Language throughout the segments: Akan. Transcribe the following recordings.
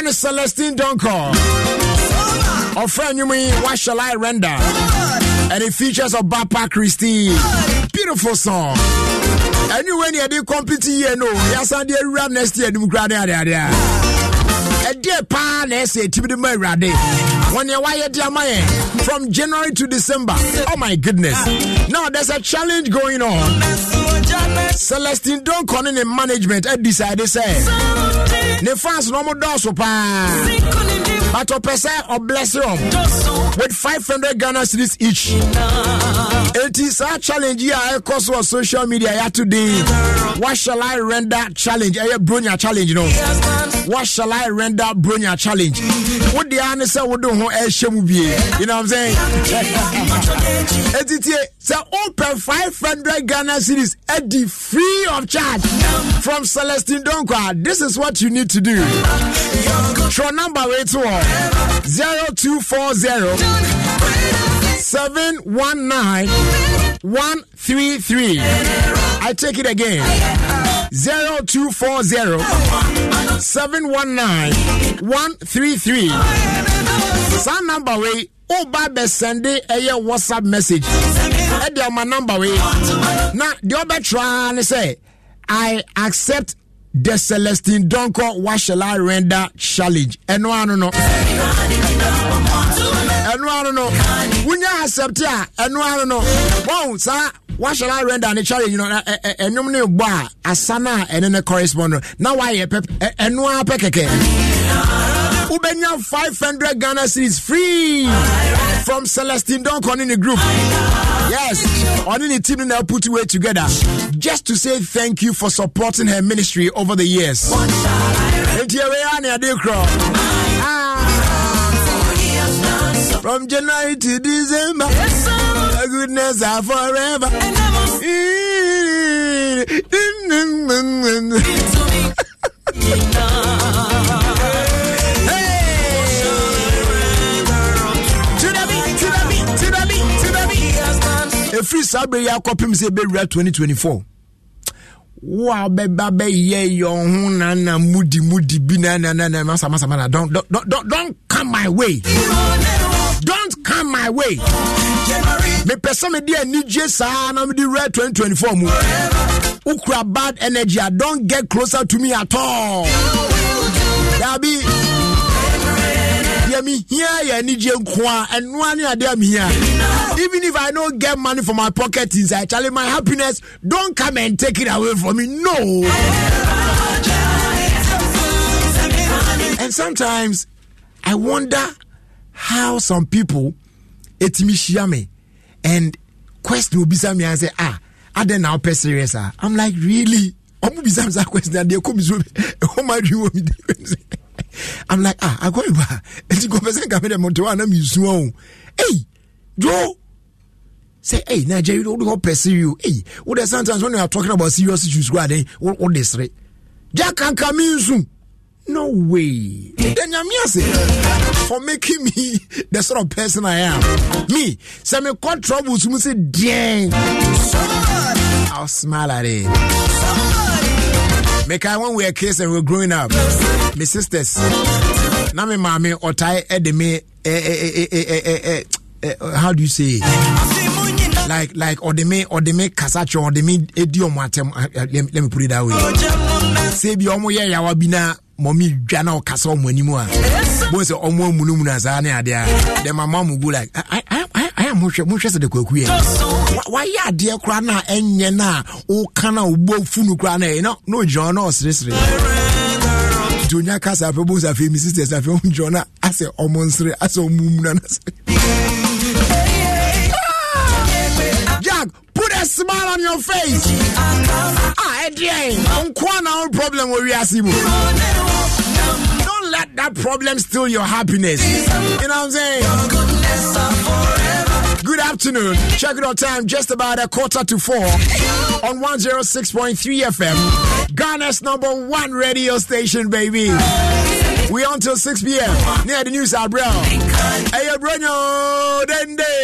ɔfrɛ celestine Duncan, donkor ɔfrɛ nnwom yi what shall i render and it features of Papa christie beautiful song anyway ne yɛde compete here, no Yes, yɛasan de awura next year anim kora ne adeadeɛ a ɛdeɛ paa na ɛsɛ ɛtumi de ma awurade wɔneɛ wayɛ de ama yɛn from january to december oh my goodness now there's a challenge going on celestine donkor ne the management I adecide sɛ ne fans no mo dɔɔso paa but ɔpɛ sɛ ɔbless them with 500 Ghana cedis each enti saa challenge yi a ɛkɔ so social media yɛ today what shall I render challenge ɛyɛ bronya challenge no what shall I render bronya challenge wode the answer? sɛ wode ho ɛhyɛ mu bie you know what I'm saying etitie sɛ open 500 Ghana cedis ɛdi free of charge from Celestine Donkwa this is what you need need to do. Your number is 0240 719 133. I take it again 0240 719 133. Some number way. Oh, Baba, send a WhatsApp message. Add your number way. Now, the other try and say, I accept the Celestine Donko What Shall I Render Challenge. And no, I don't know. And no, I don't know. When you accept ya, and no, I don't know. Wow, sir. What shall I render the challenge? You know, and no new bar, asana, and then a correspondent. Now, why a pep, and no, I wobɛnya 500 Ghana series free from Celestine Donkon in the group. Yes, on the team and I'll put away together just to say thank you for supporting her ministry over the years. Ah. From January to December, your goodness are forever. ɛfiri saa berɛ yi akɔpem sɛ ɛbɛwura 2024 wo a wobɛba bɛyɛ yɛ ho nana mudi mudi bi nananamasamasa don't, don't, don't, don't come my way don't come my way mepɛ sɛ mede anigye saa na mede wura 2024 mu wokura bad energy a don't get closer to me at all dabi Me a mehia yɛ anigye nko a ɛnoa ne ade a here. even if i don't get money for my pocket inside charlie my happiness don't come and take it away from me no and sometimes i wonder how some people ɛtumi hyia and question be me and say ah adɛn now wopɛ serious a ah. i'm like really I'm gonna question a deɛ ɛkɔ mi so ɛkɔ ma adwi I'm like, ah, I go iba. Eti go pese ka mede moto ana mi su on. Hey, Joe. Say, hey, Nigeria. Jerry, don't go pursue you. Hey, what the sometimes when you are talking about serious issues, go ahead, eh? what what this right? Jack can come in soon. No way. Then I'm for making me the sort of person I am. Me, some got troubles, you must say, dang. I'll smile at it meka when we were kids and we were growing up my sisters na me maame ɔtae ɛde me how do you say like like ɔde me ɔde me kasa kyerɛ ɔde edi ɔmo atɛm let me put it that way sɛ bi ɔmo yɛ yawa bi na mɔmi dwa na ɔkasa ɔmo anim a bɔn sɛ ɔmo amunumunu asaa ne adeɛ a then my mom go like I, I, I, mohwɛ mohwɛ sɛ de kwaku yɛ wayɛ adeɛ koraa no ɛnyɛ no a woka no wobɔ funu koraa no ɛyɛ na ogyina no ɔseresere nti onya ka sɛ afei bo afei me sisters afei wogyina no asɛ ɔmo nsere asɛ ɔmumuna no sɛ ah! jack put a smile on your face ah ɛdeɛ nkoa na wo problem don't let that problem steal your happiness you know what i'm saying good afternoon. Check it out time, just about a quarter to four on 106.3 FM. Ghana's number one radio station, baby. We on till 6 p.m. Near the news, bro. Hey, Bruno, Dende.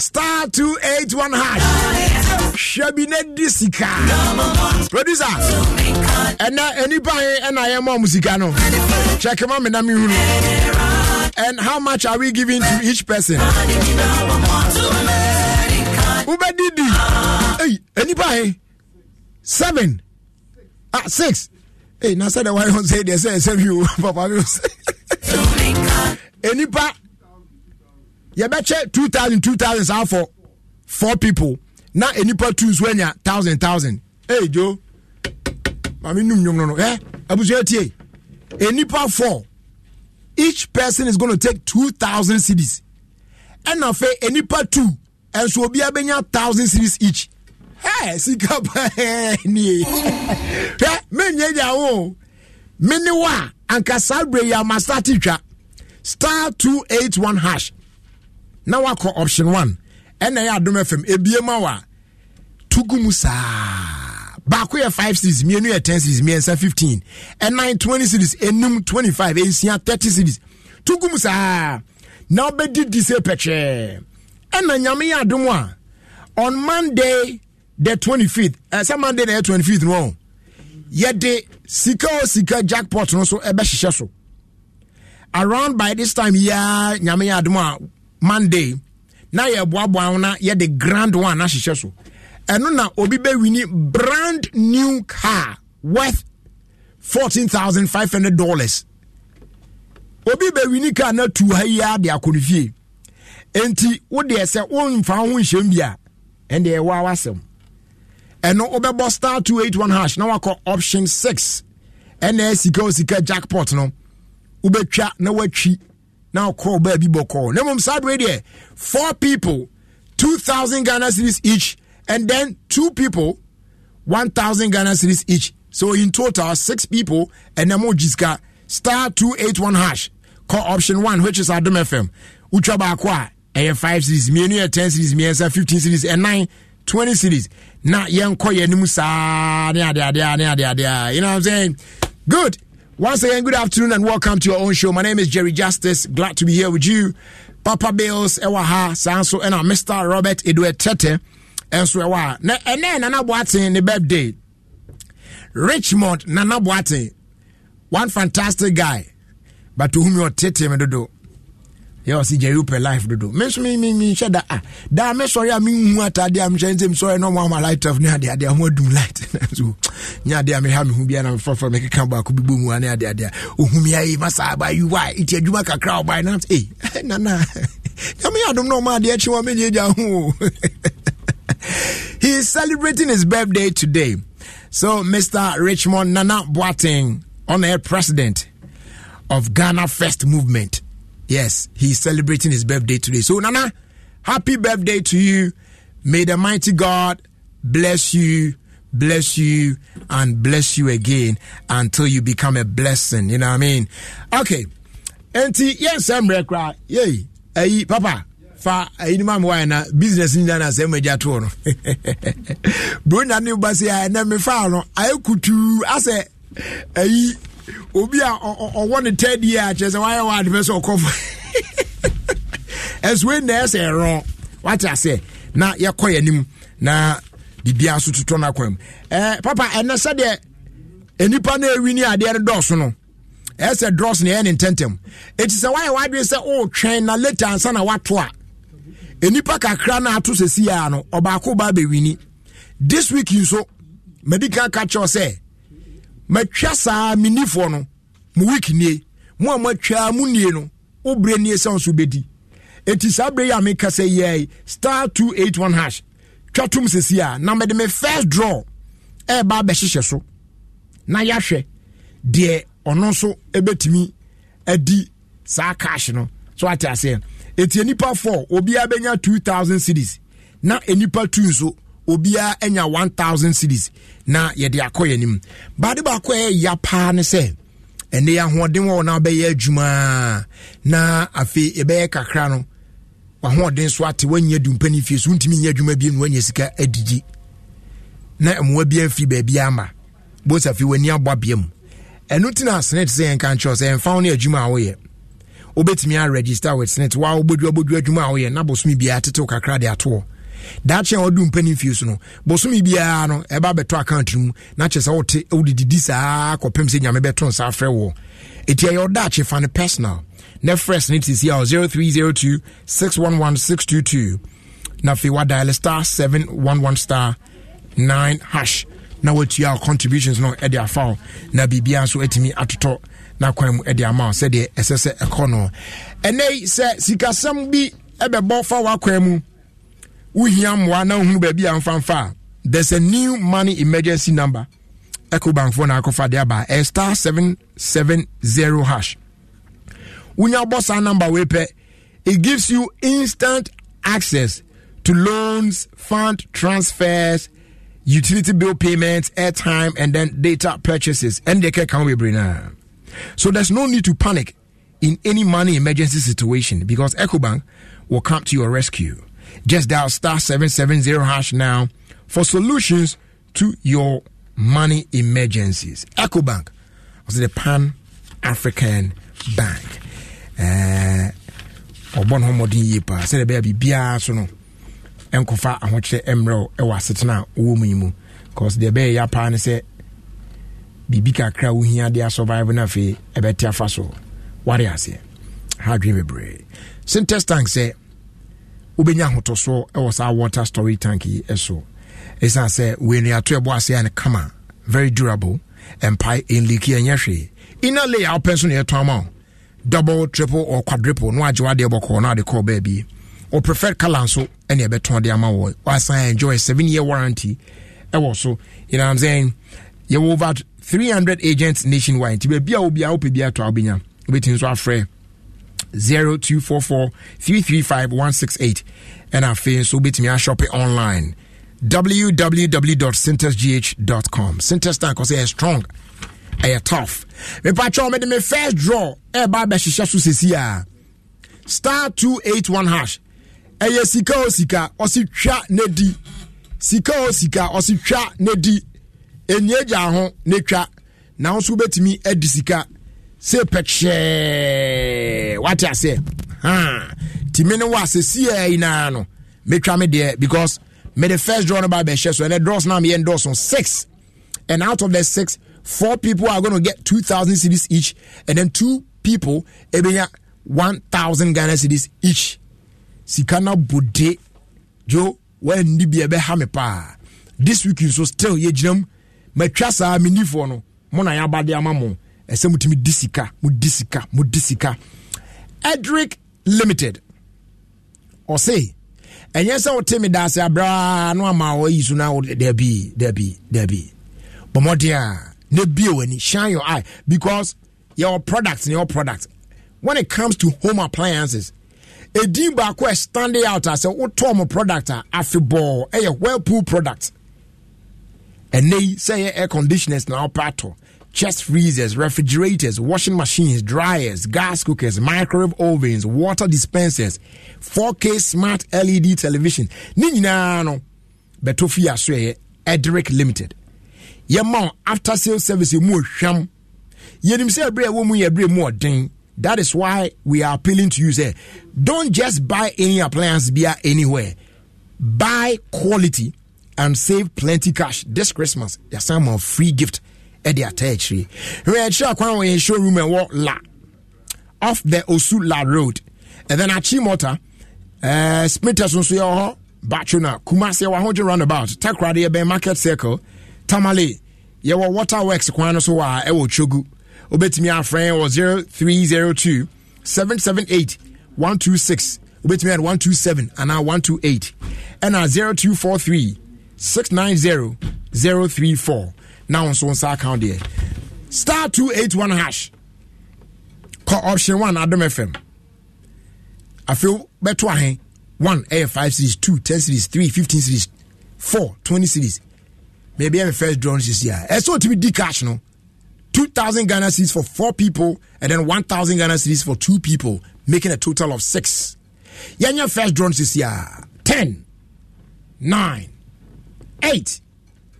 Star 281 hash. Shabine Disika. Producer. And now, anybody, and I am on Musicano. Check him out, and I'm and how much are we giving to each person? Uber Didi. Hey, anybody? Seven. Ah, six. Hey, now said the one say they say save you, Papa. Enipa. You better betcha 2,000, 2,000 are for four people. Now, enipa two when you're thousand, thousand. Hey, Joe. I mean, no, no, no, eh? Abusua tie. Enipa four each person is going to take 2000 cedis ɛna afei enipa two ɛnso obi abɛnya 1000 cedis each Hey, sika paa Pe hwɛ menyɛ gya wo mene wo a anka salbre ya yi ama start twa star 281 hash na wakɔ option 1 ɛna ya adom fm ebie ma wo a tugu mu saa baako yɛ five series mmienu yɛ ten series mmiɛnsa fifteen ɛnan twenty series enum twenty five esia thirty series tunkum saa na ɔbɛdi di se pɛkyɛɛ ɛna nyame yɛ adum a on monday the twenty fifth ɛsɛ monday na yɛ twenty fifth no yɛde sika o sika jackpot no so ɛbɛhyehyɛ so around by this time yia nyame yɛ adum a monday na yɛ boaboa ho na yɛde grand one ahyehyɛ so ɛno na obi bɛwini brand new car worth fourteen thousand five hundred dollars obi bɛwini car na tu ha yi ara de akɔ ne fie nti wodeɛ sɛ womfa ho nhyɛm bi a ɛndeɛ ɛwɔ awa ɛno wobɛbɔ star 281 hash na wakɔ option six. ɛna sika o jackpot no wobɛtwa na woatwi na wokɔɔ baabi bɔkɔɔ na mmom saa deɛ four people 2000 ghana series each and then two people, 1,000 Ghana cedis each. So in total, six people, and then Mojiska, star 281 hash, call option one, which is Adam FM. Ucha Bakwa, a eh, 5 cities, Mienu, eh, 10 cities, Miensa, 15 cities, and 9, 20 cities. Na yɛnkɔ yɛn anim saa ne adeadeɛ ne adeadeɛ you know what I'm saying good once again good afternoon and welcome to your own show my name is Jerry Justice glad to be here with you Papa Bills Ewaha, Sanso, and our Mr Robert Edward Tete nso ɛwɔ a na ɛnɛ nana boaten ne birthday richmond nana boaten one fantastic guy but to whom you tete me dodo yɛ ɔsi jerry upe life dodo me nso mi mi mi nhyɛ da a ah. da me sɔre a mi nhu ataade a mi hyɛ nsɛm sɔre na ɔmo ama light off ne adeade a ah, ɔmo adum light so nye ade a mi ha eh, mi ah, hu bi a na fɔfɔ mi keka baako bi bɔ mu a ne adeade a ohun mi ayi masa aba yi wa eti adwuma kakra ɔba yi na ee nana nyame adum na ɔmo adeɛ akyi wɔn mi nyɛ gya ho o. he is celebrating his birthday today. So, Mr. Richmond Nana Boateng, honorary president of Ghana First Movement. Yes, he's celebrating his birthday today. So, Nana, happy birthday to you. May the mighty God bless you, bless you, and bless you again until you become a blessing. You know what I mean? Okay. Auntie, yes, I'm right. Yay. Hey, Papa. fa ayinim ama wayɛ na business nyinaa na sɛ magya toɔ no bronya ne ba se a ɛnɛ mefaa no ayɛ kutuu asɛ ayi obi a ɔwɔ ne tɛ a kyerɛ sɛ wayɛ wɔ adepɛ sɛ ɔkɔ ɔkɔfo ɛsoe na ɛsɛ ɛrɔ wate asɛ na yɛkɔ yɛ anim na dibia so totɔ no akwan mu eh, papa ɛnɛ sɛdeɛ nnipa no awi ne adeɛ no dɔɔso no ɛsɛ drɔs ne ɛyɛ ne ntɛntɛm ɛti sɛ woayɛ w'adwene sɛ wotwɛn na leta ansa na woato a nnipa kakra no ato sɛsi a no ɔbaako ba bɛwini this week nso medika ka ka sɛ matwa saa menifoɔ no mo week nie mo a moatwaa mu nie no wobrɛ nie sɛ nso bɛdi ɛti saa berɛ yi a meka sɛ yɛi star 281 hash twa tom sɛsi a na mede me first draw ɛɛba bɛhyehyɛ so na yɛahwɛ deɛ ɔno nso ɛbɛtumi adi saa cash no so ate aseɛ no Eti nipa four obiara bɛnya two thousand cities na nipa two nso obiara nya one thousand cities na yɛde akɔ yɛn nim baade baako a ɛyɛ paa ne sɛ ɛnɛ ahoɔden wɔ na bɛyɛ adwuma na afei yɛbɛyɛ kakra no wahoɔden so ate wanyɛ dumpani fie so wontumi nyɛ adwuma bi mu wanya sika adigye na mmoa bi afiri baabi ama bosa afei w'ani abɔ abea mu ɛno nti asene te sɛ yɛnka nkyerɛw sɛ yɛmfa wo ne adwuma a woyɛ wobɛtumi aregister with snit wa wobɔdua bɔdua adwuma a woyɛ na bosome biara tetew kakra de atoɔ daakye a wɔdu mpani fie so no bosome biara no ɛba bɛtɔ account no mu na kyɛ sɛ wote wodedidi saa kɔpem sɛ nyame bɛto nsa frɛ wɔ ɛti ɛyɛ ɔdaakye fa no personal na frɛ snit sisi a 0302 611622 na afei wadial star 711 star 9 hash na watua contributions no ɛde afaw na biribia nso atumi atotɔ n'akwan mu ɛde ama sɛdeɛ ɛsɛ sɛ ɛkɔ no ɛnɛ yi sɛ sikasɛm bi ɛbɛbɔ fa w'akwan mu wohia mmoa na wohunu baabi a mfamfa a there's a new money emergency number ɛkobanfoɔ na akɔfa de aba ɛyɛ star seven seven zero hash wonya bɔ saa number wei pɛ it gives you instant access to loans fund transfers utility bill payments airtime and then data purchases ɛne deɛ kɛka ho bebree naa So there's no need to panic in any money emergency situation because EcoBank will come to your rescue. Just dial star 770 hash now for solutions to your money emergencies. EcoBank was the Pan African Bank. ɔbɔ eh, cause deɛ ɛbɛyɛ yɛ biribi kakra wohia de asurvive no afei ɛbɛte afa so ware aseɛ hadwe bebree syntex tank sɛ wobɛnya ahotosoɔ ɛwɔ saa water storage tank yi ɛso ɛsiane sɛ weinuato ɛbɔ aseɛ no kama very durable ɛmpae ɛnliki ɛnyɛ hwee inner layer wopɛ so ne yɛtɔn ama wo double triple or quadruple no agye wadeɛ bɔkɔɔ no ade kɔɔ baabi o preferred color nso ɛne ɛbɛtɔn de ama wɔ wasan enjoy seven year warranty ɛwɔ so you know i'm saying yɛwɔ over 300 agents nationwide nti baabi a obi a wopɛ bi atɔ a wobɛnya wobɛtumi nso afrɛ 0244 335 168 ɛna so nso wobɛtumi ashɔpe online www.syntesgh.com syntest tank kose ɛyɛ strong ɛyɛ tough Me mede me de me first draw ɛba bɛhyehyɛ so sesi a star 281 hash ɛyɛ sika o sika ɔse twa ne di sika o sika ɔse twa na di ɛnyɛ gya ho ne twa na nso wobɛtumi adi sika sɛ pɛkyɛɛ wate aseɛ timi ne wo asɛsiɛ nyinaa no mɛtwa me deɛ because mede first draw no ba bɛhyɛ so ɛnɛ draws na meyɛ ndɔso six and out of the six four people are going to get thousand cities each and then two people one thousand ghana cities each sika no bode jo woanni bi ɛbɛha me paa this week nso still yɛgyinam matwa saa menifoɔ no mo na yɛabade ama mo ɛsɛ motumi di sika modi sika modi sika edric limited ɔse ɛnyɛ sɛ wote me daase abraa no ama wɔyi so no daabi daabi daabi bɔmmɔden a na bie w'ani shine your eye because your product ne your product when it comes to home appliances ɛdin e baako a standing out a sɛ wotɔɔ mo product a afebɔɔ ɛyɛ e whirlpool product And they say air conditioners now ɔpɛ chest freezers, refrigerators, washing machines, dryers, gas cookers, microwave ovens, water dispensers, 4K smart LED television. Ni nyinaa no bɛtɔ fie aso yɛ Edric Limited. Yɛma after sales service mu ohwam. Yɛnim sɛ ɛbrɛ ɛwɔ mu yɛ ɛbrɛ mu ɔden. That is why we are appealing to you sɛ don't just buy any appliance bia anywhere. Buy quality and save plenty cash this Christmas. There's some of free gift at their territory. We are sure showroom and walk la off the Osula Road, and then Achimota, uh, eh, Smithers on Unsuyo, Bachuna, Kumasi, 100 roundabout, Takra, the Market Circle, Tamale, Yawa Waterworks, Kwanosoa, Ewo Chogu, Obetimi, our friend, or 0302 778 126. Obetimi at 127 and now 128, and 0243 six nine zero zero three four now on nsa account there star two eight one hash call option one Adam fm I feel better. one ɛyɛ five series two ten series three fifteen series 20 series maybe a first draw no sisi a to be cash no two thousand ghana cities for four people and then one thousand ghana cities for two people making a total of six yɛnyɛ first drone this year. 10, ten nine. eight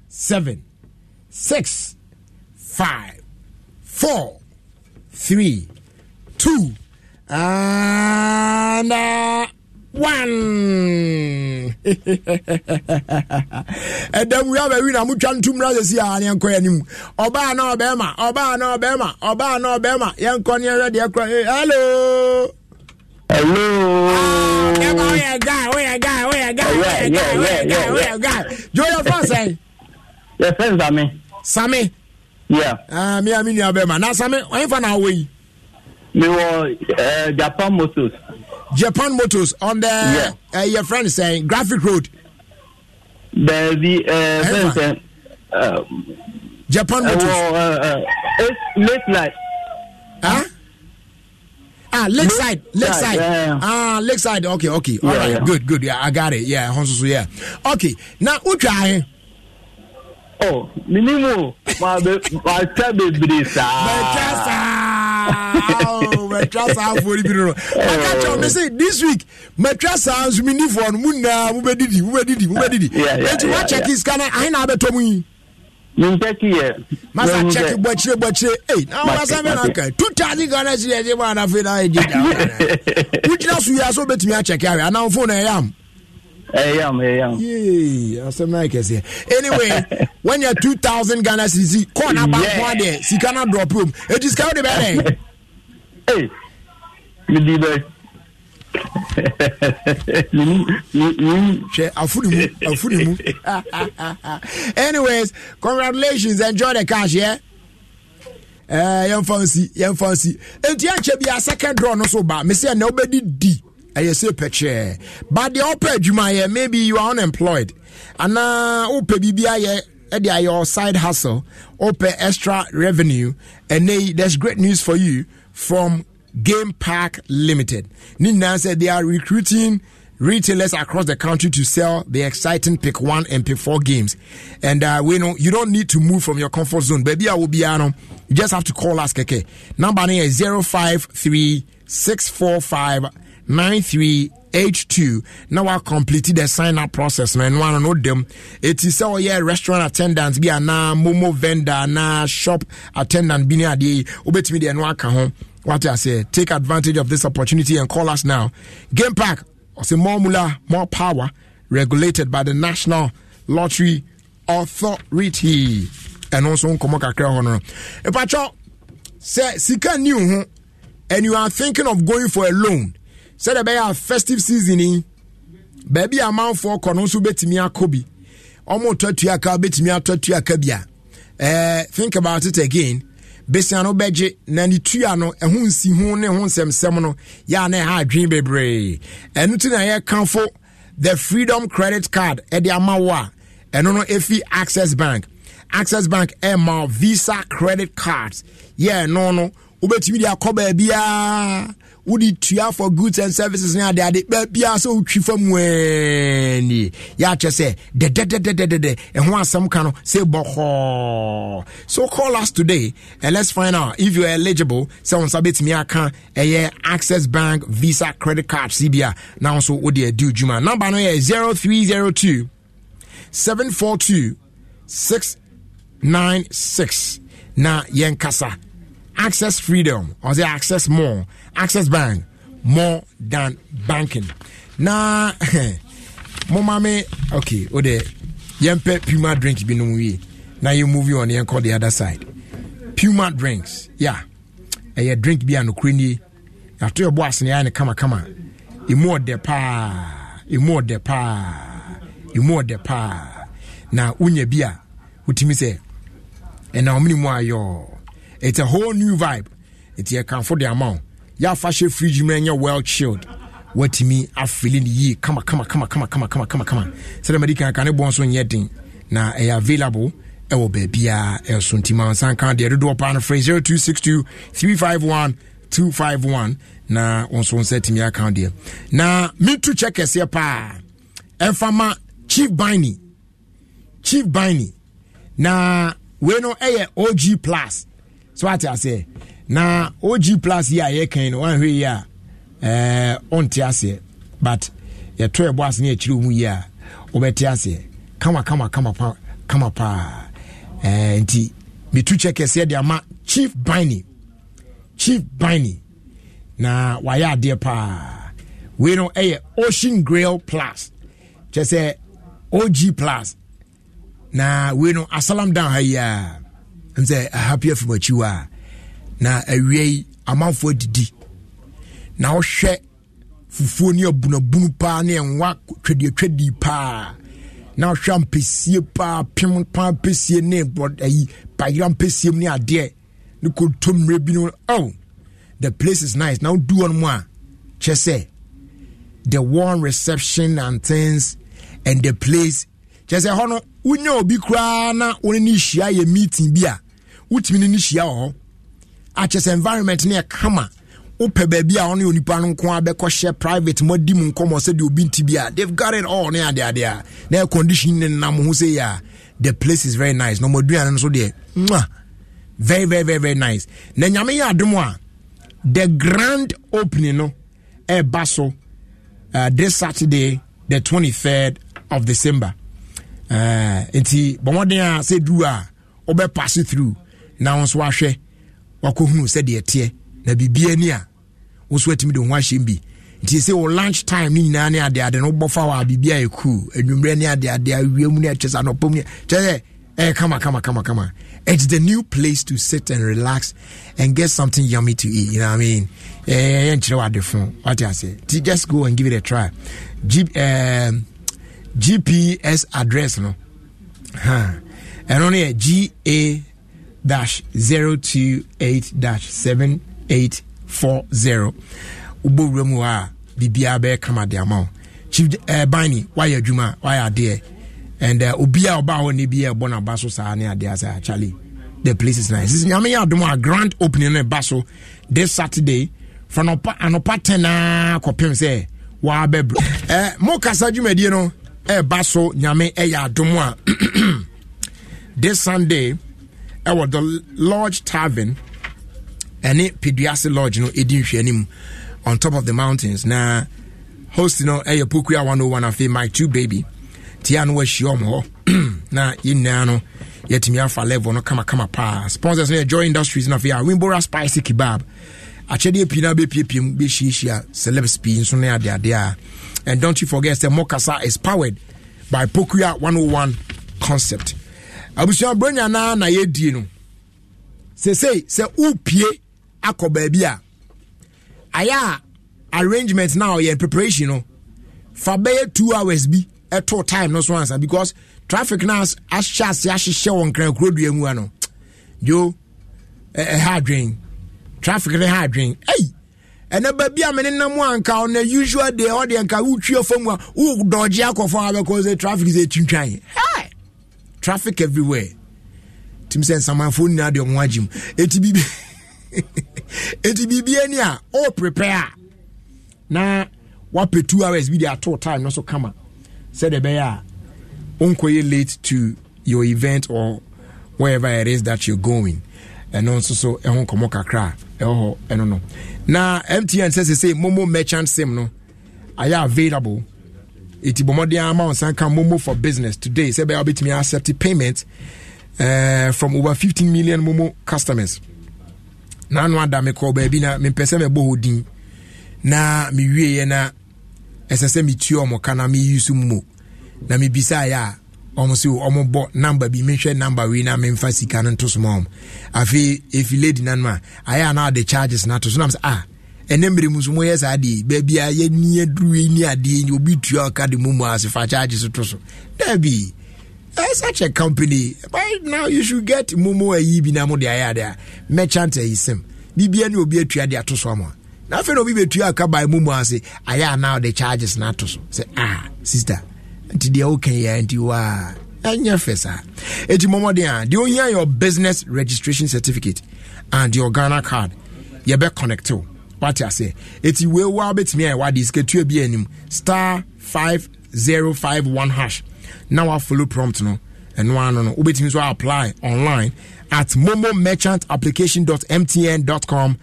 seven six five four three two and uh, one. ɛdɛm wia bɛwi na motwa ntom no asɛsi a ne yɛnkɔ anim ɔbaa na ɔbɛɛma ɔbaa na ɔbɛɛma ɔbaa na Ya yɛnkɔ ne yɛhwɛ deɛ korɔ hello hello. ẹ̀kọ́ ó yẹ gá ó yẹ gá ó yẹ gá ó yẹ gá ó yẹ gá ó yẹ gá jo yẹ fọ sẹ́yìn. yẹ fẹ́ sami. Ah, sami. yẹ. mi a mi ni abẹ́ ma na sami ọ̀yin fa na awọ yìí. mi wọ Japan Motors. Japan Motors on the yeah. uh, your friend saying Graphic Road. Bẹẹbi ẹ fẹn fẹn. Japan uh, Motors. Ẹ wọ uh, uh, late night. Huh? Ah, lakeside, lakeside. Yeah, yeah. Ah, lakeside. Okay, okay. All yeah, right, yeah. good, good. Yeah, I got it. Yeah, Honsusu, yeah. Okay, now, who try? Oh, minimum. My my child baby, sir. mɛtrasaa afori bi no no maka kyɛw me se oh, this week mɛtrasaa nsuminifoɔ Mubedidi. mu nyinaa Yeah, mobɛdidi mobɛdidi enti woakyɛke sika no I? na abɛtɔ mu yi mintɛki yɛ. masa cɛki bɔtire bɔtire ee n'an ma san fɛn na kɛ tu taazi kan na siri ɛdi ma na fɛn na ye jija u jira suya so bɛ tɛmɛ a cɛki awɛ a n'an fo na yam. ɛ yam ɛ yam. yee asɛm n'a ye kɛse anyway when you two thousand ghana sisi kɔɔ na ba kɔɔ de sika na dɔ pom eti sika o de bɛ dɛ. ee mi di bɛ. Anyways, congratulations. Enjoy the cash, yeah? Uh, fancy. fansi yɛn fansi nti akyɛ bi a second draw no so bad. mesia na wobɛdi di ɛyɛ sɛ pɛkyɛɛ but the wopɛ you may maybe you are unemployed And anaa wopɛ biribi ayɛ ɛde ayɛ your side hustle wopɛ extra revenue and ɛnɛ there's great news for you from Game Park Limited. Nina said they are recruiting retailers across the country to sell the exciting pick one and pick four games. And uh, we know you don't need to move from your comfort zone. Baby, I will be on. You just have to call us. Kk. Number here is 053 H2 now I completed the sign up process man. ɛno ano them? It is sɛ oh, ɔyɛ restaurant attendant bi anaa momo vendor na shop attendant bi ne adeɛ yi wobɛtumi deɛ ɛno aka ho What I say, take advantage of this opportunity and call us now. Game Pack, or say more mula, more power, regulated by the National Lottery Authority. And also, nkomo kakra hono. Epacho, say, sika new and you are thinking of going for a loan. Say, the bear festive season in. Baby, amount for konosu betimi akobi. Omo tatuaka betimi atatuaka bia. Uh, think about it again besia no bɛgye na ne tua no ɛho nsi ho ne ho nsɛmsɛm no yɛ a na ɛha adwene bebree ɛno ti na yɛkamfo the freedom credit card ɛde ama wo a ɛno no ɛfi access bank access bank ɛma visa credit cards yɛ ɛno no wobɛtumi de akɔ baabiaa wode tua for goods and services ne adeade baabiaa sɛ wotwi fa mu ani yɛakyɛ sɛ dɛdɛdɛdɛdɛdɛ ɛho asɛm ka no sɛ bɔhɔɔ so call us today and let's find out if you're eligible sɛ wo nsa bɛtumi aka ɛyɛ access bank visa credit card cbia Now so nso wode Juma number no yɛ 0302 742 696 na yɛnkasa Access freedom or say access more. Access bank more than banking. Na mo mame okay, o de yempe Puma drink be no wi. Na you move on yen call the other side. Puma drinks. Yeah. Ɛyɛ drink bi a After nie. boss yɛ bɔ asene ayɛ ne kamakama. Emu ɔdɛ de pa. ɔdɛ paa. Emu ɔdɛ paa. Na wonya bi a wotumi sɛ ɛnam ne mu ayɔɔ. it's a whole new vibe It's nti yɛkamfo de ama wo yɛafa hyɛ fridge man, your well chilled What me? feeling Come come on, watumi afili no yie kama kama kama kama kama kama kama kama sɛdeɛ madi kanka ne bɔ nso nyɛ yet. na ɛyɛ available ɛwɔ baabiaa ɛso nti ma nsa nka deɛ dodoɔ paa no frɛ 0262 351 251 na wo nso nsa atumi aka deɛ na meto kyɛ kɛseɛ paa ɛmfa ma chief biney chief biney na wei no ɛyɛ og plus so ate aseɛ na og plus yi a yɛkan no wanhwɛ yi a ɛɛ ɔnte aseɛ but yɛtɔ ɛbɔ ase ne yɛkyerɛ mu yi a wɔbɛte aseɛ kama kama kama pa kama paa ɛɛ nti metu kyɛ kɛseɛ de ama chief bini chief bini na wayɛ adeɛ paa wei no ɛyɛ ocean grail plus kyɛ sɛ og plus na wei no asalam down ha yi a nsɛ happy fm akyi hɔ na awia yi amanfoɔ adidi na wohwɛ fufuo ne abunabunu paa ne ɛnwa twadiatwadi paa na wohwɛ ampesie paa pem paa pesie ne ayi bayera mpesie mu ne adeɛ ne kɔtɔ bi no oh the place is nice na wodu hɔ no mu a kyɛ sɛ the warm reception and things and the place kyɛ sɛ hɔ no wonya obi koraa na wone ne hyia yɛ meeting bi a wotumi no no hyia wɔ hɔ akyɛ sɛ environment no yɛ kama wopɛ baabi a ɔne onipa no nko abɛkɔ hyɛ private madi mu nkɔmmɔ sɛdeɛ obi nti bi a they've got it all ne adeade a na condition ne nam ho sɛ yi the place is very nice na ɔmaduane no so deɛ mwa very very very very nice na nyame yɛ adom a the grand opening no ɛba so uh, this saturday the 23rd of december uh, nti bɔmmɔden a sɛ duru a wobɛpasse through na nso ahwɛ wakɔhunu sɛdeɛ teɛ na biribia ni a wo so atumi de wo ho ahyɛm bi nti sɛ wo lunch time no nyinaa ne adeade no wobɔ fa wɔ a biribia yɛ kuu anwummerɛ ne adeade awia mu ne ɛkyɛ sɛ anɔpɔ mu kyɛ sɛ ɛyɛ kama kama kama kama it's the new place to sit and relax and get something yummy to eat you know what i mean ɛyɛ nkyerɛ wɔ adefo wate aseɛ just go and give it a try G, um, gps address no ɛno no yɛ A dash zero two eight dash seven eight four zero wobɔ wura mu hɔ a biribiara bɛyɛ kama de ama wo chief uh, eh, bani wayɛ adwuma wayɛ adeɛ and uh, eh, obi a ɔba hɔ ne bi a ɛbɔ n'aba so saa ne adeɛ asa actually the place is nice nyame yɛ adom a grand opening no ɛba so this saturday fa nɔpa anɔpa tɛnaa kɔpem sɛ waabɛbrɛ ɛɛ eh, mo kasa dwumadie no ɛɛba so nyame ɛyɛ adom a this sunday ɛwɔ the lodge tavern ɛne peduase lodge no ɛdi nhwɛanim on top of the mountains na host no ɛyɛ pokua 101 afei my two baby tia no wahyia ɔm hɔ na yɛnyinaa no yɛatumi afa level no kamakama paa sponsors no yɛ joy industries no afei a wimbora spicy kebab akyɛdeɛ pii no bɛpiepie mu bɛhyiahyia celebs pii nso ne adeadeɛ a and don't you forget sɛ mokasa is powered by pokua 101 concept abusua bronya naa na yɛdie no sesei sɛ upie akɔ baabi a ayɛ a arrangement na ɔyɛ preparation no fa bɛyɛ two hours bi ɛto time no so ansa because traffic na ahyɛ ase ahyehyɛ wɔ nkrankuro dua mu ano jo ɛha adwen traffic ne ha adwen ɛyi ɛnɛ baabi a mene nam anka ɔna usual day ɔde nka wotwie fam a wodɔgye akɔfo a bɛkɔ sɛ traffic sɛ ɛtwintwan ha traffic everywhere tim sɛ nsamanfoɔ nyinaa deɛ ɔmo agye mu eti bibi eti bibi ani a ɔɔ prepare na wapɛ two hours bi de ato time no so kama sɛdeɛ ɛbɛyɛ a onkɔyɛ late to your event or wherever it is that you're going ɛno nso so ɛho nkɔmɔ kakra ɛwɔ hɔ ɛno no na mtn sɛ sɛ sɛ momo merchant sim no ayɛ available It more than ama and can move for business today sɛ bɛyɛ wobɛtumi accept payment uh, from over 15 million momo customers na ano ada mekɔ baabi na mempɛ sɛ me hɔ din na mewieɛ na ɛsɛ sɛ metua ɔmo ka na meyi mo na mebisaeɛ bisaya ɔmo sɛ ɔmo bɔ number bi mehwɛ namba wei na memfa sika no nto soma ɔm afei ɛfi lady na no a ayɛ a charges no ato so ah ɛnɛ mmiri mu nso mo yɛ saa adeɛ baabi a yɛni aduru yi ni adeɛ yi obi tua ɔka de mu ase fa kyaagye so to so daabi ɛ such a company by now you should get mu mu ayi bi na mo de ayɛ adeɛ a merchant ayi sɛm bibia ni obi atua de ato so ama na afei na obi betua aka ba mu ase ayɛ ana ɔde charges na ato so sɛ ah sister nti deɛ wokan yɛ nti waa ɛnyɛ fɛ saa eti mɔmɔden a deɛ ohia your business registration certificate and your ghana card yɛbɛ connect o wate ase eti wei wa wobɛtumi a ɛwade sikatua bi anim star 5051 hash na follow prompt no ɛno ano no wobɛtumi nso apply online at momo merchant application mtn com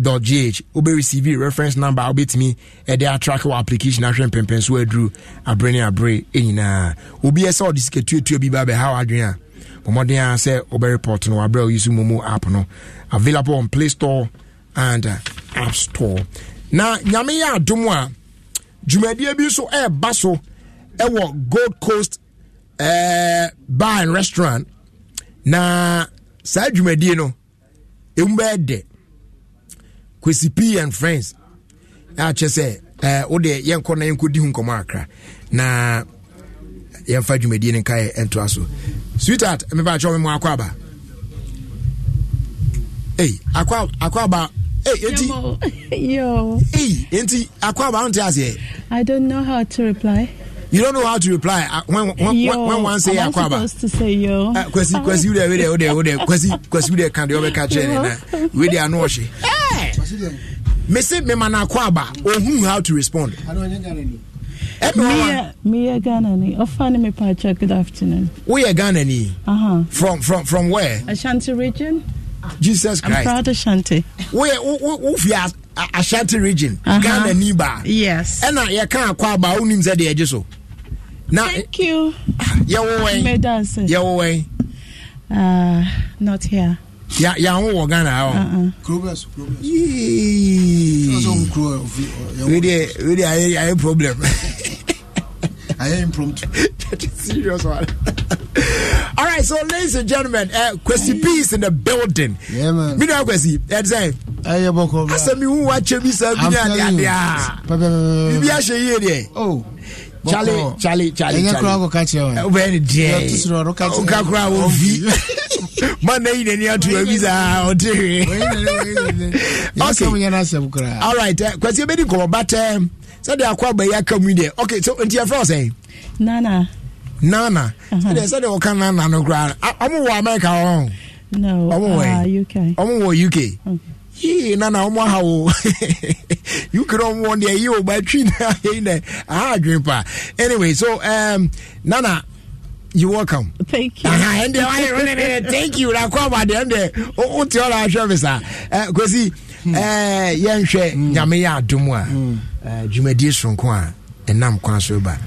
gh wobɛreceive reference number a wobɛtumi ɛde atrack wɔ application ahwɛ mpɛmpɛn so aduru abere ne abere e nyinaa obiɛ sɛ ɔde sikatuatua bi ba bɛhaw adwene a bɔmmɔden a sɛ wobɛreport no wabrɛ a so momo app no available on play store and uh, app store na nyame yɛ adom a dwumadie bi nso ɛreba so ɛwɔ gold coast eh, bar and restaurant na saa dwumadie no ɛmu bɛyɛ dɛ kwesi p and friends akyɛ sɛ eh, wode yɛnkɔ na yɛnkɔdi ho nkɔmmɔ akra na yɛmfa dwumadie no nkaɛ ɛntoa so sweetheart mebakyɛ me mu akɔ aba Hey, akwa akwaba. Hey, enti. Yo. Hey, enti akwaba unti asye. I don't know how to reply. You don't know how to reply uh, when when, yo, when one say akwaba. i supposed to say yo. Uh, kwesi kwesi you there there there there kwesi kwesi you there can dey obeka chere na. We dey anu Hey. Me say me man akwaba ohun how to respond. I don't know. Mia, Mia Ghanani. Ofani me pacha. Good afternoon. We are Ghanani. Uh huh. From from from where? Ashanti region. Jesus Christ. I'm proud Shanti. We we we are Ashanti region, uh-huh. Ghana Niba. Yes. And I can't kwa ba unim zedi ejiso. Na, Thank you. Yeah, way. Me dance. Yeah, way. Uh, not here. Ya ya, I'm going Ghana. Uh-uh. Krobes, Krobes. Yee. Really, really, I, I problem. I am impromptu. that is serious one. All right, so ladies and gentlemen, uh, Kwesi P is in the building. Yeah, man. Me now Kwesi. That's eh, it. Hey, Boko. Asami who watch me so me na dia. Bibi a shey here. Oh. Charlie, Charlie, Charlie. Charlie. Oh, you Enye kura ko catch you. Obe ni dia. Tusuro ro catch. O ka to wo vi. Man na yin ni atu e visa o Okay. All right, question eh, be di ko but um, sɛdeɛ akɔ abayi aka mu deɛ okay so nti yɛfrɛ sɛn nana nana sɛdeɛ sɛdeɛ wɔka nana no koraa ɔmo wɔ america wɔn no ah, ɔmo wɔ uk ɔmo wɔ uk mm. yee nana ɔmo aha wo uk na ɔmo wɔn deɛ yi o ba twi na yei na aha adwene pa anyway so um, nana. You welcome. Thank you. Uh-huh. and the, thank you. Like, come on, and the, oh, oh, tell our service, uh, because Hmm. Eh, yɛnhwɛ hmm. nyame yɛ adom a hmm. eh, dwumadie sonko a ɛnam kwan so ba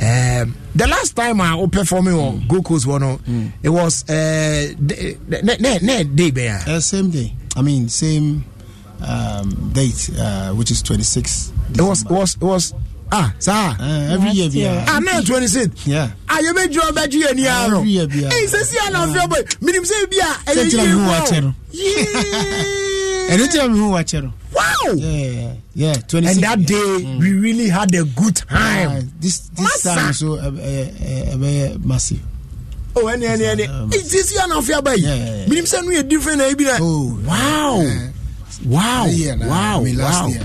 eh, the last time a wopɛfɔme wɔ go coast wɔ no it was ne day bɛn same day i mean same um, date uh, which is 26 December. it was it was it was ah sir. uh, every year bi ah na twenty six yeah ayé ah, you made ọbẹ ju yẹn ni arọ every year bi ah ẹ sẹ si àlàáfíà bọ mi ni a ẹ yẹ yẹ wọ And you tell me who watch it. Wow. Yeah, yeah. and that day mm. we really had a good ah, time. Uh, this this Massa. time so uh, uh, uh, massive. Oh, any any any. Is this year now fear by? Minim say no different na be like. Oh. Wow. Wow. Wow. wow. year.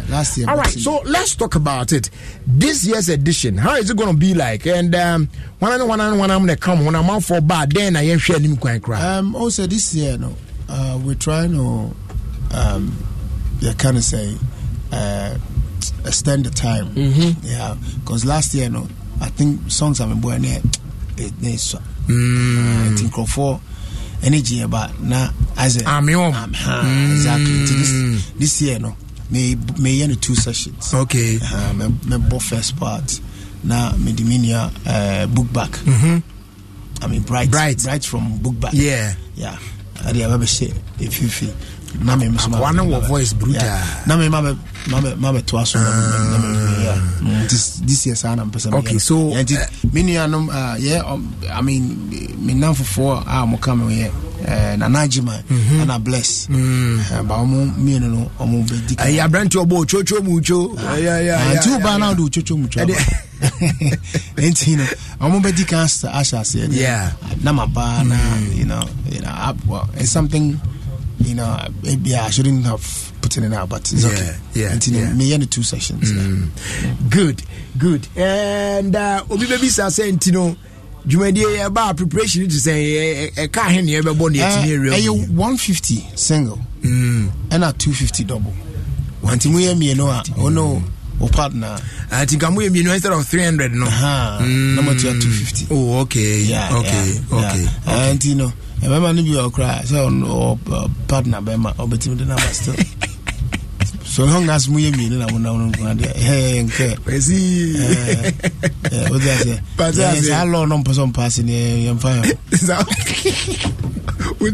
Last year. All right. So let's talk about it. This year's edition. How is it going to be like? And um, when I when I when I'm gonna come when I'm out for bar, then I am sharing him quite cry. Um. Also, this year, no, uh, try trying to um, kind of say uh, extend the time. Mm-hmm. Yeah, because last year, no, I think songs have been born here, it needs. I think for energy about now as a I'm your exactly. This, mm. this year, no, may may any two sessions. Okay, uh, my, my both first part now, me diminia uh, book back. Mm-hmm. I mean, bright, bright, bright from book back. Yeah, yeah. I have a share if you feel na me nso wa ne voice brutal na me mama mama mama to aso na me yeah ah. mm, this this year sana mpesa okay so nti eh. me nuanom ah, yeah um, i mean me nan fofo a ah, me yeah eh, na najima mm-hmm. mm. eh, na bless ba ɔmo mmienu no ɔmo bɛ di kan. ɛyà abirante ɔbɔ otsotso mu tso. nti o ba náà do otsotso mu tso. nti no ɔmo bɛ di kan ahyɛ Yeah. na ma ba na mm. you know you know it's something. you know, maybe I shouldn't have put it in out, but it's yeah, okay. Yeah, Until yeah. Me only two sessions. Mm. Yeah. Good, good. And uh, Obi baby sir saying, you know. you dwumadie yɛ ba preparation to sɛ ɛka he ne yɛbɛbɔ ne Real. awia ɛyɛ 150 single ɛna mm. 250 double nti moyɛ mmienu a no. Oh partner. I ah. Uh, ah, tinka mu ye mienu instead of three hundred no. Uh-huh. Mm. Number two mm. two fifty. Oh okay. Yeah, okay. Yeah, okay. Yeah. okay. and you know bɛma no bi ɔkora sɛ partner bɛma ɔbɛtumi de naba still so long as mmienu na wonam no nkuna deɛ no mpɛ sɛ mpaase ne yɛmfa yɛ What I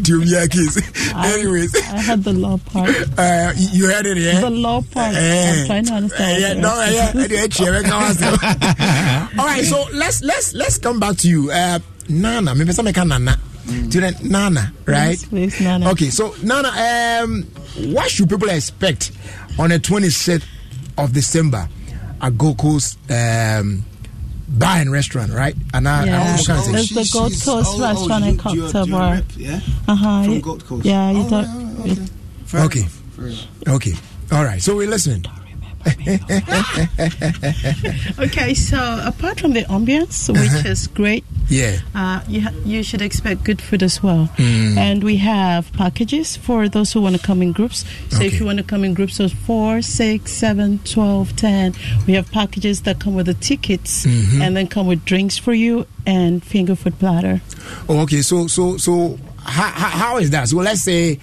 had the law part. Uh, you heard it, yeah? The law part. Uh, I'm trying to understand. Uh, yeah, no, yeah. All right, so let's let's let's come back to you. Uh, Nana, maybe some kind of Nana. mm. to the Nana, right? Yes, please, Nana. Okay, so Nana, um, what should people expect on the 26th of December at Gold Coast um, Bar and Restaurant, right? And I, uh, yeah. I also oh, it's the Gold Coast oh, Restaurant and Cocktail Bar. yeah, uh-huh. From Gold Coast. Yeah, you oh, don't. Yeah, okay. Fair okay. Fair okay. All right. So we're listening. okay, so apart from the ambience, which uh-huh. is great, yeah, uh, you, ha- you should expect good food as well. Mm. And we have packages for those who want to come in groups. So okay. if you want to come in groups of four, six, seven, twelve, ten, 12, 10, we have packages that come with the tickets mm-hmm. and then come with drinks for you and finger food platter. Oh, okay, so so so how, how is that? So let's say.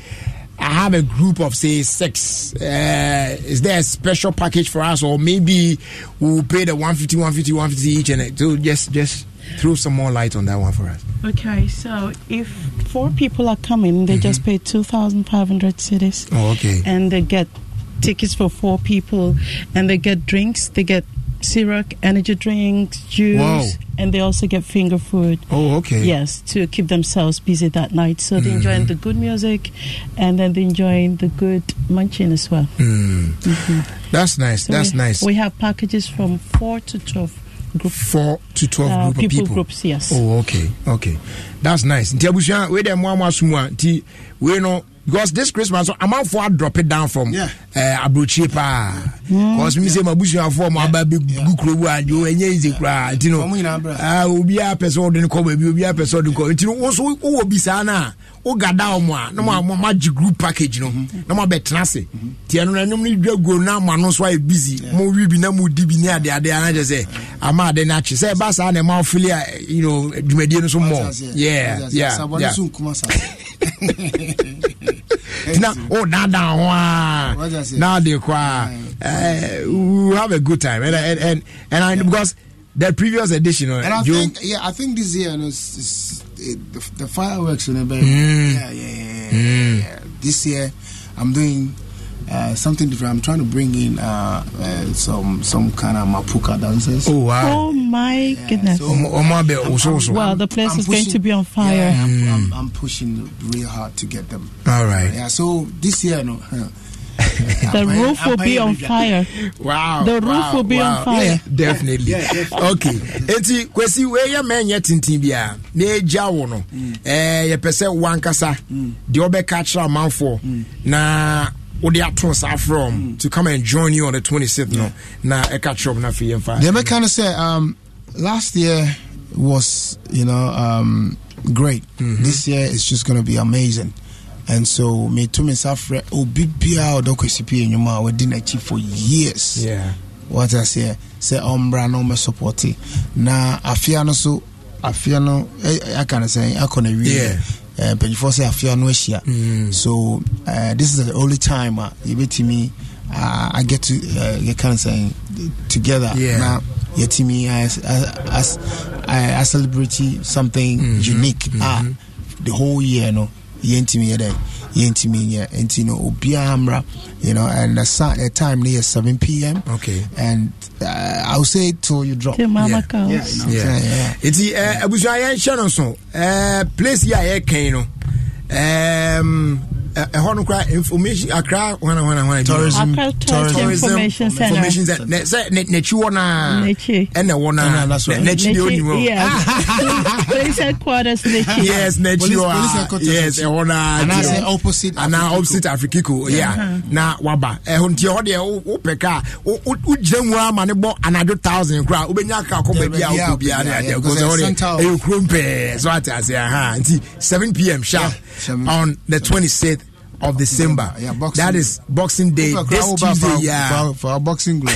I have a group of say six. Uh, is there a special package for us, or maybe we'll pay the 150, 150, 150 each, and so just just throw some more light on that one for us. Okay, so if four people are coming, they mm-hmm. just pay 2,500 cities. Oh, okay. And they get tickets for four people, and they get drinks, they get syrup, energy drinks, juice, Whoa. and they also get finger food. Oh, okay. Yes, to keep themselves busy that night. So they're mm-hmm. enjoying the good music, and then they're enjoying the good munching as well. Mm. Mm-hmm. That's nice. So That's we, nice. We have packages from 4 to 12 group. Four to twelve uh, group people, people. groups, yes. Oh, okay, okay. That's nice. Nti we dem mwa we no because this Christmas amanfo a drop it down from yeah. uh, eh, Abrochie paa mm. because mm, mi sɛ ma busuafoɔ ma aba bi gu kurobu a yɛ ɛnyɛ easy koraa ah, nti no obi a pɛ sɛ ɔde ne kɔ baabi obi a pɛ sɛ ɔde ne kɔ nti no wɔn so wɔ bi saa na wogada wɔn a na mo a mo mm-hmm. agye group package no mm-hmm. na mo abɛtena ase mm-hmm. tiɛ no n'anim no dwa guo na mo no, so ayɛ e busy mo wi bi na mo di bi ne ade ade ana kyɛ sɛ ama ade na akyi sɛ ɛba saa na ɛma ɔfili a you know dwumadie no so mɔ yeah yeah yeah. na oh now, down now they cry we have a good time and and and, and I, yeah. because the previous edition and I you, think yeah I think this year you know, it's, it's, it, the, the, fireworks you know, mm. yeah yeah yeah, yeah, mm. yeah this year I'm doing uh, something different. I'm trying to bring in uh, uh, some some kind of mapuka dancers. Oh wow! Oh my yeah, goodness! So, I'm, I'm, wow, the place I'm is pushing, going to be on fire. Yeah, i mm. I'm, pushing real hard to get them. All right. Yeah. So this year, no. the roof will be on fire. Wow. The roof will be on fire. definitely. okay. Enti kwesi we ya men yet ntin bia. Na eja wo no. Hmm. Eh ye pese wankasa. Hmm. De obeka manfo. Hmm. Na wode ato saa from hmm. to come and join you on the 26th no na ɛka kyerɛ m no afei yɛmfa deɛ mɛka no sɛ last year was you know um, great mm-hmm. this year is just going to be amazing and so meto me nsa frɛ obi biaa ɔdɔ kwasi pii nnwuma a not n'akyi for years yeah. what I say sɛ ɔmbra me supporti na afea no so afea no aka no sɛ akɔ no wie Eh, mpanyinfoɔ sɛ afia no ahyia mm. so uh, this is the only time a ah, yɛbɛtumi I ah, get to yɛ eh, kan together yeah. na yɛtumi a celebrate something mm -hmm. unique mm -hmm. the whole year no yɛntumi yɛ dɛ yɛntumi nyɛ nti no obiara mmra you know and the, time no yɛ 7 pm okay and uh, i'll say till you drop yeah. yeah. yeah, yeah. yeah. nti eh, abusua yɛnhyɛ no so eh, place yi a yɛkɛn no um, Eh, ɛhɔ no kora information akra wana tourism information center information center ne sɛ ne n'akyi wɔ na n'akyi ɛna wɔ na n'akyi de oni wɔ police headquarters n'akyi yes n'akyi wɔ a yes ɛhɔ na anaasɛ opposite ana opposite afrikiko yeah uh-huh. na waba ɛhɔ nti ɛhɔ deɛ o pɛ ka o o gyina mu ama ne bɔ anadwo thousand kora o bɛ nya aka akɔ baabi a o kɔ bi a ne adeɛ ko sɛ ɛhɔ deɛ ɛyɛ kurom pɛɛ so ate ase aha nti seven pm sharp on the twenty sixth of December. Yeah, that is Boxing Day. This Tuesday, for, yeah. For, our boxing group.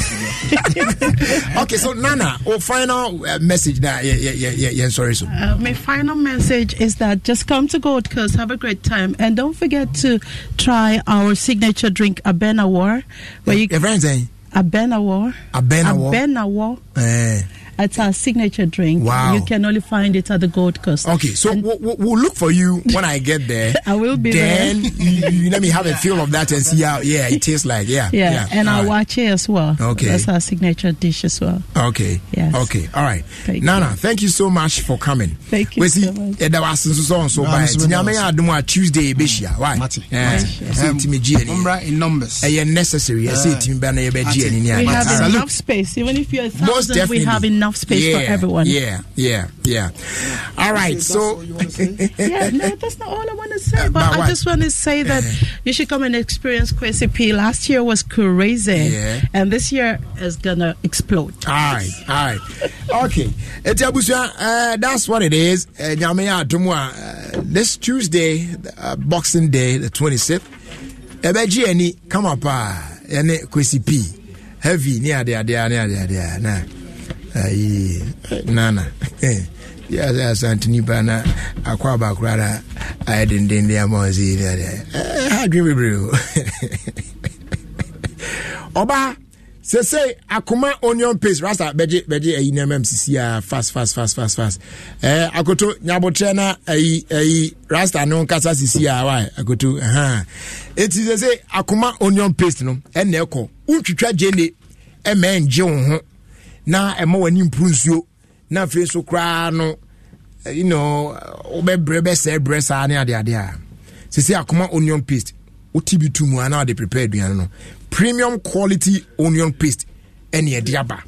okay, so Nana, oh, final uh, message. Now, yeah, yeah, yeah, yeah, yeah. Sorry, so. Uh, my final message is that just come to Gold Coast, have a great time, and don't forget to try our signature drink, Abenawar. Where yeah, you. Yeah, friends, eh? Abenawar. Abenawar. Abenawar. Eh. It's our signature drink. Wow. You can only find it at the Gold Coast. Okay, so we'll, we'll, look for you when I get there. I will be then there. Then you, you let me have a feel of that and see how, yeah, it tastes like. Yeah. Yeah. yeah. And our right. wache as well. Okay. That's our signature dish as well. Okay. Yes. Okay. All right. Thank Nana, you. thank you so much for coming. Thank you. We see, so much. that was so on so by Tuesday, Bishia. Mm. Why? Mati. Eh, Umbra in numbers. Eh, necessary. I eh, see it We have enough space. Even if you're a thousand, we have enough enough space yeah, for everyone. Yeah, yeah, yeah. All right, so yeah, no, that's not all I want to say. Uh, but, but I just want to say uh-huh. that you should come and experience Crazy P. Last year was crazy, yeah. and this year is gonna explode. All right, all right, okay. Uh, that's what it is. Uh, uh, this Tuesday, uh, Boxing Day, the twenty sixth. ɛbɛgye ani kama paa ɛne uh, kwesi pii heavy ne adeadeɛ ne adeadeɛ na ayi nana eh. ya za a santi ni ba na akwa ba kura da ayi dindin da ya ma wanzu ne ha dwi bebree o ọba sese akoma onion paste rasta bɛgye bɛgye ayi nneɛma sisi a fast fast fast fast fast ɛɛ eh, akoto nyabotrɛ na ayi ayi rasta no nkasa sisi a wa akoto ɛhan eti sese akoma onion paste no ɛna ɛkɔ ntwitwa gyeene ɛmɛ ngye wɔn ho. na ɛma w'ani mpuru nsuo na afei nso koraa no eh, you know wobɛbrɛ bɛsɛe brɛ saa ne adeade a sɛsɛ akoma onion paste wote bi to mu a na wode prepare aduane no premium quality onion paste ɛne ɛde aba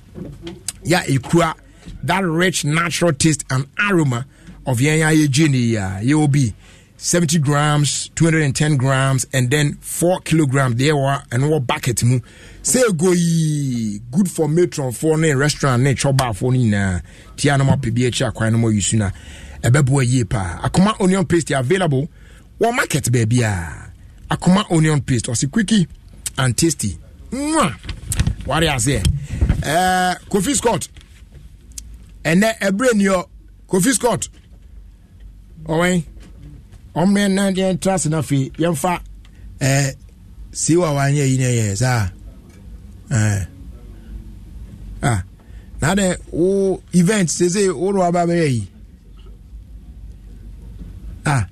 yɛ ɛkura that rich natural taste and aroma of yɛn a yɛgye ne yi a yɛwɔ bi 70 grams ten grams and then four kilograms deɛ wɔ ɛno wɔ bucket mu sɛ ɛgo yi good for matronfoɔ ne restaurant ne chɔbaafoɔ no nyinaa tia no hmm. mapɛ bi akyi akwan no mayi su no ɛbɛboa yie paa akoma onion paste available wɔ market baabiaa akoma onion paste ɔse quicky and tasty mwa ware aseɛ uh, kofi scott ɛnɛ ɛberɛ niɔ kofi scott ɔwɛn ɔmmerɛ na deɛ ntra se no afei yɛmfa eh, siwa wanyɛ yi ne yɛ saa Eh. Ah. na dɛ wo event sese wo na waba bɛyɛ yi ah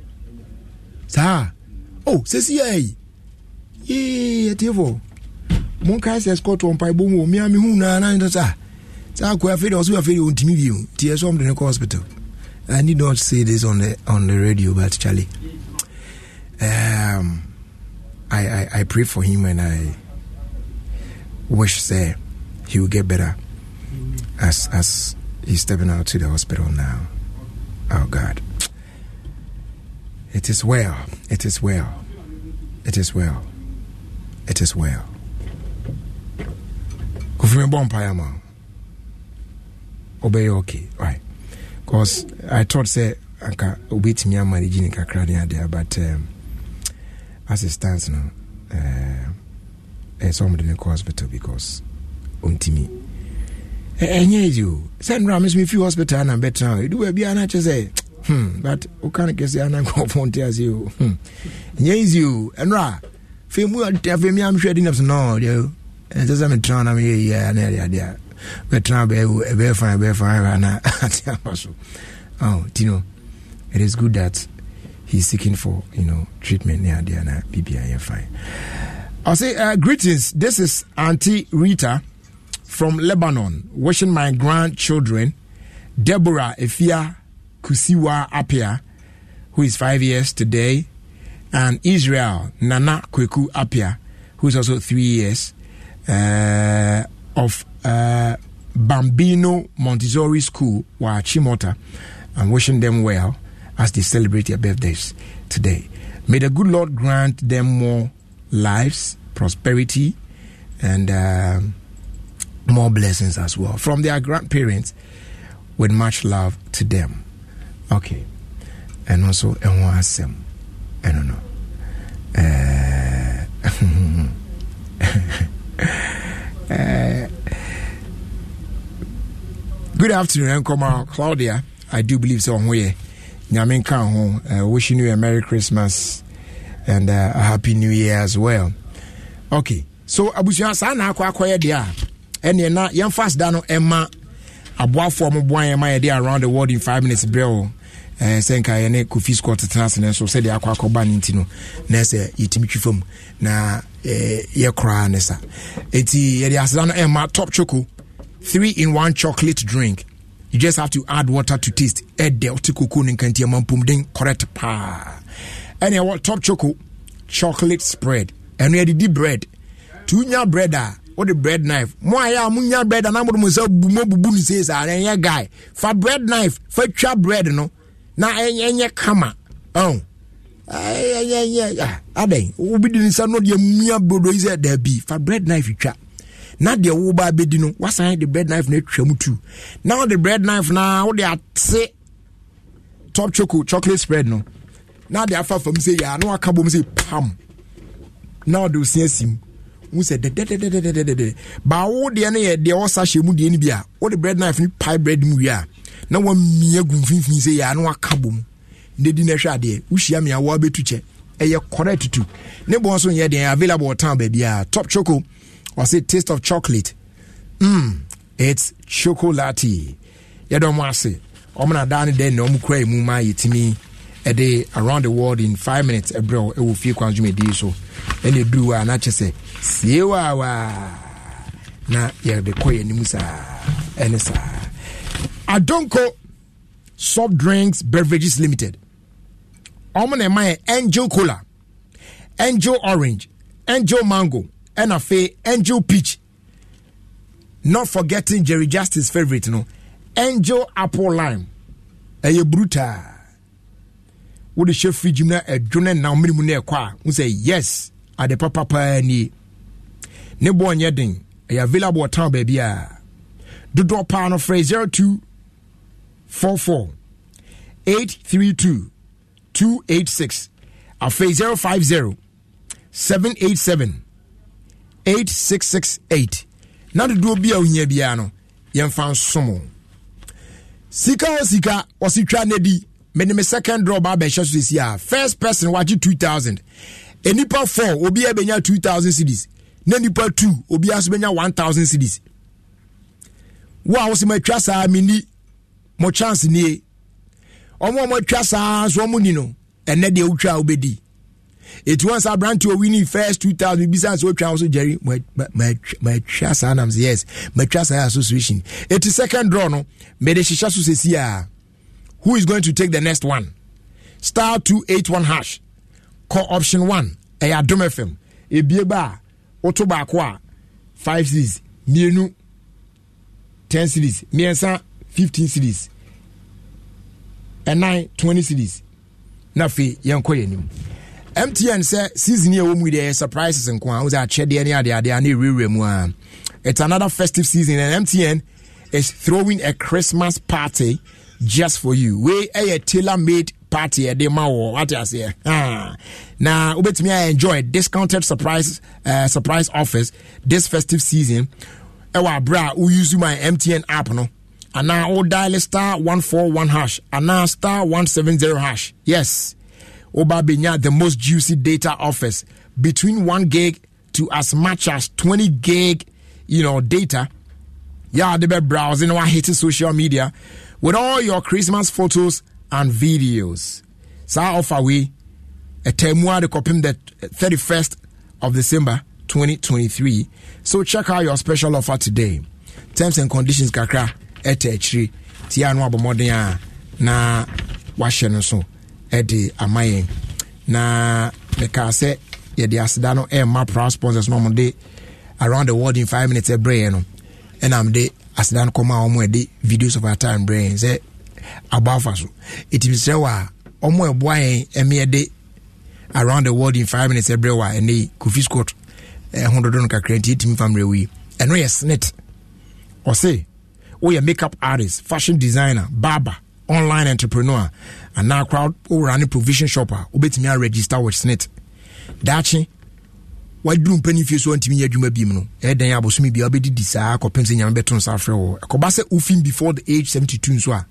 saa o oh, sesi yɛ yi yee ɛtie fɔ mo nkae sɛ scott wɔ mpae bom wɔ me hu naa na ne sa saa akɔ afei de ɔso afei de ɔntumi bio nti ɛsɛ ɔm ne kɔ hospital i need not say this on the on the radio but charlie um, I, I, I pray for him and I wish say he will get better as as he's stepping out to the hospital now. Oh God. It is well. It is well. It is well. It is well. Kufime bompire ma, Obey okay. why? Because I thought say anka obetumi amanage jini kakra ne adeɛ but um, as it stands now. Um, eh, somebody in the hospital because ontimi ɛnyɛ easy o sɛ nnura mi sumi fi hospital ana bɛtena o eduwa bi ana kyɛ sɛ hmm but oka ne kɛse ana nkɔfɔ nte ase o hmm ɛnyɛ easy o nnura fɛmu afɛmi amhwɛ di na so no deɛ o ɛnsɛ sɛ metena na meyɛ yie ana ɛde adeɛ bɛtena bɛyɛ ɛbɛyɛ fan ɛbɛyɛ fan ana ate aba so oh tino it is good that he's seeking for you know treatment ne adeɛ ana bibi ayɛ fine. I'll say, uh, Greetings. This is Auntie Rita from Lebanon, wishing my grandchildren, Deborah Efia Kusiwa Apia, who is five years today, and Israel Nana Kweku Apia, who is also three years, uh, of uh, Bambino Montessori School, Wachimota. I'm wishing them well as they celebrate their birthdays today. May the good Lord grant them more lives, prosperity, and uh, more blessings as well from their grandparents with much love to them. Okay. And also, I don't know. Uh, uh, good afternoon, Uncle Claudia. I do believe so. Nyame nka ho. Uh, wishing you a Merry Christmas. and uh, a happy new year as well. Okay, so abusua saa na akɔ akɔyɛ deɛ a ɛnneɛ na yɛn fast da Emma, ɛma aboafoɔ mo boan ɛma yɛde around the world in five minutes Bro, o eh, ɛɛ sɛ nka yɛne kofi score tetena ase ne nso sɛdeɛ akɔ akɔba ne nti no na ɛsɛ yɛtumi twi fam na ɛɛ eh, yɛkoraa ne sa eti yɛde aseda no ɛma top choco three in one chocolate drink you just have to add water to taste ɛdɛ ɔte koko ne nkantia mampom den correct paa ɛne ɛwɔ top choco chocolate spread ɛno yɛde di bread nti wonya bread a wode bread knife mo ayɛ a monya bread a na mode mo sɛ mobubu no sei saa no ɛnyɛ guy fa bread knife fa twa bread no na ɛnyɛ kama ɛho ah, adɛn wobɛdi no sɛ no deɛ mia brodo yi sɛ daabi fa bread knife twa na deɛ woba bɛdi no wasan de bread knife no atwa mu tu na wode bread knife na wode ate top choco chocolate spread no na ade afa fam sɛ yɛa na waka bom sɛ pam na ɔde osia sim wo sɛ dɛdɛdɛdɛdɛdɛdɛ baa wo deɛ no yɛ deɛ wɔsa hyɛ mu deɛ no bi a wode bread knife no pae bread mu wie a na wamia gu mfimfini sɛ yɛa na waka bom na di no hwɛ adeɛ wohyia me a woabɛtu kyɛ ɛyɛ kɔrɛ tutu ne bɔn so yɛ deɛ available ɔtan baabiara top choco ɔse taste of chocolate mm, it's chocolate yɛdɔm ase ɔmo na daa ne dɛ na ɔmo kura emu ma yɛtumi A day around the world in five minutes a bro, ɛbrɛw ɛwɔ fie kwan dwumadie so ɛna eduru a n'akyɛ sɛ sie waawa na yɛde kɔ yɛn musa, saa ɛne saa adonko soft drinks beverages limited wɔn na ɛma angel cola angel orange angel mango ɛna afei angel peach not forgetting jerry justice favourite no angel apple lime ɛyɛ brutal wode hyɛ frigim no ɛdwo no nam mene mu no ɛkɔ a wo sɛ yes ade papapaa nie ne bɔɔ nyɛ den ɛyɛ available ɔtan baabi a dodoɔ paa no frɛ 0244 832 286 afei 050 787 8668 na dodoɔ bi a wohia biara no yɛmfa nsom sika wɔ sika wɔse twa no di Me mene me second draw ba bɛhyɛ so sisi a first person wagye 2000 enipa 4 obi two thousand e, cedis na nipa two obi nso bɛnya 1000 cedis wo a wosɛ matwa saa meni mo chance nie ɔmo a matwa saa nso ɔmo ni no ɛnɛ deɛ wotwa a wobɛdi ɛti wɔn sɛ aberante owi ne first 2000 bisa sɛ wotwa wo so gyeri matwa saa nam sɛ yes matwa saa association Etu second draw no me de hyehyɛ so sɛsi a who is going to take the next one star 281 hash call option one. ɛyɛ adom fm ebie ba a woto baako a 5 series mmienu 10 series mmiɛnsa 15 series ɛnan 20 series na afei mtn sɛ season yɛ wɔ mu deɛ surprises nko a chedi akyɛdeɛ ne adeadeɛ a ne ɛwerɛwerɛ mu it's another festive season and mtn is throwing a christmas party just for you we eh, a a tailor made party ɛde eh, ma wɔ wate aseɛ ah. na wobɛtumi a enjoy discounted surprise uh, surprise offers this festive season Ewa bra, we use my mtn app no anaa oh, dial star 141 hash now star 170 hash yes oba benya the most juicy data offers between 1 gig to as much as 20 gig you know data yɛ yeah, be browsing, no hitting social media with all your Christmas photos and videos. Saa offer we a etemua de copim the 31st of December 2023. So check out your special offer today. Terms and conditions kakra ɛtɛ tree ti a no abɔmmɔden a na wahyɛ no so ɛde ama yɛn na mekaa sɛ yɛde asidano no ɛma proud sponsors no around the world in five minutes ɛbrɛɛ no I'm de aseda no kɔma a ɔmo ɛde videos of our time brain sɛ abɔ afa so ɛtumi srɛ wɔ a ɛboa yɛn ɛmi ɛde around the world in five minutes ɛbrɛ wɔ a ɛnɛ yi kofi scott ɛho eh, dodo no kakra nti ɛtumi fa mmerɛ wei ɛno yɛ snit ɔse woyɛ makeup artist fashion designer barber online entrepreneur anaa crowd wowura ne provision shop a wobɛtumi aregister with snit daakye waduru mpanimfie so ntumi nyɛ adwuma bi mu no ɛdan abosom bi a wobɛdidi saa kɔpem sɛ nyame bɛto nsa frɛ wɔ ɛkɔba sɛ wofim before the age 72 nso a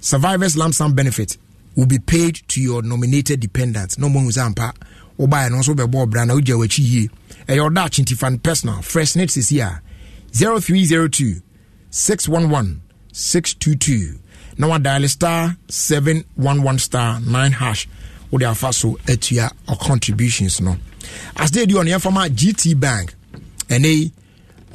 survivors lamsam benefit will be paid to your nominated dependent na ɔmahu sɛ ampa wobaɛ no nso wobɛbɔ ɔbra na wogya wakyi yie ɛyɛ ɔda akyentifa no personal fresh net sesi a six two two. na dial star seven one one star nine hash wode afa so atua contributions no As asde deɛ on yɛmfa former gt bank ɛne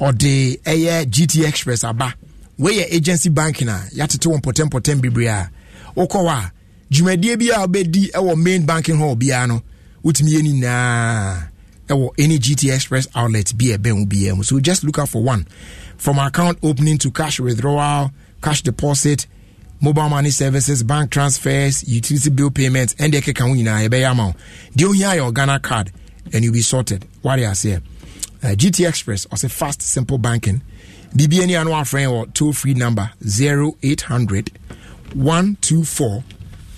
ɔde ɛyɛ gt express aba where yɛ agency banking na yɛatete wɔ mpɔtɛmpɔtɛm bebree a wokɔ hɔ a dwumadie bi a main banking hall biara no wotumi yɛ nyinaa ɛwɔ any eh, gt express outlet bi ben ɛbɛn wo so just look out for one from account opening to cash withdrawal cash deposit mobile money services bank transfers utility bill payments ɛndeɛ keka ho nyinaa yɛbɛyɛ ama wo deɛ ohia yɛ card and you'll be sorted. Warriors here. Uh, GT Express or say fast simple banking. BBN e annual friend or toll free number 0800 124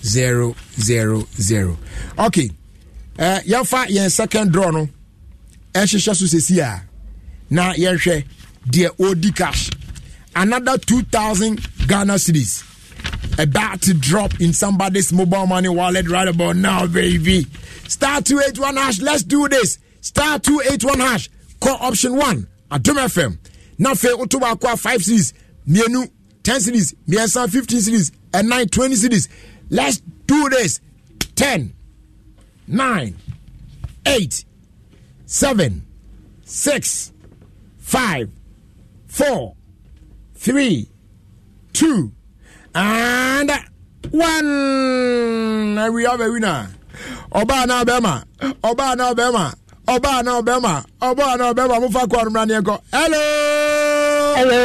000. Okay. Uh, yɛmfa yɛn second draw no ɛhyehyɛ so see here. Now yɛhwɛ deɛ ɔdi cash another 2000 ghana series about to drop in somebody's mobile money wallet right about now, baby. Star 281 hash. Let's do this. Star 281 hash. Call option one. at Doom FM. Now, fair Otoba 5 series. Mienu 10 series. Miensa 15 cities And 9 20 cities. Let's do this. 10, 9, 8, 7, 6, 5, 4, 3, 2, and one and we have a winner ọbaa náà bẹ́ẹ̀ ma ọbaa Obama, bẹ́ẹ̀ ma ọbaa náà bẹ́ẹ̀ ma ọbaa náà bẹ́ẹ̀ ma hello. hello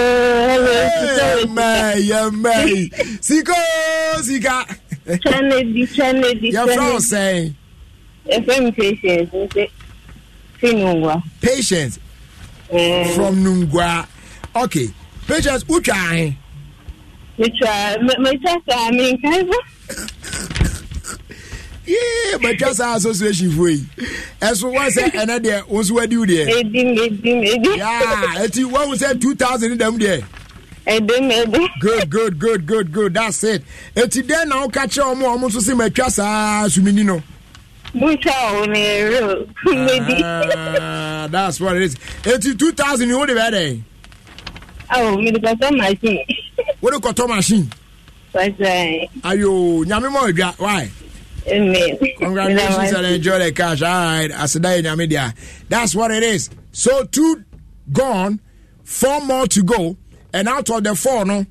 hello yẹmẹ yẹmẹ siko sika. tẹnedi tẹnedi tẹnedi. yẹ fẹ́ o sẹ́yìn. ẹ fẹ́ patience n ṣe patience. Eh. from Nungwa. okay patience utwa ahin yee matwa saa association fo yi e ɛso wɔn sɛ ɛnɛ deɛ wɔn nso wadi wo deɛ. edim edim edim. yaa eti wɔn sɛ two thousand dɛm e deɛ. edim edim. good good good good good that's it eti dɛn now catch on more. a wɔn see my matwa saa sumini no. bùtà òun ni èrò ah, kúmẹ́dì. that's what it is eti two thousand ni e wọ́n de awo mi kɔtɔ machine. wo de kɔtɔ machine. kɔtɔ. ayo nyame ma odwa why. Amen. Congratulations and enjoy the cash. Alright, right. Asadai Nyamidia. That's what it is. So two gone, four more to go, and out of the four, no,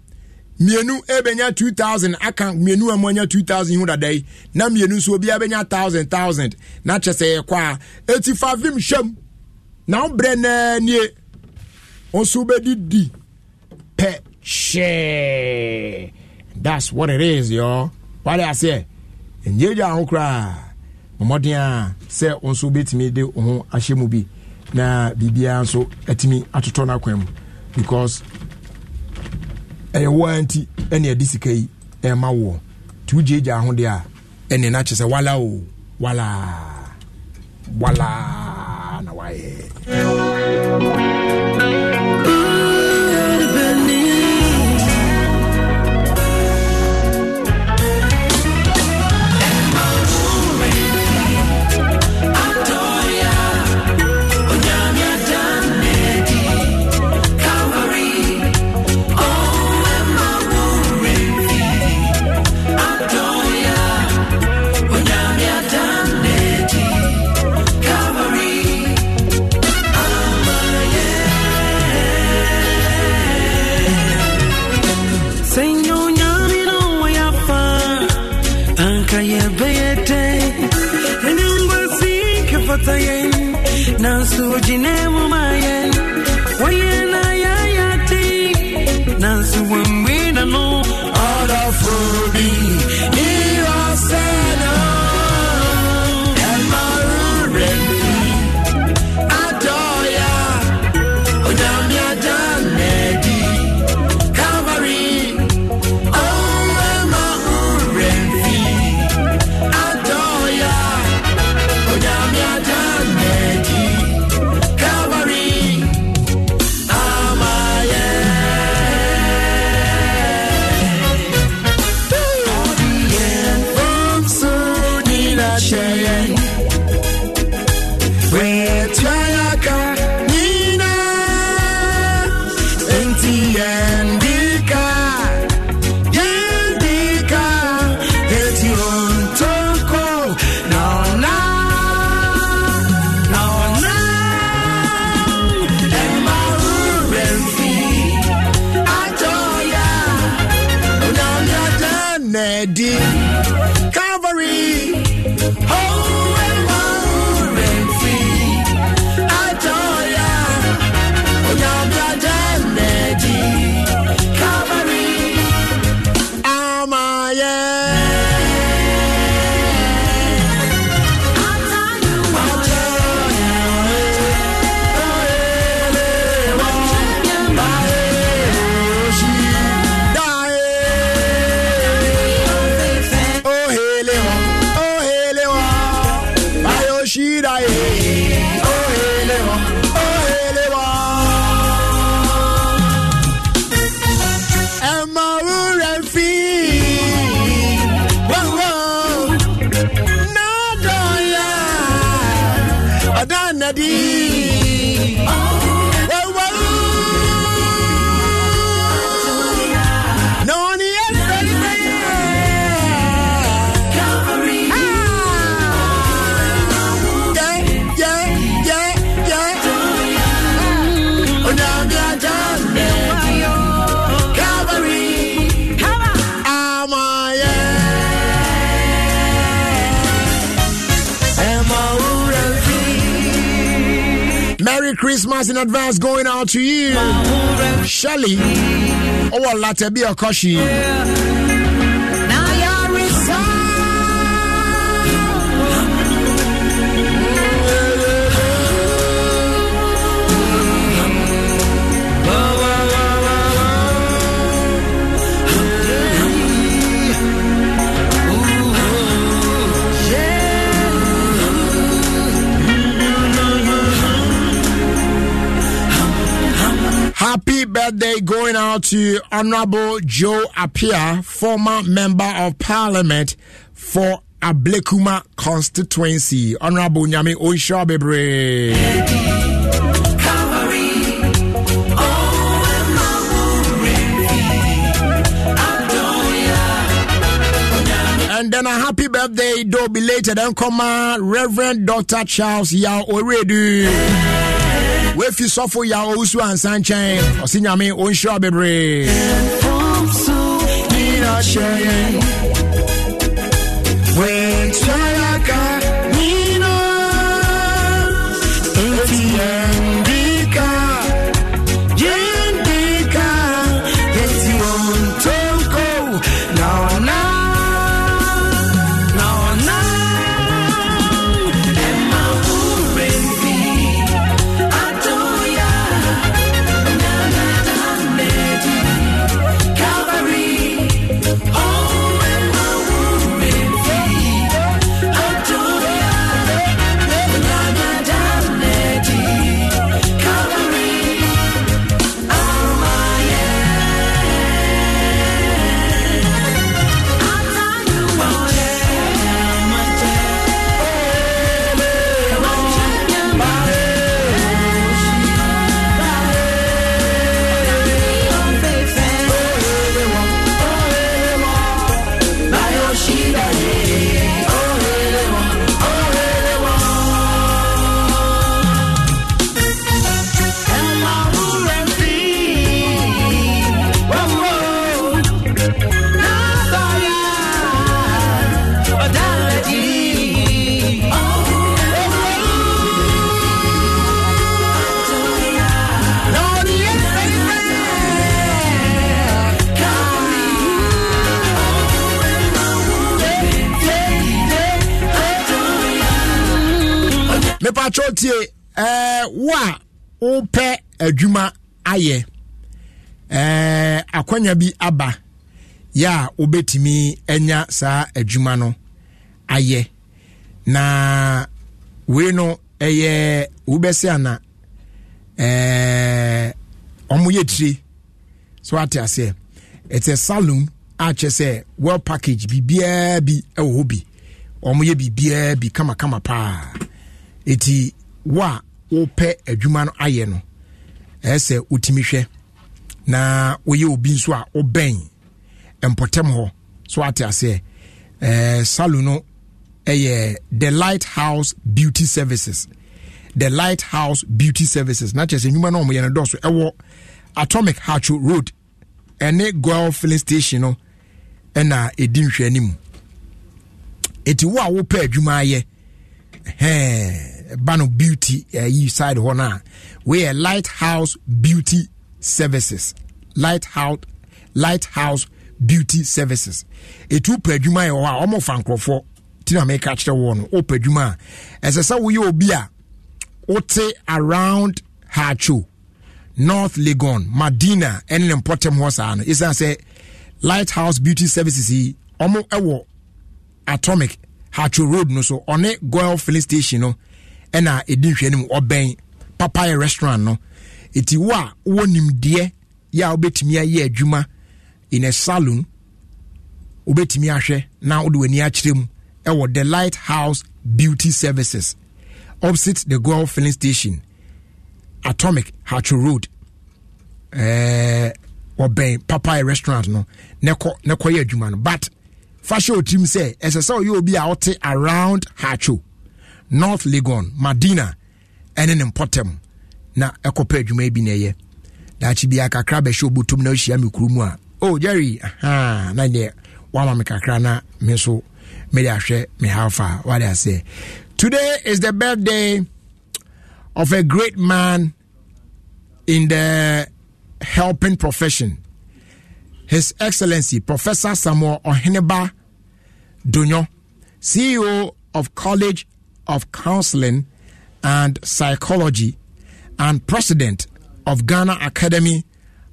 mienu ebenya 2000 aka mmienu amanya e 2000 hu dada yi na mmienu nso obi abenya 1000 thousand na kyɛ sɛ kwa eighty five m hyɛm na wo berɛ naa nie wo nso per share. That's what it is, y'all. What I say? Nye gya ho koraa. Mmɔden a sɛ wo nso wobɛtumi e de wo ho ahyɛ mu bi na biribiara nso atumi atotɔ no mu because ɛyɛ woa nti ɛne ɛde sika yi ɛma woɔ nti wogyaagyaa ho deɛ a ɛne no akyɛ wala o wala wala na wayɛ wɔ latɛ bi ɔkɔ hwee out to Honorable Joe Appiah, former Member of Parliament for Ablekuma Constituency. Honorable Nyami Oisha Bebre. And then a happy birthday, though belated, and on, Reverend Dr. Charles Yao Oredu. woafi sɔfo ya ɔwosu ansa nkyɛn ɔse nyame ɔnhyira bebree anya bi aba yɛ a enya anya saa adwuma no ayɛ na wei no ɛyɛ wobɛsɛ ana ɔmo yɛ tire so ate aseɛ it's saloon a kyerɛ sɛ well package biribiara bi ɛwɔ hɔ bi ɔmo yɛ biribiara bi kamakama paa eti wo a wopɛ adwuma no ayɛ no ɛyɛ sɛ wotumi hwɛ na woyɛ obi nso a wobɛn mpɔtam hɔ so ate aseɛ eh, salo no ɛyɛ the lighthouse beauty services the lighthouse beauty services na kyerɛ sɛ nnwuma no ɔmyɛ no dɔso ɛwɔ atomic hatcho road ɛne goil filling station no ɛna ɛdi nhwɛ no mu ɛti wo a wopɛ adwuma ayɛ ɛba no beauty ayi eh, side hɔ no a lighthouse beauty services lighthouse lighthouse beauty services etu pɛ adwuma yɛ hɔ a wɔmfa nkurɔfoɔ tina meka kyerɛ wɔn O wopɛ adwuma a ɛsɛ sɛ woyɛ obi a wote around hacho north legon madina ɛne ne mpɔtam hɔ saa no ɛsiane sɛ lighthouse beauty services yi ɔmo ɛwɔ atomic hacho road no so ɔne goil filling station no ɛna ɛdi nhwɛ ɔbɛn papaya restaurant no ɛti wo a wowɔ nimdeɛ yɛ a wobɛtumi ayɛ adwuma in a saloon wobɛtumi ahwɛ na wode w'ani akyerɛ mu ɛwɔ the lighthouse beauty services opposite the goal filling station atomic hatcho road ɛɛ eh, wɔbɛn papaye restaurant no nɛkɔ nɛkɔ yɛ adwuma no but fahyɛ otirim sɛ ɛsɛ sɛ ɔyɛ obi a ɔte around hatcho north legon madina ɛne ne mpɔtam na ɛkɔpɛ adwuma bi na ɛyɛ daakye bia kakra bɛhyɛ obotom na ɔhyia me kuro mu a o oh, jerry na deɛ wama me kakra na me nso mede ahwɛ me halfa wade asɛ today is the birthday of a great man in the helping profession his excellency professor samuel oheneba dunyo ceo of college of counseling and psychology and president of Ghana Academy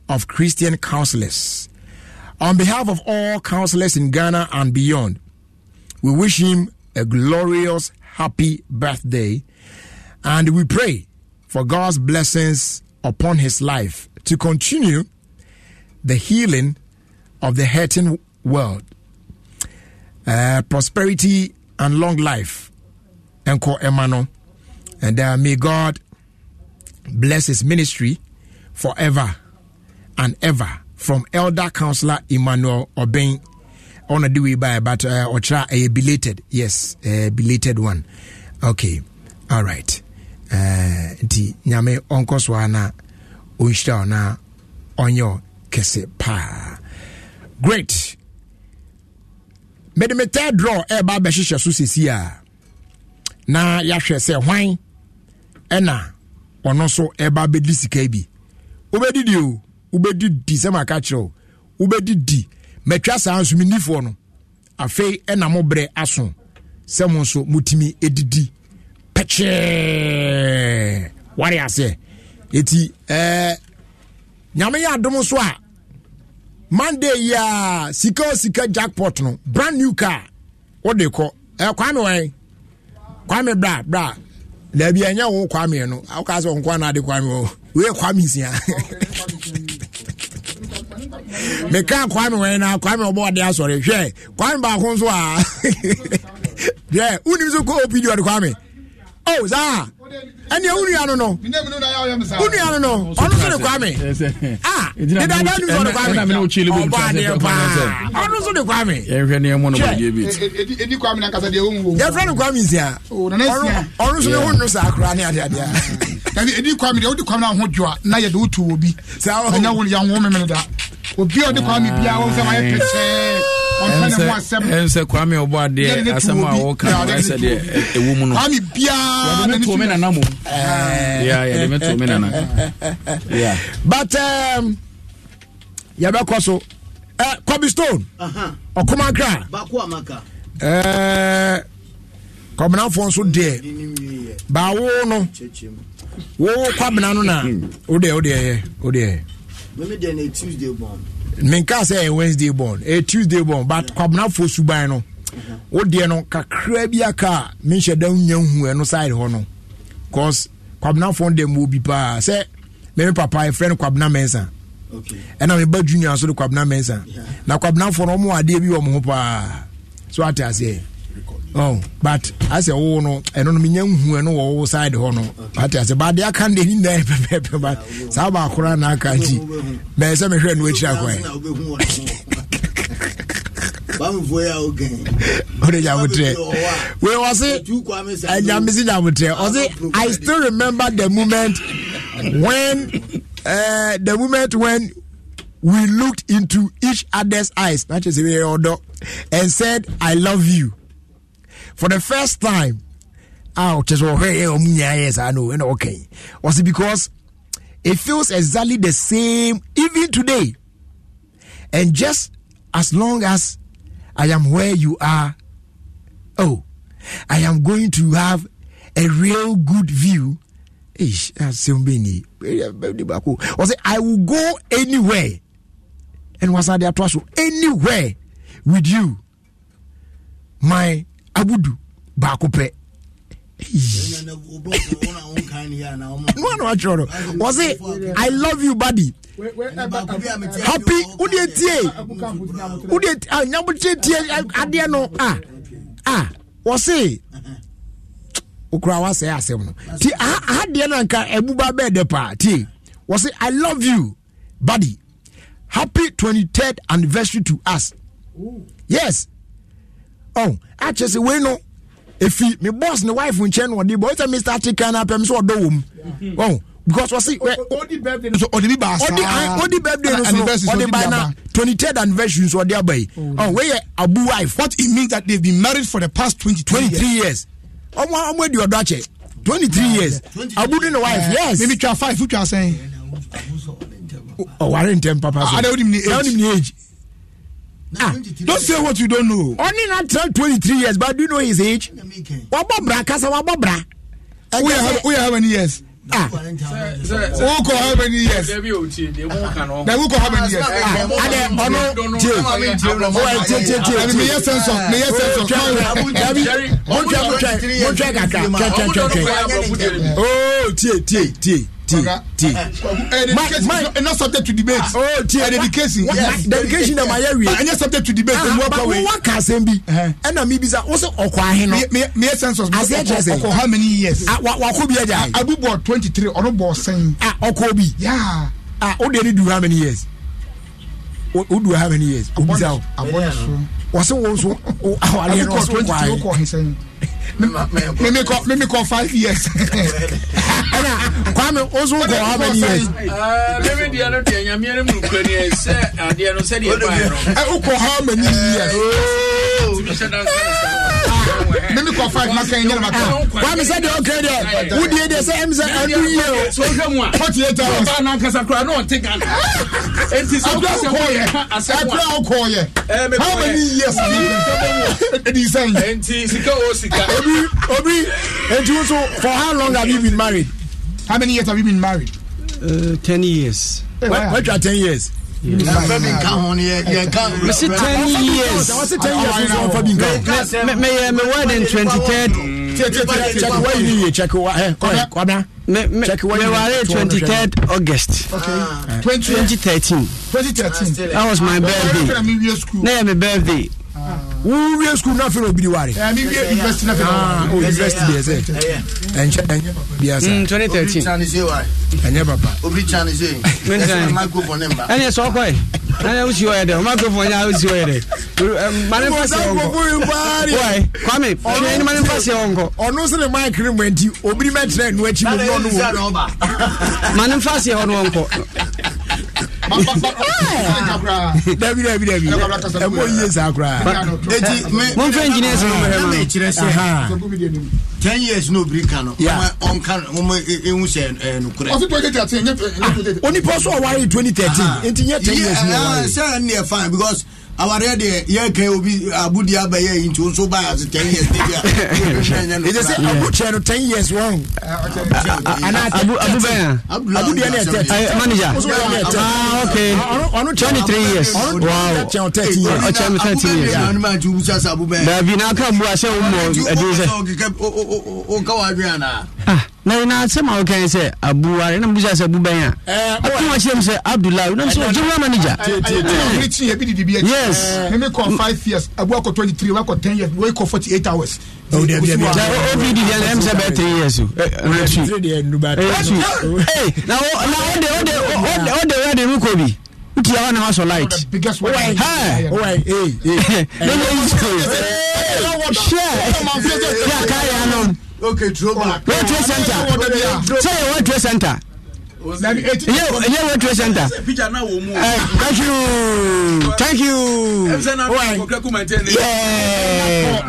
of Christian Counselors. On behalf of all counselors in Ghana and beyond, we wish him a glorious happy birthday and we pray for God's blessings upon his life to continue the healing of the hurting world. Uh, prosperity and long life. Enko Emano. And uh, may God bless his ministry forever and ever from elder counselor emmanuel obeng I on do it by but uh, ocha a belated yes uh, belated one okay all right uh, nti nyame ɔnkɔ so a na ɔnhyira na ɔnyɛ great mede me third draw ɛreba abɛhyehyɛ so sesi a na yɛahwɛ sɛ hwan ɛna ɔno nso ɛba bɛdi sika bi wobɛdi di o wobɛdi di sɛ maka kyerɛ o wobɛdi di mɛtwa saa nso mi nifoɔ no afei ɛna e mo brɛ aso sɛ mo nso mutumi edidi pɛkyɛɛ wari aseɛ eti ɛɛ e, nyame yɛ adum so a monday yi a sika o sika jackpot no brand new car wɔde kɔ ɛɛ e, kwame wɔn kwame bra bra. dabi ɛnyɛ wo kwame no woka sɛ ɔnkoa no ade kwame ɔ woyɛ kwame sia meka kwame wɛ no kwame ɔbɔ ɔde asɔre hwɛ kwame baako nso a hwɛ wonim so kɔ opi ọ ɔde kwame o oh, saa ɛni ewu nua no no wu nua no no ɔno so de kwa mi a deda bɛ nu so de kwa mi ɔbɔ adeɛ paa ɔno so de kwa mi. yɛn hwɛ ni ɛmu no ma ye bi. edi kwa mi na kasa deɛ ohun wo. yɛn fɛn no kwa mi nsia ɔno so de hu nu sa akora ne adeade a. yàrá edi kwa mi deɛ odi kwa mi na ho jua na yɛ de o tu wo bi. sáwọ ɛnyɛ wo yàn wo mímiri da obi a odi kwa mi bi a wọn fɛn ma yɛ pɛtɛɛ. ɛm sɛ kwame ɔbɔ adeɛ asɛm a wɔka sɛ deɛ ɛwɔ mu no yɛde me too me nana mom nana but um, yɛbɛkɔ so uh, stone ɔkoma kra kɔmenafoɔ nso deɛ baawo no wo kwabena no na hmm. wodeɛ wodeɛ wodeɛ menka sɛ ɛyɛ eh, wednesday born ɛyɛ eh, tuesday born but kwabenafoɔ suban no wo no kakra bi aka a menhyɛ da nya hu ɛno side hɔ no cause kwabenafoɔ no dɛ mmɔ bi paa sɛ meme papa ɛfrɛ no kwabena mensa ɛna meba junior nso de kwabena mensa na kwabenafoɔ no ɔmo adeɛ bi wɔ mo ho paa so ate aseɛ oh but I say oh no ɛno no menya nhu no wɔ wo side hɔ no ate asɛ baade aka no ɛni nnaɛ pɛpɛpɛ but some saa baakora na aka nti mɛɛ sɛ mehwɛ no akyira kɔɛ wode nyamotrɛ wei wɔ se I'm missing ɔse i still remember the moment when uh, the moment when we looked into each other's eyes na kyɛ sɛ weyɛ ɔdɔ and said i love you for the first time out ah, just eh, I know and okay was it because it feels exactly the same even today and just as long as I am where you are oh I am going to have a real good view ish eh, eh, was I will go anywhere and was I there anywhere with you my abudu baako pɛ nwanawatwerɛ no wɔse i love you buddy. happy wodeɛ tie wodeɛ nyabotwe tie adeɛ no a a wɔse wokora woasɛe asɛm no nti adeɛ no anka abuba bɛɛdɛ paa tie wɔse i love you body happy 23rd anniversary to us yes ɔn akyɛ sɛ wei no efi mi boss ne wife nkyɛn na ɔde bɔ ɔyɛ sɛ mr atikan na apɛm sɛ ɔdɔ wɔm ɔn because wɔsi wɛ ɔdi birthday nso ɔdi bi baasa ɔdi ɔdi ah, birthday nso ɔdi ba na twenty third anniversary nso ɔdi aba yi ɔn wei yɛ abu wife. what it means that they been married for the past twenty three years. twenty three years ɔmo ɔmo edi ɔdɔ akyɛ twenty three years abu ne ne wife yes. maybe twa five twa sɛn. ɔware ntɛm papa so ɔware ntɛm papa so ɔware ntɛm Ah, don't say what you don't know. Only natural 23 years, but do you know his age? Wabobra, kasa wabobra. We have, we have many years. Ah, wokɔ how many years? na wokɔ how many years? ade ɔno tie ɔyɛ tie tie tie. ɛni mi yɛ sɛnsɔn mi yɛ sɛnsɔn. dabi mo twɛ mo twɛ mo twɛ kakra twɛ twɛ twɛ twɛ. ooo tie tie tie. T. T. Eh, eh, education not subject to debate. Oh, T. Eh, education. Dedication na my area. And subject to debate. Ah, but one can say bi. Ɛna mi bisa wosi ɔkɔ ahin no. Mi yɛ census. Ase ɛkyɛ sɛ. Ɔkɔ how many years? Wakɔ bi ɛdi ayi. Abu bɔ twenty three ɔno bɔ sɛn. Ɔkɔ bi. O de ni du how many years? O du how many years? O bisa o. Wɔsi wo so. Awo ale yɛrɛ wɔsi ɔkɔ ahin mímí kọ mímí kọ five years ẹnna kwame oṣù kọ how many years. mímí diẹ no diẹ nyàmú yẹn mu nkura ni ẹ sẹ adiẹ no sẹ diẹ báyìí. ẹ kọ how many uh, years. Oh mímí kọ five maka ẹ̀yẹ́ nàmà kan. wàá mi sẹ́ de ọkẹ́ dẹ̀ wú di ẹ̀dẹ̀ sẹ́ ẹ̀mi sẹ́ ẹ̀dú yìí o. sọ́jọ́ mu a forty eight hours. ọba náà kasa kura náà ti gana. etí sọ́jọ́ sẹ́ kọ́ yẹ ẹ̀kúrẹ́ ọkọ̀ yẹ how many years ni ẹ̀dí sẹ́yìn. ẹ̀ntì sika o sika. obi obi ẹ̀ntì so for how long have you been married? how many years have you been married? Uh, ten years. Hey, why, why, why ten years? mese 10 yearsmeyɛ me wedding 23rd meware 23rd august okay. Ah. 2013 2013 ah, that was my ah, birthday na yɛ me birthday wowie skul no afei na obi de ware university deɛ sɛ ɛnyɛ biasaɛnyɛ papaɛneɛ sɛ wokɔe ɛnɛ wosi ɔyɛ dɛ microphone nyɛ wosi ɔyɛ dɛ mane mfa sɛ ɔnkɔ kwame hwɛ ne mane mfa sɛ ɔnkɔ ɔno sene mic ne mɔ nti obi ne mɛkyerɛ ɛno akyi mu bi ɔno wɔ mane mfa sɛ hɔ no ɔnkɔ ten years n'o biri kan no ɔn kan no mo ehun sɛ nukurɛ. ɔsi twenty thirteen onipa sɔ wa ye twenty thirteen nti n ye ten years n'o wa ye. sɛ n yɛ fine because awareɛ deɛ yɛka obi abudi abɛyɛ yi nti nso ba ase ten years de bia ɛsɛ sɛ abu kyɛ no ten years wɔn abu abu bɛn a abu deɛ ne yɛ tɛ ɛ manager ah okay ɔno twenty three years wow ɔkyɛ mi thirteen years daabi n'aka mbu ahyɛ wo mɔ ɛdi sɛ na yi na asɛm a wokan sɛ abuware na mbusa sɛ abubɛn a ato wa kyerɛ mu sɛ abdullahi wonam sɛ ɔgyewura manager yes meme kɔ 5 years abu akɔ 23 wakɔ 10 years wakɔ 48 hours obd deɛ ɛm sɛ bɛɛ 3 years ode wɛde rukɔ bi wotia hɔ ne wasɔ light hwɛ yɛkaeɛ no okay throwback. wọ́n trade center ṣé yẹ wọ́n trade center. yẹ wọ́n trade center. thank you thank you. Why?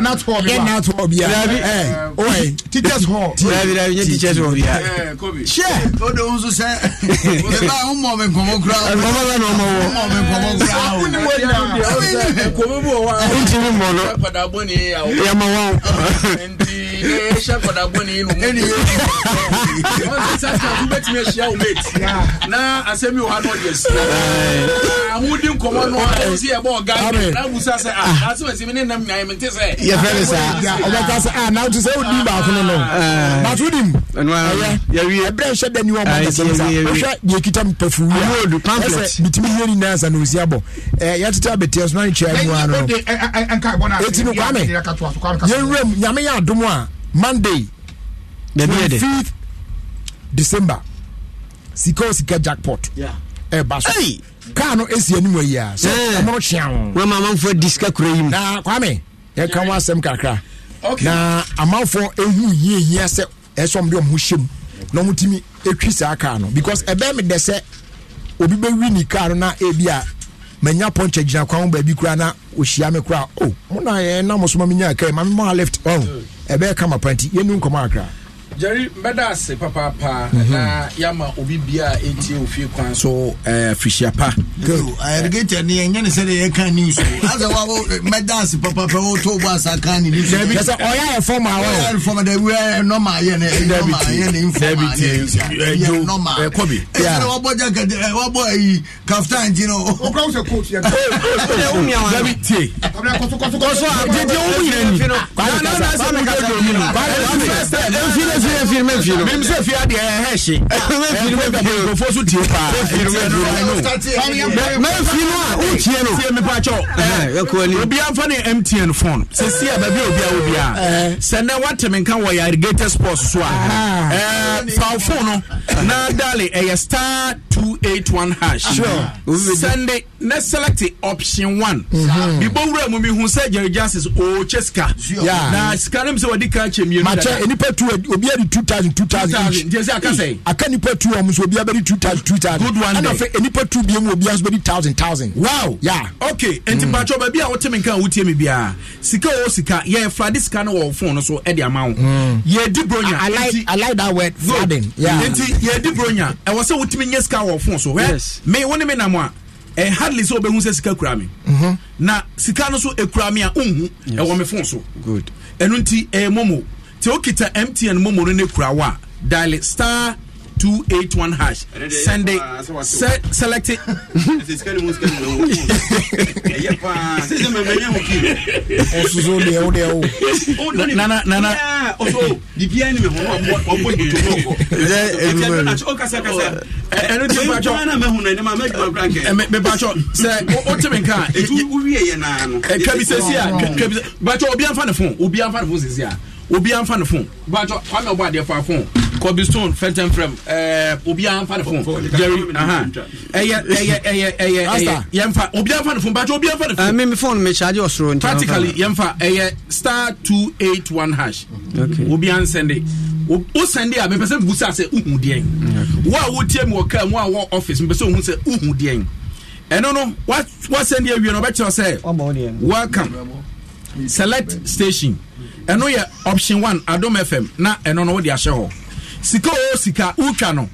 yẹ nat hall bi wa nat hall bi wa teachers hall. dabi dabi n ye teachers hall bi wa. ṣe o de n susẹ ẹ bá n mọ mi nkọmọ kura. nkọmọ bẹ na ọmọ wọ. n mọ mi nkọmọ kura. awo ni wo na nkọmọ bọ wa. n ti mi mọ lọ. yamọ wa o ɛhyɛ kɔdabɔ ne yinu mu sasafo bɛtumi ahyia wo mate na asɛm yi wɔ ha no ɔde asi ahodi nkɔmmɔ no ɛsi ɛbɔ ɔga na abusa sɛ asɛm asi me ne nam nyinaa mente sɛ yɛfrɛ ne saa ɔbɛka sɛ nanto sɛ wodim baako no no bato wodim ɛyɛ ɛberɛ nhyɛ da ni wɔ mɔsɛm sa wohwɛ deɛ kita mpafuwi ɛsɛ metumi hia nyinaa sa na ɔsi abɔ yɛtete abɛteɛ so na ne kyɛa mu a no ɛti no kwame yɛnwuram nyame yɛ adom a monday twenty fifth december sika sika jackpot ɛba so kaa no esi anim ayi a so ɛmono kyea ho. wọn maa maa fɔ di sika kura yi mu. na kwame yɛ ka wọn asɛm kakra na amanfo ehu yie yie sɛ ɛsɛ wɔn de wɔn ho mu na wɔn ti mi etwi saa kaa no because ɛbɛn mi dɛ sɛ obi bɛ wi ni kaa no na ebi a mɛnya pɔnkye gyina kwan baabi kura na ohyia mi kura o oh, mo na yɛ nam so ma mi nya kaa yi ma mi ma lift ɔn ɛbɛyɛ kama panti yɛnu nkɔmɔ akra jerry mbɛda ase papaapa na mhm. yama obi bia etie ofie kwan so ɛɛ eh, pa. go ayɛrigate ni ɛnyɛ ni sɛde yɛ kan news o asa wa ko mbɛda ase papaapa o t'o bɔ asa kan ni news. dɛbi yasa ɔy'a yɛ fɔmu awɔ. ɔy'a yɛ fɔmu dɛ wɛ nɔɔma ayɛ ni nɔɔma ayɛ ni nfɔmu ayɛ ni nɔɔma ayɛ kɔbi. ɛsɛ wa bɔ jaka ɛ wa bɔ ayi kaftan ti na. Ah, o kura wusa coach yɛ. dɛbi tie. kɔsɔ a jɛjɛ o mu yɛrɛ ni. k'a yɛ kasa k'a yɛ kasa mefiri mefiri mefiri no. mímu sẹ fi adiẹ ẹ hẹ ṣe. mefiri mefiri no nkurɔfoɔ so tie paa. mefiri mefiri no mefiri no a o tie no. tie mi pa kyɛw. obi anfa ne mtn phone sisi a baabi a obi a obi a sɛnɛ watɛmi nka wɔ yɛ irrigated sports so a paw phone no na dali ɛyɛ star two eight one hash. sɛnde ne select option one. bibɔ wura mu mi hun sɛ jerry jansis o kye sika. na sika ne mi sɛ wadi kan kye mienu dada. makyɛ nipa tu obi bɛdi two thousand two thousand each aka nipa two ɔmu so obiara bɛdi two thousand two thousand good one ɛna fɛ eh, nipa two bi mu obiara so bɛdi thousand thousand. wow ya. okay nti mpatro mm. baabi a wɔte mi nkan a wotie mi biara sika o sika yɛ flade sika no wɔ fone so ɛde ama wo. Mm. yɛ di bronya. i like i like that word flooding. nti yɛ di bronya ɛwɔ sɛ wotumi nye sika wɔ fone so wɛ mi wɔn ni mi nam a. Eh, hardly sɛ wobɛhu sɛ sika kura me mm-hmm. na sika no so ɛkura me a wonhu ɛwɔ me fon so ɛno nti ɛyɛ eh, momo tí ó kìtà mtn mọ́mọ́ no ne kura wa dial star two eight one hash send it se select it. ọsùsù ni ẹwọ ni ẹwọ. nana nana. bibi ẹni mi hàn ọbọ ìbùtò náà kọ. ẹnu tí mo bá jọ mi bá jọ sẹ o ti mi nkan. etu wúwi ẹ̀yẹ nàánú. kẹbi sẹ́sì à kẹbi sẹ́sì bàtọ́ obi àǹfààní fún obi àǹfààní fún sẹ́sì à obi anfa ne phone bàtò kwame ọba adé fa phone kobe stone fẹntẹn fẹm ẹẹ obi anfa ne phone jerry ẹyẹ ẹyẹ ẹyẹ ẹyẹ ẹyẹ yẹnfa obi anfa ne phone bàtò obi anfa ne phone. mi mi phone mi ṣaaji ọsoro nti. practically yẹnfa ẹyẹ star two eight one hash obi an sẹnde o sẹnde a mẹpẹsẹ mbusa sẹ uhun diẹ wo a wo tie mu wọ kaa mu a wọ ọfiisi mẹpẹsẹ ohun sẹ uhun diẹ ɛno no wasɛnde awie no ɔbɛkyerɛ sɛ welcome select station ɛno yɛ option one adom fm na ɛno no wode ahyɛ hɔ sika o sika wotwa no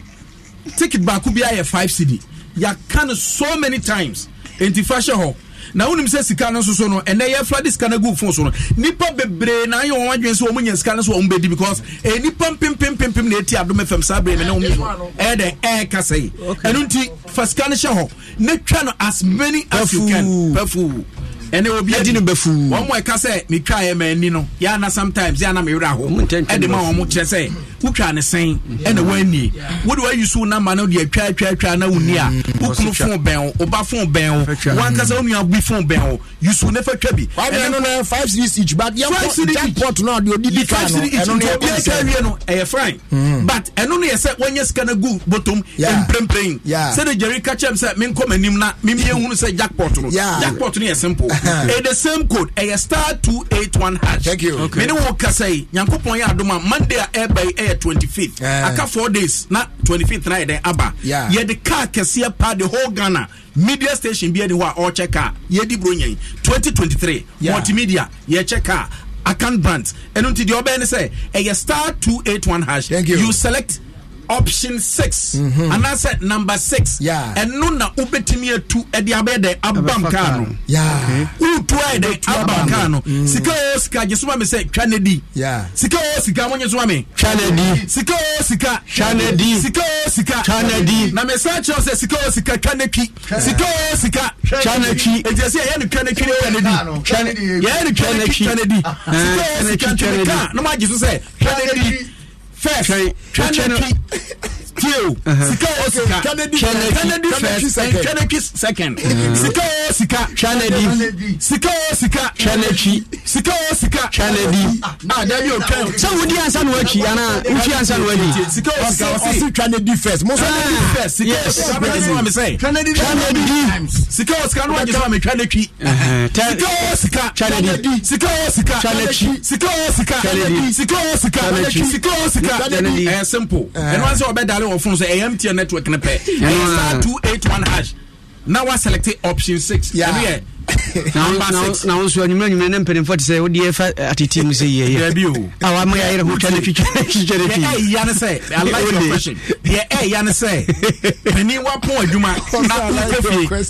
ticket baako bi ayɛ 5 cd yɛaka no so many times enti fa hyɛ hɔ na wonim sɛ sika no nso so no ɛnɛ yɛfra de sika no agu fo so no nnipa bebree na ayɛ wɔn adwene sɛ wɔn nya sika no so wɔn bɛdi because ɛyɛ eh, nnipa mpempempempem na ɛti adom fam saa bere mi na wɔn mu ɛyɛ dɛ ɛyɛ sɛ yi ɛno nti fa sika no hyɛ hɔ na twa no as many as you can pɛfuu ɛnɛ obi adi no bɛfu wɔn mo ɛka sɛ metwa yɛ mɛ ani no yɛ sometimes yɛ ana mɛ werɛ aho ɛde ma wɔn mo kyerɛ sɛ wotwa ne sɛn ɛna wɔn ani wode wɔn ayi so nama no deɛ twa twa twa na wɔn ni a wokunu fon bɛn o ɔba fon bɛn o wankasa wɔn nua bi fon bɛn o yusu ne fɛ twa bi. five ɛno na five series each but yɛ kɔ jackpot naa de odi di kaa no ɛno na yɛ kɔ sɛ ɛno no ɛyɛ fine but ɛno na yɛ sɛ wɔnyɛ sika na gu bɔtɔm mprempren sɛde jerry kakyɛm sɛ menkɔ m'anim na memie hunu sɛ jackpot no jackpot no yɛ simple ɛyɛ eh, the same code ɛyɛ eh, star two eight one hash mene wo kasa yi nyankopɔn yɛ adom a monday a ɛba yi ɛyɛ eh, twenty fifth aka four days na twenty fifth na yɛ dɛn Yeah. The car kɛseɛ pa the whole ghana media station bi ɛde hɔ a ɔrekyɛ car yɛdi buro nyɛn twenty twenty three multimedia Check car account brand ɛno di deɛ ɔbɛn ne sɛ star two eight one hash you select option six mm-hmm. anaasɛ number six ɛno yeah. na wobɛtumi atu ɛde abɛyɛ dɛ abam kaa no wotu ayɛ dɛ abam kaa no mm. sika o sika gye soma me sɛ twa ne di sika o sika monye soma me twa ne sika o sika twa ne sika o sika twa na mesa sa kyerɛ sɛ sika o sika twa ne twi sika o sika twa ne twi enti no twa ne twi ne twa di yɛyɛ no twa ne twi twa ne di sika o sika twa ne kaa na mo so sɛ twa ne di first. Try, tie sika o sika kennedy first. first kennedy second sika o sika kennedy sika o sika kennedy sika o sika kennedy Ah, dabi o kẹ So wo di ansa ni wa kyi ana n fi ansa ni wa kyi sika o sika ọsi kennedy first mo sọ kennedy first sika o sika kennedy wa mi sẹ kennedy sika o sika ni wa mi kennedy sika o sika kennedy sika o sika kennedy sika o sika kennedy sika o sika kennedy sika o sika kennedy simple ẹnu wa sẹ ọbẹ dalẹ wɔ phone so ɛyɛ mtn network ne pɛ ɛyɛ star two eight one hash na wa select option six ɛnu yɛ na wo nso anwummerɛ anwummerɛ ne mpanimfoɔ te sɛ wodeɛ fa atete mu sɛ yiɛyɛ a wama yɛ ayerɛ ho twa no twitwa no fiiɛɛya ne sɛ deɛ ɛɛya ne sɛ mani woapo adwuma na wokɔ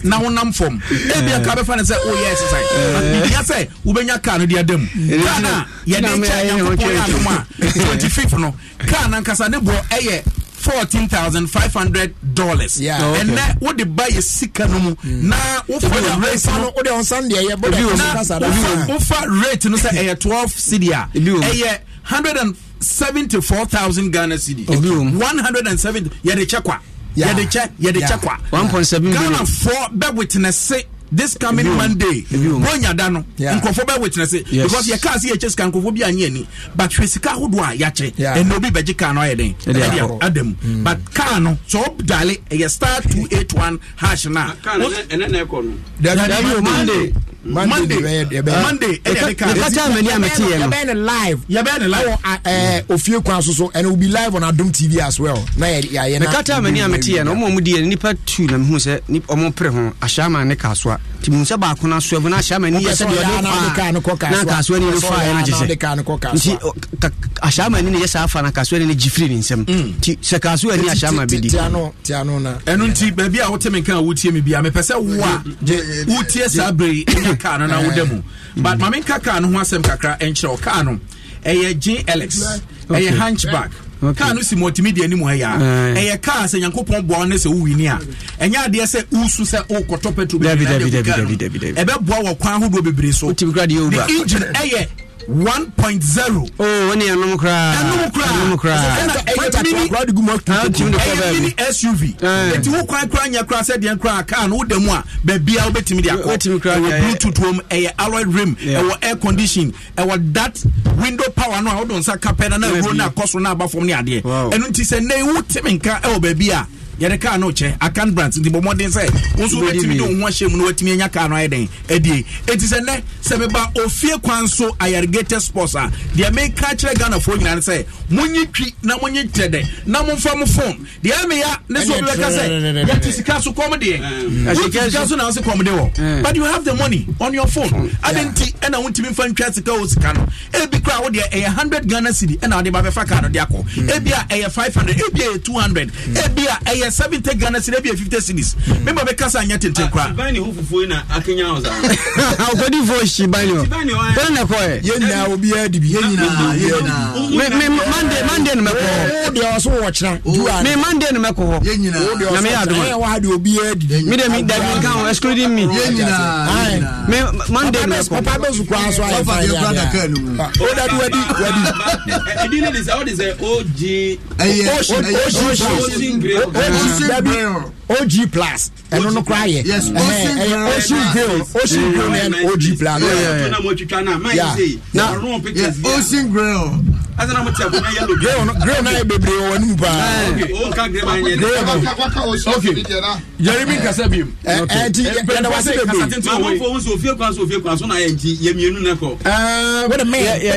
fie na wonam fam ɛbia eh. ka bɛfa ne sɛ woyɛ oh, ɛsesae eh. bibia sɛ wobɛnya kar no de ada mu kar eh, no a yɛde kyɛ nyankopɔn adom a 25 no kar nankasa ne borɔ ɛyɛ fourteen thousand five hundred dollars. ɛnɛ o de ba ye sika no mu mm. na o fa de rate no o de ɔnsan deɛ yɛ bɔdɛ ɔnsan kasa da o fa rate no sɛ ɛyɛ twelve No, a ɛyɛ hundred and seventy four thousand ghana cedi one hundred and seventy yɛde kyɛ kwa yɛde kyɛ yɛde kyɛ kwa one point seven million ghana fɔ bɛ witness this coming mm. monday bronya da no nkurɔfoɔ bɛ witness it because yɛ kaa si yɛ kyɛ sika nkurɔfoɔ bi anyi ani but hwɛ sika ahodoɔ a yɛakyɛ ɛnna obi bɛgye kaa no ayɛ den ɛdi adamu hmm. but kaa no sɛ ɔbdale ɛyɛ star two eight one hash na. kaa ah, no ɛnɛ na ɛkɔ no. dabi o monday monday monday ɛna ɛka ɛka mɛni amɛti yɛ no yɛbɛn no live yɛbɛn no live ɛwɔ ofie kwan so so and it will be live on adum tv as well na yɛ yɛ na. mɛka taa mɛni amɛti yɛ no ɔmo ɔmo di yɛ nipa two na mi hu sɛ ɔmo pere ho ahyɛn ama ne kaa so a nti mu sɛ baako no asoɛ no ahyɛ amani yɛ na nkasoa ni no faɛ no na sɛ nti ahyɛ amani no yɛ saa fa na akasoa ni no gye ni ne nsɛm mm. nti sɛ kasoa ani ahyɛ ama bɛdi ɛno nti baabi a wote me ka a wotie me bia mepɛ sɛ wo a wotie saa berei ɛnya kaa no na eh. woda mu mm. but ma menka kaa no ho asɛm kakra ɛnkyerɛ wo kaa no ɛyɛ gye alex ɛyɛ hunchback kaa no si mɔtumi deɛ anim ɛyɛ a ɛyɛ kaa sɛ nyankopɔn boa wo ne sɛ wowini a ɛnyɛ adeɛ sɛ wosu sɛ wokɔtɔ petro ɛbɛboa wɔ kwan ahodoɔ bebree so ne engine ɛyɛ one point zero. o wọn ni ẹnum kura ẹnum kura ẹnum kura ẹyẹ mini suv eti wo kwan kura nyɛ kura sɛ deɛ kura kaa no da mu a baabi a wobɛtumi de akɔ ɛwɔ bluetooth wɔm ɛyɛ alloy rim ɛwɔ air condition ɛwɔ that window power no a wɔde nsa kapɛ na na ewuro na akɔ so na aba fam ne adeɛ ɛnu ti sɛ ne wo temi nka ɛwɔ baabi a yɛde kaa no kyɛ akan brant nti bɔ mmɔden sɛ wo nso wobɛtumi de wo ho ahyɛ mu na watumi anya kaa no ayɛ dɛn adie ɛnti sɛ nnɛ sɛ meba ofie kwan so ayargate sports a deɛ meka kyerɛ ghanafoɔ nyinaa ne sɛ monye twi na monye tɛdɛ na momfa mo fom deɛ ɛmeya ne sɛ obi bɛka sɛ yɛte sika so kɔm deɛ sika so na wo se kɔm de wɔ but you have the money on your phone adɛ nti ɛna wontumi mfa ntwa sika wo sika no ebi koraa wodeɛ ɛyɛ 100 ghana cedi ɛna wode ba bɛfa kaa no de akɔ hmm. ebi a ɛyɛ 500 ebi a ɛyɛ 200 hmm. ebi a ɛyɛ ɛyɛ seventy ghana cedis ebi yɛ fifty cedis mímọ bɛ kasa anya tenten kura. sibani o fufuo na akenya o sa. akɔdi fo sibani o tɔn na kɔ yɛ. yɛn nyinaa obi yɛ dibi yɛn nyinaa obi yɛ dibi. mi mi mande mande numu kɔ. o de ɔ so wɔ kyerɛ. mi mande numu kɔ. yɛn nyinaa o de ɔ so wɔ kyerɛ. ɛyɛ wa de obi yɛ dibi. mi de mi dabi nkan o excluding me. yɛn nyinaa mi mande numu kɔ. papa bɛ sukura aso ayɛ fa yɛ o dadi wadi wadi. ɛdi ne de sɛ o de sɛ o ji. ɛyɛ o si o si o si. dabi og plus ɛno no kora yɛ ɛyɛ ocean grill ocean grill ɛno og plus ocean grill grill no grill na yɛ bebree wɔ anim paa jeremy kasa bi mu ɛnti yɛda wase bebree wode meyɛ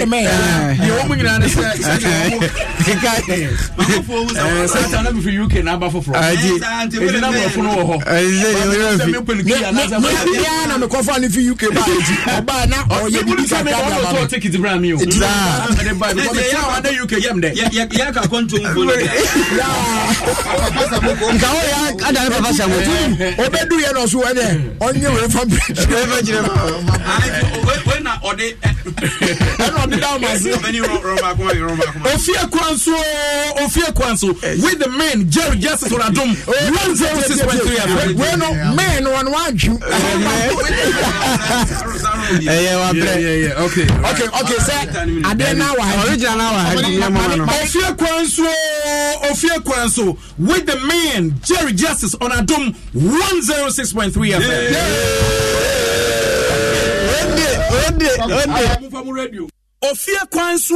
wode meyɛ hɔ na mekɔfa ne fi uk baɛti ɔba na ɔyɛ bibi nka ɔyɛ adane papa sɛ ɔbɛdu yɛ nɔ so ɛdɛ ɔnyɛ wɛfa brɛɛnɔde ofie kwan so ofie kwan so with the men jerry justice onadom wednesday Bueno, men one watch you. Okay, okay, okay, sir. I didn't know why. Original now. Ofia Quanso, Ofia Quanso, with the man Jerry Justice on Adum 106.3 FM. Yeah. Yeah. Yeah. Yeah. Yeah. Yeah. Yeah. Yeah. ofie kwan so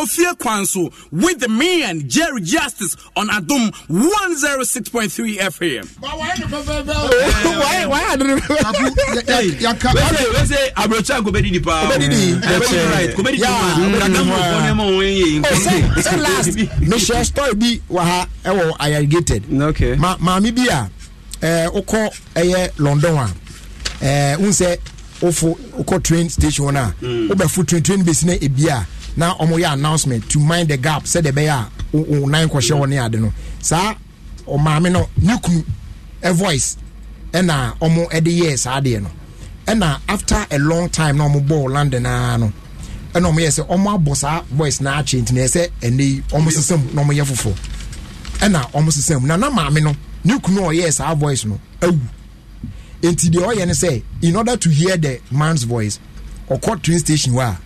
ofie kwan so with me and Jerry Justice on Adum 106.3 FM. Why why adum? Wese abrocha kobedi di pa. Right. Yeah. Mm-hmm. Oh, say say last. Me bi wa ha e wo irrigated. Okay. bi a eh okọ eh, London wa. Eh un wofo wokɔ train station hɔ no a mm. wobɛfo train train bɛsi no ebi a na ɔmo announcement to mind the gap sɛdeɛ ɛbɛyɛ a wo nan kɔhyɛ wɔ ne ade no saa ɔmaame no ne kunu a voice ɛna ɔmo ɛde yɛɛ saa adeɛ no ɛna after a long time na ɔmo bɔɔ london aa no ɛna ɔmo yɛ sɛ ɔmo abɔ saa voice na akyi ntina yɛ sɛ ɛnɛ yi ɔmo sisɛm na ɔmo yɛ foforɔ ɛna ɔmo sisɛm na na maame no ne kunu a ɔyɛɛ saa voice no awu nti deɛ ɔyɛ no sɛ in order to hear the man's voice ɔkɔ train station hɔ a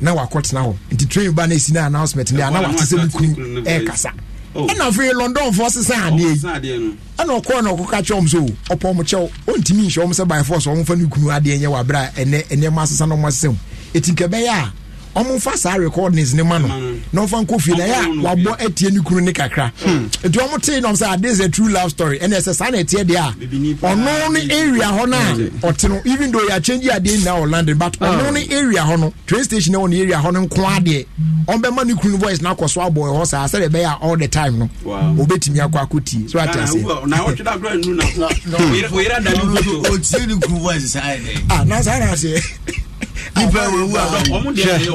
na wakɔtena hɔ nti train ba no ɛsi no announcement ne a na wate sɛ mekunu ɛrekasa oh. ɛna afei londonfoɔ sesan oh, adeɛ yi ɛna ɔkɔɔ na ɔkɔka kyɛw m sɛ o ɔpɔ m kyɛw ɔntumi nhyɛ wɔm sɛ by force ɔmfa no kunu adeɛ nyɛ wɔ aberɛ a ɛnɛ ɛnɛma asesa no ɔma sesɛ mu ɛti nkɛbɛyɛ a ɔmo nfa saa recordings ne ma no na ɔfa nkɔ fie na yɛ a wabɔ etie ne kunu ne kakra Etu hmm. ɔmo tee na ɔmo sɛ ade ah, is a true love story ɛna ɛsɛ saa na ɛteɛ deɛ a ɔno ne area hɔ na ɔte no even though yɛ change yi adeɛ nyinaa wɔ london but ah. ɔno ne area hɔ no train station na wɔ ne area hɔ no nko adeɛ ɔmo bɛ ma ne kunu voice na akɔ so abɔ ɛhɔ saa sɛ de bɛyɛ all the time no obetumi akɔ akɔ tie so ate ah, ase. ah na saa na ase. nípa ewu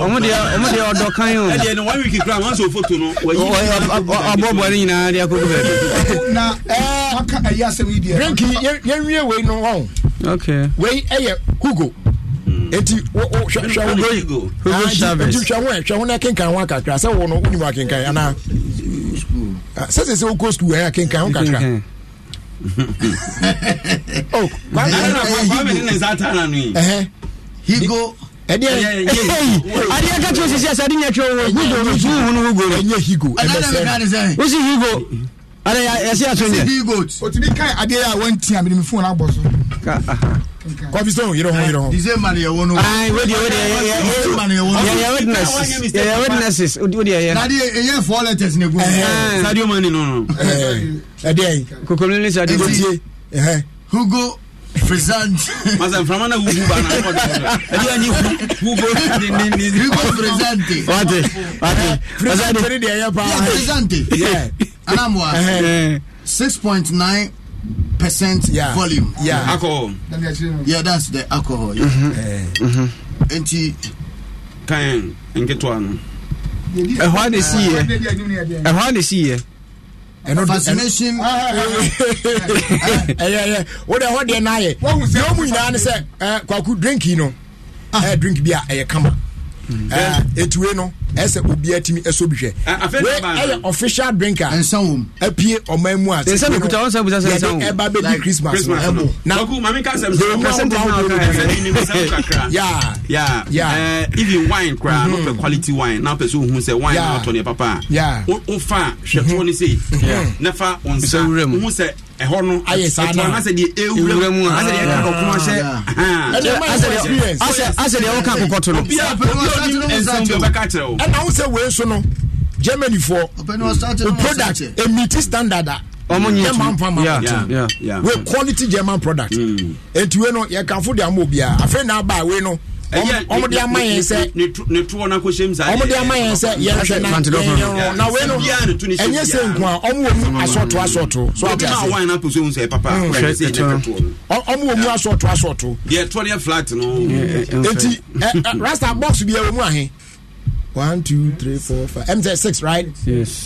ọmọdé ọdọ kan o. ẹdí ẹni one week kura wọn sọ foto nù. ọbọbọ ni nyinaa di akoko bẹẹ. na ẹ waka ẹyẹ asẹm yi diẹ. drink yẹn wie wei nù hàn. wei ẹ yẹ hugo eti hwɛwo no hwɛwo hwɛwo no kenkan ho akakra sɛ wo no wonim akenkan anaa sɛ sɛ sɛ wokɔ skul ɛ akenkan ho kakra oh, you go ɛdeɛ adeɛ ka kyerɛ sisi asɛ ade nyɛ twɛ wɔ hugo no suwu hu no hugo no ɛnyɛ higo ɛbɛsɛ wosi higo ada yɛse ato nyɛ ɔtumi kae adeɛ a wanti ah, a medeme fone abɔ so kɔfi sɛ yerɛ ho yerɛ hoyɛ witnesses wodeɛyɛɛyɛ four letters ne gusadio eh, eh. mani no no ɛdeɛ eh, kokomne ne sadio tie hugo present. masa nframa na wugu ba na ọmọ dọkọtọ ẹni ẹni wugu ni ni ni. wugu present. wate wate present six point nine percent yeah. volume. Yeah. alcohol. yeah that's the alcohol. Yeah. Mm nti. kan nketewa no. ɛhɔ a na si yɛ ɛno fascination ɛyɛyɛ wode ɛhɔ deɛ no ayɛ deɛ ɔmu nyinaa ne sɛ kwaku drink no ɛyɛ ah. drink bi a ɛyɛ kama ɛtuwe hmm. no ɛsɛ obiara tumi ɛsɔ bi hwɛ wei ɛyɛ official drink a apie ɔman mu a sɛ yɛde ɛba bɛdi christmas na even wine koraa mhm. no pɛ quality wine na pɛ sɛ ohu wine na ɔtɔ ne papa mhm. a wofa hwɛtoɔ ne sei na fa wo nsa ɛhɔ no ayɛ saa na asɛ mu asɛ deɛ ɛka kɔkɔn ah. kyerɛ o ɛna ahosɛ wei so no germany product a standard a ɔmo nye german farmer we quality german product hmm. etiwe no yɛ kanfo de ama obiara afei na aba awe no ɔmo de ama yɛn sɛ ne toɔ na ama yɛn sɛ yɛn hwɛ na yɛn na wei no ɛnyɛ sɛ nko a ɔmo mu asɔɔto asɔɔto so ɔte ase ɔmo na papa mm, hwɛ sɛ yɛn fɛ toɔ ɔmo wɔ mu asɔɔto asɔɔto yɛ flat no eti rasta box bi yɛ mu ahe one two three four five MZ six right. yes.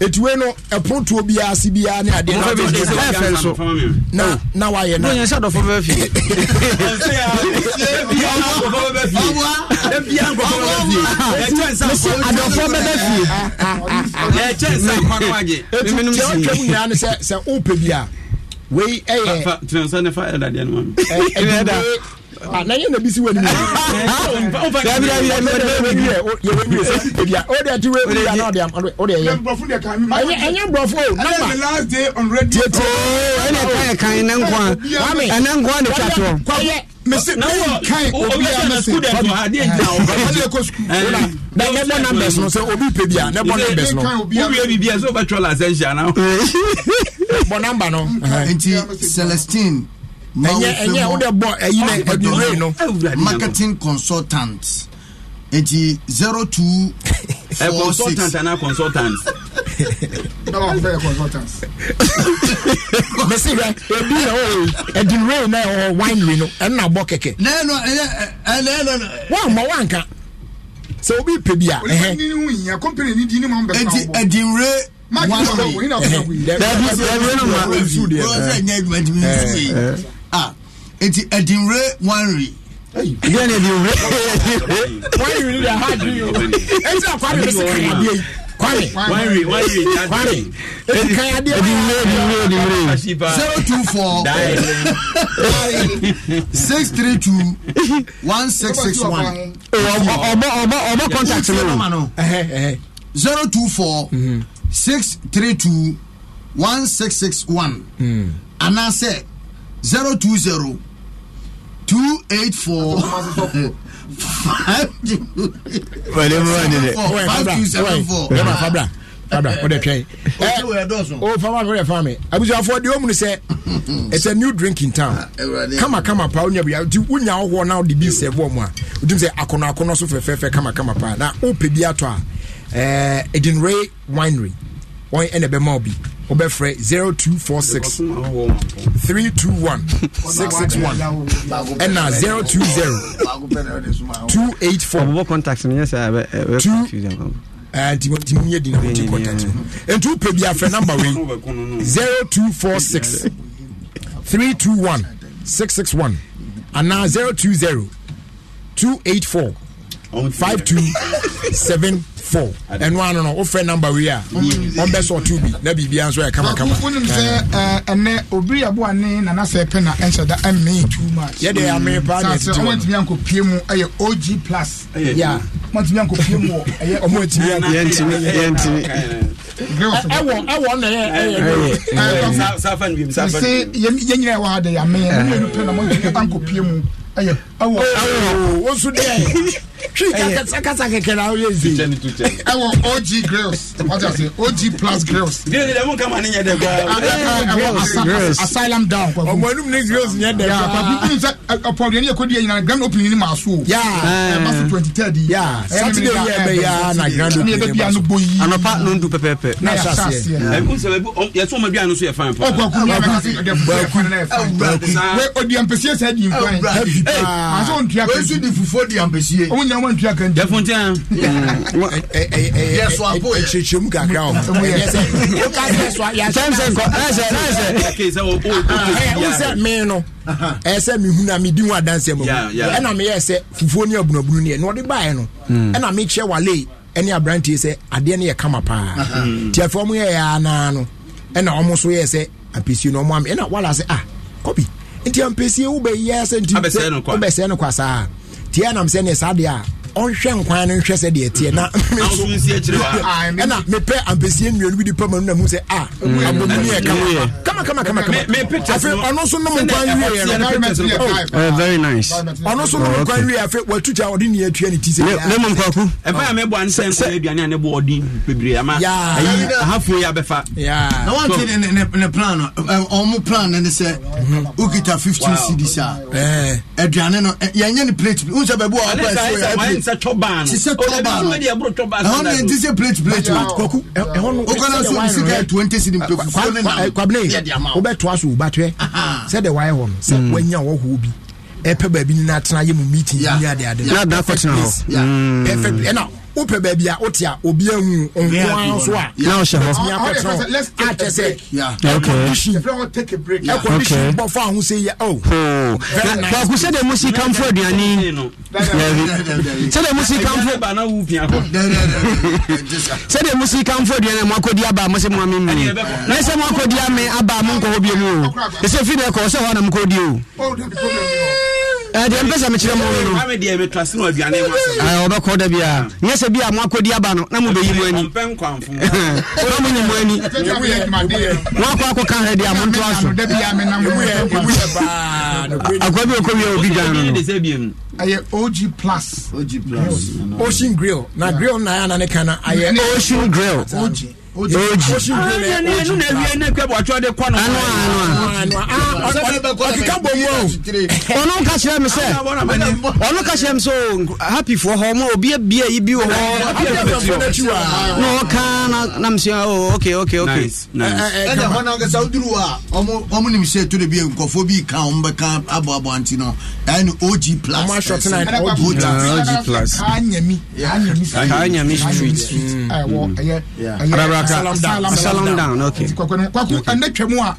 etuwe no ɛpono tuo biara si biara ne adeɛ na ɔtɔ de ɛyɛ fɛ nso na na wayɛ na. n'oyɛ sɛ dɔfɔ bɛ fi. mesi adɔfɔ bɛ bɛ fi. etu tí ɔtwɛ mu nyinaa ni sɛ sɛ o pɛ bi a wei ɛyɛ. fa fa tìrɛnsa ne fa ɛdadeɛ no ma mi. ɛdadeɛ na yẹn na bi si wẹ ni mu nti celestine ɛnyɛ ɛnyɛ o de bɔ ɛyinɛ ɛdure no marketing consultant eti zero two eh, four six. ɛ consultant ana consultant. báwo fẹ́ consultant. mesi rẹ ebi na o ɛdure na ɔ winery no ɛna bɔ kɛkɛ. n'ɛnɔ ɛnɛ ɛnɛ. wọn mọ wọn kan sɛ obi pɛ bi a. olùkọ́ ni nínú yìnyín kọ́mpìnì ni di ni maa n bẹ̀rẹ̀ náà bọ̀. eti ɛdure one way. dabi sɛ ɛdure ma. olu sɛ n yɛ jumɛn ti mi n sigi nti ɛdinre wanri. yíyan ni ɛdinre ɛdinre. wanri ni yà ha di o ɛti na kwari bɛ se kanyadeɛ yi. Kwame wanri wanri Kwame kanyadeɛ ɛdinre ɛdinre ɛdinre. zero two four six three two one six six one. ɔbɔ hmm. ɔbɔ ɔbɔ contact mi hmm. o. zero two four six three two one six six one. anaasɛ zero two zero two eight four five two five two seven four. abusuafoɔ deɛ ɔmunu sɛ it's a new drink in town ah, kamakama paa wonya bia nti wonya wohɔ na wode bi sɛ boɔ mu a wotum sɛ akɔnɔ akɔnɔ so fɛfɛɛfɛ kamakama paa na wopɛ bi atɔ a ah. ɛdinre eh, winery wɔn ɛna ɛbɛma obi wɔbɛfrɛ zero two four six three two one six six one ɛna zero two zero two eight four two ntimu yɛ di na wɔn ti kɔntɛnti ntu pɛ bi afrɛ namba wei zero two four six three two one six six one ana zero two zero two eight four five two seven four ɛno ano no wofrɛ number wei a ɔmbɛ sɛ ɔto bi na biribia nso yɛ kamakama wonim sɛ ɛnɛ obiri aboa ne nanasɛ pɛ na ɛnhyɛ da ɛmmee too much yɛde ame paa ne ɛtete wɔmatumi ankɔpie mu ɛyɛ og plus matumi ankɔpie mu wɔ ɛyɛ ɔmo atumi yɛntimi ɛwɔ ɛwɔ na yɛ ɛyɛ sɛ yɛnyina ɛwɔ ha de yɛ ameɛ ne mmienu pɛ na mɔtumi ankɔpie mu ɛyɛ ɛwɔ ɛwɔ wɔnso deɛ kasa kẹkẹ na oyè zi. ẹ wọ og grills ọjà sẹ og plus grills. grills yẹn mo kama ni yẹn dẹ gba. asylum down. ọmọ ẹnu mi ni grills yẹn dẹ gba. papi bí n sẹ ọpọlọ yẹn di yẹn nyina grand opening ni maa so. ẹ bá so twenty third yìí. sátidé yìí ẹ bẹ yà na grand opening ni maa so. anọpa ló ń dun pẹpẹpẹ. n'a yà sá sí ẹ. ẹ n sẹ yẹ tún ọmọ bí àná so yẹ fan. ọkọ ọkọ mi yàrá sí ẹdẹ fún ẹ fún ẹ. odi ampesi ẹsẹ di nkwan. ẹ bi pa. àti òun tuya kẹsì. oṣù di fufuo di ampesi. òun nya wọn tuya kan jẹ fun tiyan. Mm. yẹ sọ abo yẹ kyerɛkyerɛ mu kakra o. sɛnsɛ nkɔ ɛsɛ ɛsɛ. wosɛ mee no ɛsɛ mihu na medi ho adanseɛ ma mu ɛna meyɛ sɛ fufuo ne abunabunu neɛ na ɔde baeɛ no ɛna mm. mekyerɛ wale ɛne aberanteɛ sɛ adeɛ no yɛ kama paa tiafoɔ mu yɛyɛ anaa no ɛna ɔmo so yɛ sɛ apɛsie no ɔmo ame ɛna wala sɛ ah kɔbi nti ampɛsie wobɛyɛ sɛ nti wobɛsɛe no kwa saa tiɛ nam sɛ ne saa deɛ a ɔnhwɛ nkwan no nhwɛ sɛ deɛ teɛ na mm. ɛna mepɛ ampɛsie nnuanu bi de ma no na mu sɛ a ah, mm. abɔmuni yɛ kama kama kama kama afei ɔno nso nom nkwan wieɛ no eh, very nice ɔno nso nom oh, nkwan wieɛ afei watu gya ɔde nnea atua ne ti sɛ ne plan no eh, eh, ɔmo plan no ne sɛ mhm. wokita 15 cds a aduane no yɛnyɛ ne plate bi wo sɛ baabi a wɔkɔ sɛ tɔbaa no ɔdɛbi ɛboro tɔbaa ɛhɔ no yɛnti sɛ plate plate o kɔku ɛhɔ no wokɔla so sika yɛ twenty cedi mpɛ fufuo ne nam kwabene wobɛtoa so wobatwɛ sɛdeɛ wayɛ hɔ no sɛ woanya wɔhoɔ bi ɛpɛ baabi no no atena yɛ mu meeting bi ne adeade na da kɔtena hɔ perfect ɛna wopɛ baabi a wote a obia hu nkoa nso a akyɛ sɛ ɛkɔdehyin oh. oh. sɛdeɛ mo si kamfo aduane sɛdeɛ mo si kamfo aduane mo aba mo sɛ mo na sɛ mo ame aba mo nkɔhɔ o ɛsɛ fi na ɛkɔ sɛ hɔ na mokɔdi o oh, Eh, deɛ mpɛ sɛ mekyerɛ mu wobɛkɔ ah, da bia nyɛ sɛ bia moakɔdi aba no na mobɛyi mu ani na monyi mu ani moakɔ akɔka hɛ deɛ montoa so akwa bi ɔkɔwie obi dwan no ayɛ OG plus OG plus Ocean Grill na grill na ayɛ ana ne kana ayɛ Ocean Grill OG ɛnu na ewie ne kɛ bɔtɔ de kɔ no ɔkeka bɔ mu o ɔno ka kyerɛ mi sɛ ɔno ka kyerɛ mi sɛ happy fo hɔ mo obi ebie yi bi wɔ hɔ na ɔka na na mi sɛ o ok ok ok. ɛna hɔ na nkasa oduru a ɔmo nim sɛ to de bi nkɔfo bi ka ɔmo bɛ ka aboabo anti no ɛyɛ no og plus ɔmo asɔ tena og plus ka anyami street kakra salam down okay ɛnɛ twɛ mu a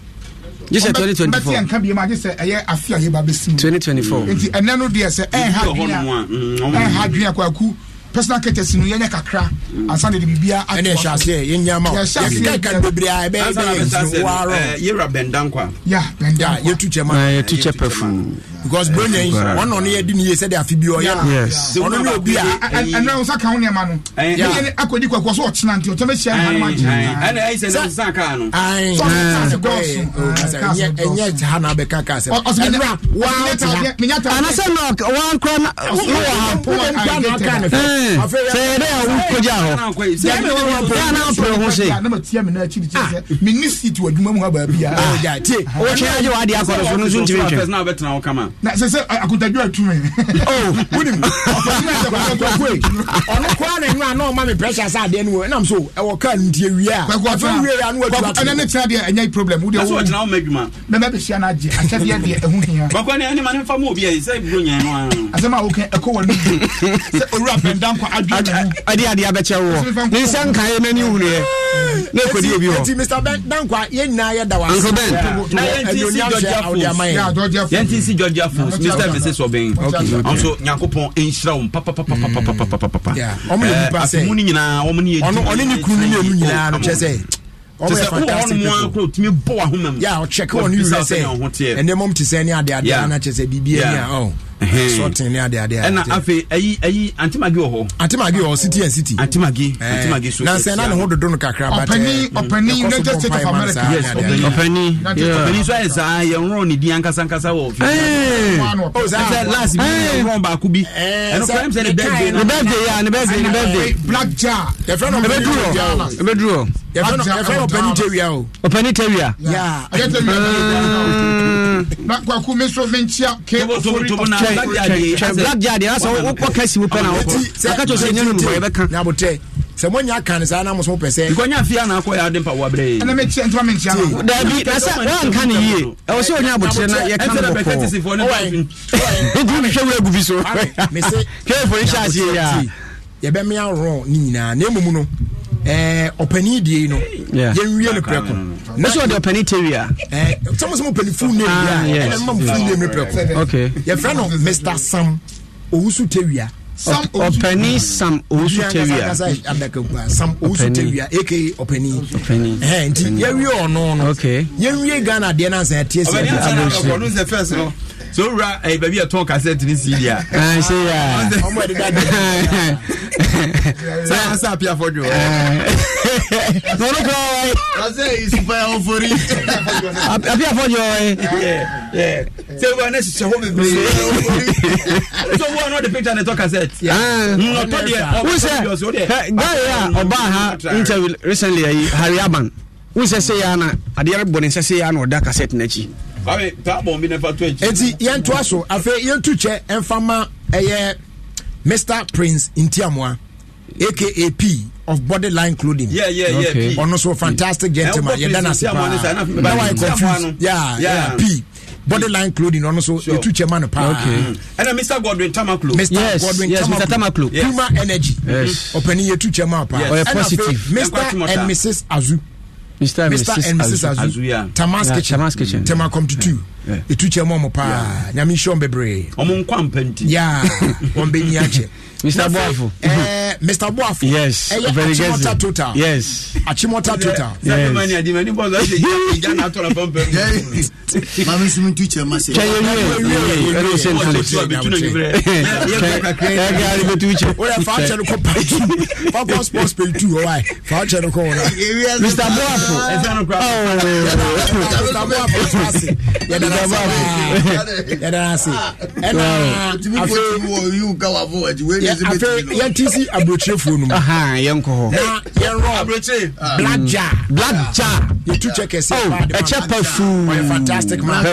gyesɛ 2024 nka biam agye sɛ ɛyɛ afe a yɛba bɛsim 2024 nti ɛnɛ no deɛ sɛ ɛha dwene kwaku personal caters no yɛnyɛ kakra ansa ne de biribia ɛne ɛhyɛ aseɛ yɛnyama yɛkɛkan bebree a ɛbɛyɛ bɛyɛ nsuwaarɔ eh, yɛwura bɛndankwa ya bɛndankwa yɛtu kyɛ ma yɛtu kyɛ pɛfuu because bronya yi ɔno ɔno yɛ di ni yie sɛ de afi bi ɔyɛ no ɔno ni obi a. ɛnna nsa kan ne ma no ne yɛ akɔdi kɔkɔ so ɔtena nti ɔtɛmɛ hyia ne ma gyina. ɛnna ɛyi sɛ ne nsa kan no. ayi ɛnyɛ ɛnyɛ ha na bɛ kan kan sɛ. ɛnura waa ti ha anase nɔ wọn kura na wọ ha sɛ yɛrɛ yà wú kọjá hɔ yà n'a pèrè ho se. mi ni si ti wa juma mu ha baabi ya. tie o tiɲɛ ayi wa di akɔrɔ so nusu ti mi twɛ na sɛ sɛ akotadwo atumi oh, wonim ɔfɔsinasɛkɔkɔkoe ɔno koraa ne nwa na ɔma me pressure sɛ adeɛ no wɔ ɛnam so ɛwɔ kaa no ntie wie a wieɛ no watuɛnɛ ne tena deɛ ɛnyɛ problem wodeɛwɔgyina mɛbɛbɛhyia no agye akyɛdeɛ deɛ ɛho hia asɛm a woka ɛkɔ wɔ no sɛ ɔwura pɛndankɔ adwene ɛde adeɛ abɛkyɛ wowɔ ne nsɛ nkaeɛ no ani hunuɛ ne ɛkɔdi obi hɔ mr dankwa yɛn nyinaa yɛda wɔ asɛ na yɛnti si georgia fo yɛnti si georgia cheerfuls mr mrs obin nso nyankopɔn ɛnhyira wo papapapapapapapapaamu no nyinaa ɔm ne yɛɔne ne kunu no mmienu nyinaa no kyɛ sɛ kyɛ sɛ wowɔ no moa kora bɔ wahoma mu yɛ ɔkyɛke wɔ no werɛ sɛ ɛnɛmɔm te sɛ ne adeadeɛ no kyɛ sɛ biribia ni a sorting ne ade ade ɛna afei ayi ayi antimagi wɔ hɔ antimagi wɔ city and city antimagi eh. antimagi so na sɛ na ne ho dodo no kakra but ɔpɛni eh, ɔpɛni united mm, states of america yes ɔpɛni ɔpɛni so ayɛ saa yɛnworɔ ne din ankasa ankasa wɔ fi sɛ last bi yɛnworɔ baako bi eh, ɛno kora sɛ ne birthday ne birthday ya ne birthday ne birthday black jar yɛfrɛ no ɛbɛduru hɔ ɛbɛduru hɔ yɛfrɛ no ɔpɛni tewia o oh. ɔpɛni kwaku mi so mi nkyia black jade asɛ wokɔ kasi wo pɛ na wokɔ aka kyɛ sɛ ɛnyɛ no nomɔ yɛbɛka sɛ monya aka ne saa na mo so wopɛ sɛ nkɔnya fie ana akɔ yɛ ade mpa wabrɛ daabi na sɛ woanka ne yie ɛwɔ sɛ ɔnya abokyerɛ na yɛka no bɔkɔɔ wogu mehwɛ wura agu bi so hwɛfo ne hyɛ aseɛ yɛ a yɛbɛmea rɔ ne nyinaa na mmom no ɔpani die no yɛnwie no prɛko mɛsɛ ɔde ɔpɛni teria sɛmo sɛ mopɛni full name ɛnɛ ah, ma eh, mo full name prɛko yɛfrɛ no mr sam owusu teria ɔpɛni sam owusu teria sam owusu teria aka ɔpɛni nti yɛwie ɔno no yɛnwie ghana deɛ no ansɛ ɛteɛ sɛ so wura ɛyɛ eh, baabi ɛtɔn kasɛti ni cd a. ɛn ṣe yà. ọmọ ẹni dada. sẹ ẹ sá pí afọjú. orúkọ ọwọ. ọsẹ ìsúpẹ ọfọrí. àpí afọjú ọwọ. ṣé wọn náà ṣiṣẹ́ wọ́n bèbèrè. so wọn náà de picture náà tọ́ kasẹti. ọtọ diẹ ọsọ diẹ. gáyé a ọba ha interview recently ayi eh, Harry ban. wúṣẹ ṣe yà á na adìyẹ bọ̀ ní ṣẹ ṣe yà á na ọ̀dà kasẹti Ame, taabon bi nefa to ekyi. Eti yɛn to aso afei yɛn to kyɛ nfama ɛyɛ Mr Prince Ntiamua aka P of body line clothing. Yeah, yeah, yeah. Okay. Ɔno so fantastic eh, gentleman yɛ dan ase paa. Na Yeah, yeah. P body line clothing ɔno so yɛ to kyɛ ma no paa. Okay. Mr mm. Godwin Tamaklo. yes, yes, Mr Tamaklo. Yes. Puma energy. Yes. Ɔpɛni yɛ to kyɛ ma paa. Yes. Oh, positive. Mr and Mrs Azu. Mr. and Mrs. Azuya Tamas Kitchen Tamas Kitchen Tema come to two etu kyɛ mu ɔmo paa nyame nhyɛ ɔmo bebree ɔmo nkwa mpɛnti yaa ɔmo bɛ mr Boafu. ɛɛ mr Boafu. yes very good ɛyɛ achimota total yes achimota total yes maame sumi tu cɛ ma se. cɛ ye wiye wiye ɛri o sen fana ɛɛ gaari bɛ tu cɛ. o yɛrɛ fa cɛ ni ko pa tu fa ko sports pe tu o wa ye fa cɛ ni ko o la. mr boafo mr boafo yɛrɛ na se yɛrɛ na se ɛna afe yɛntisi aburokyerefoɔ no mu yɛnkɔ hɔ na yɛnrɔ ah. black mm. jar black jar yɛtu kyɛ kɛseɛ oh, ɛkyɛ pa ɔyɛ oh, fantastic man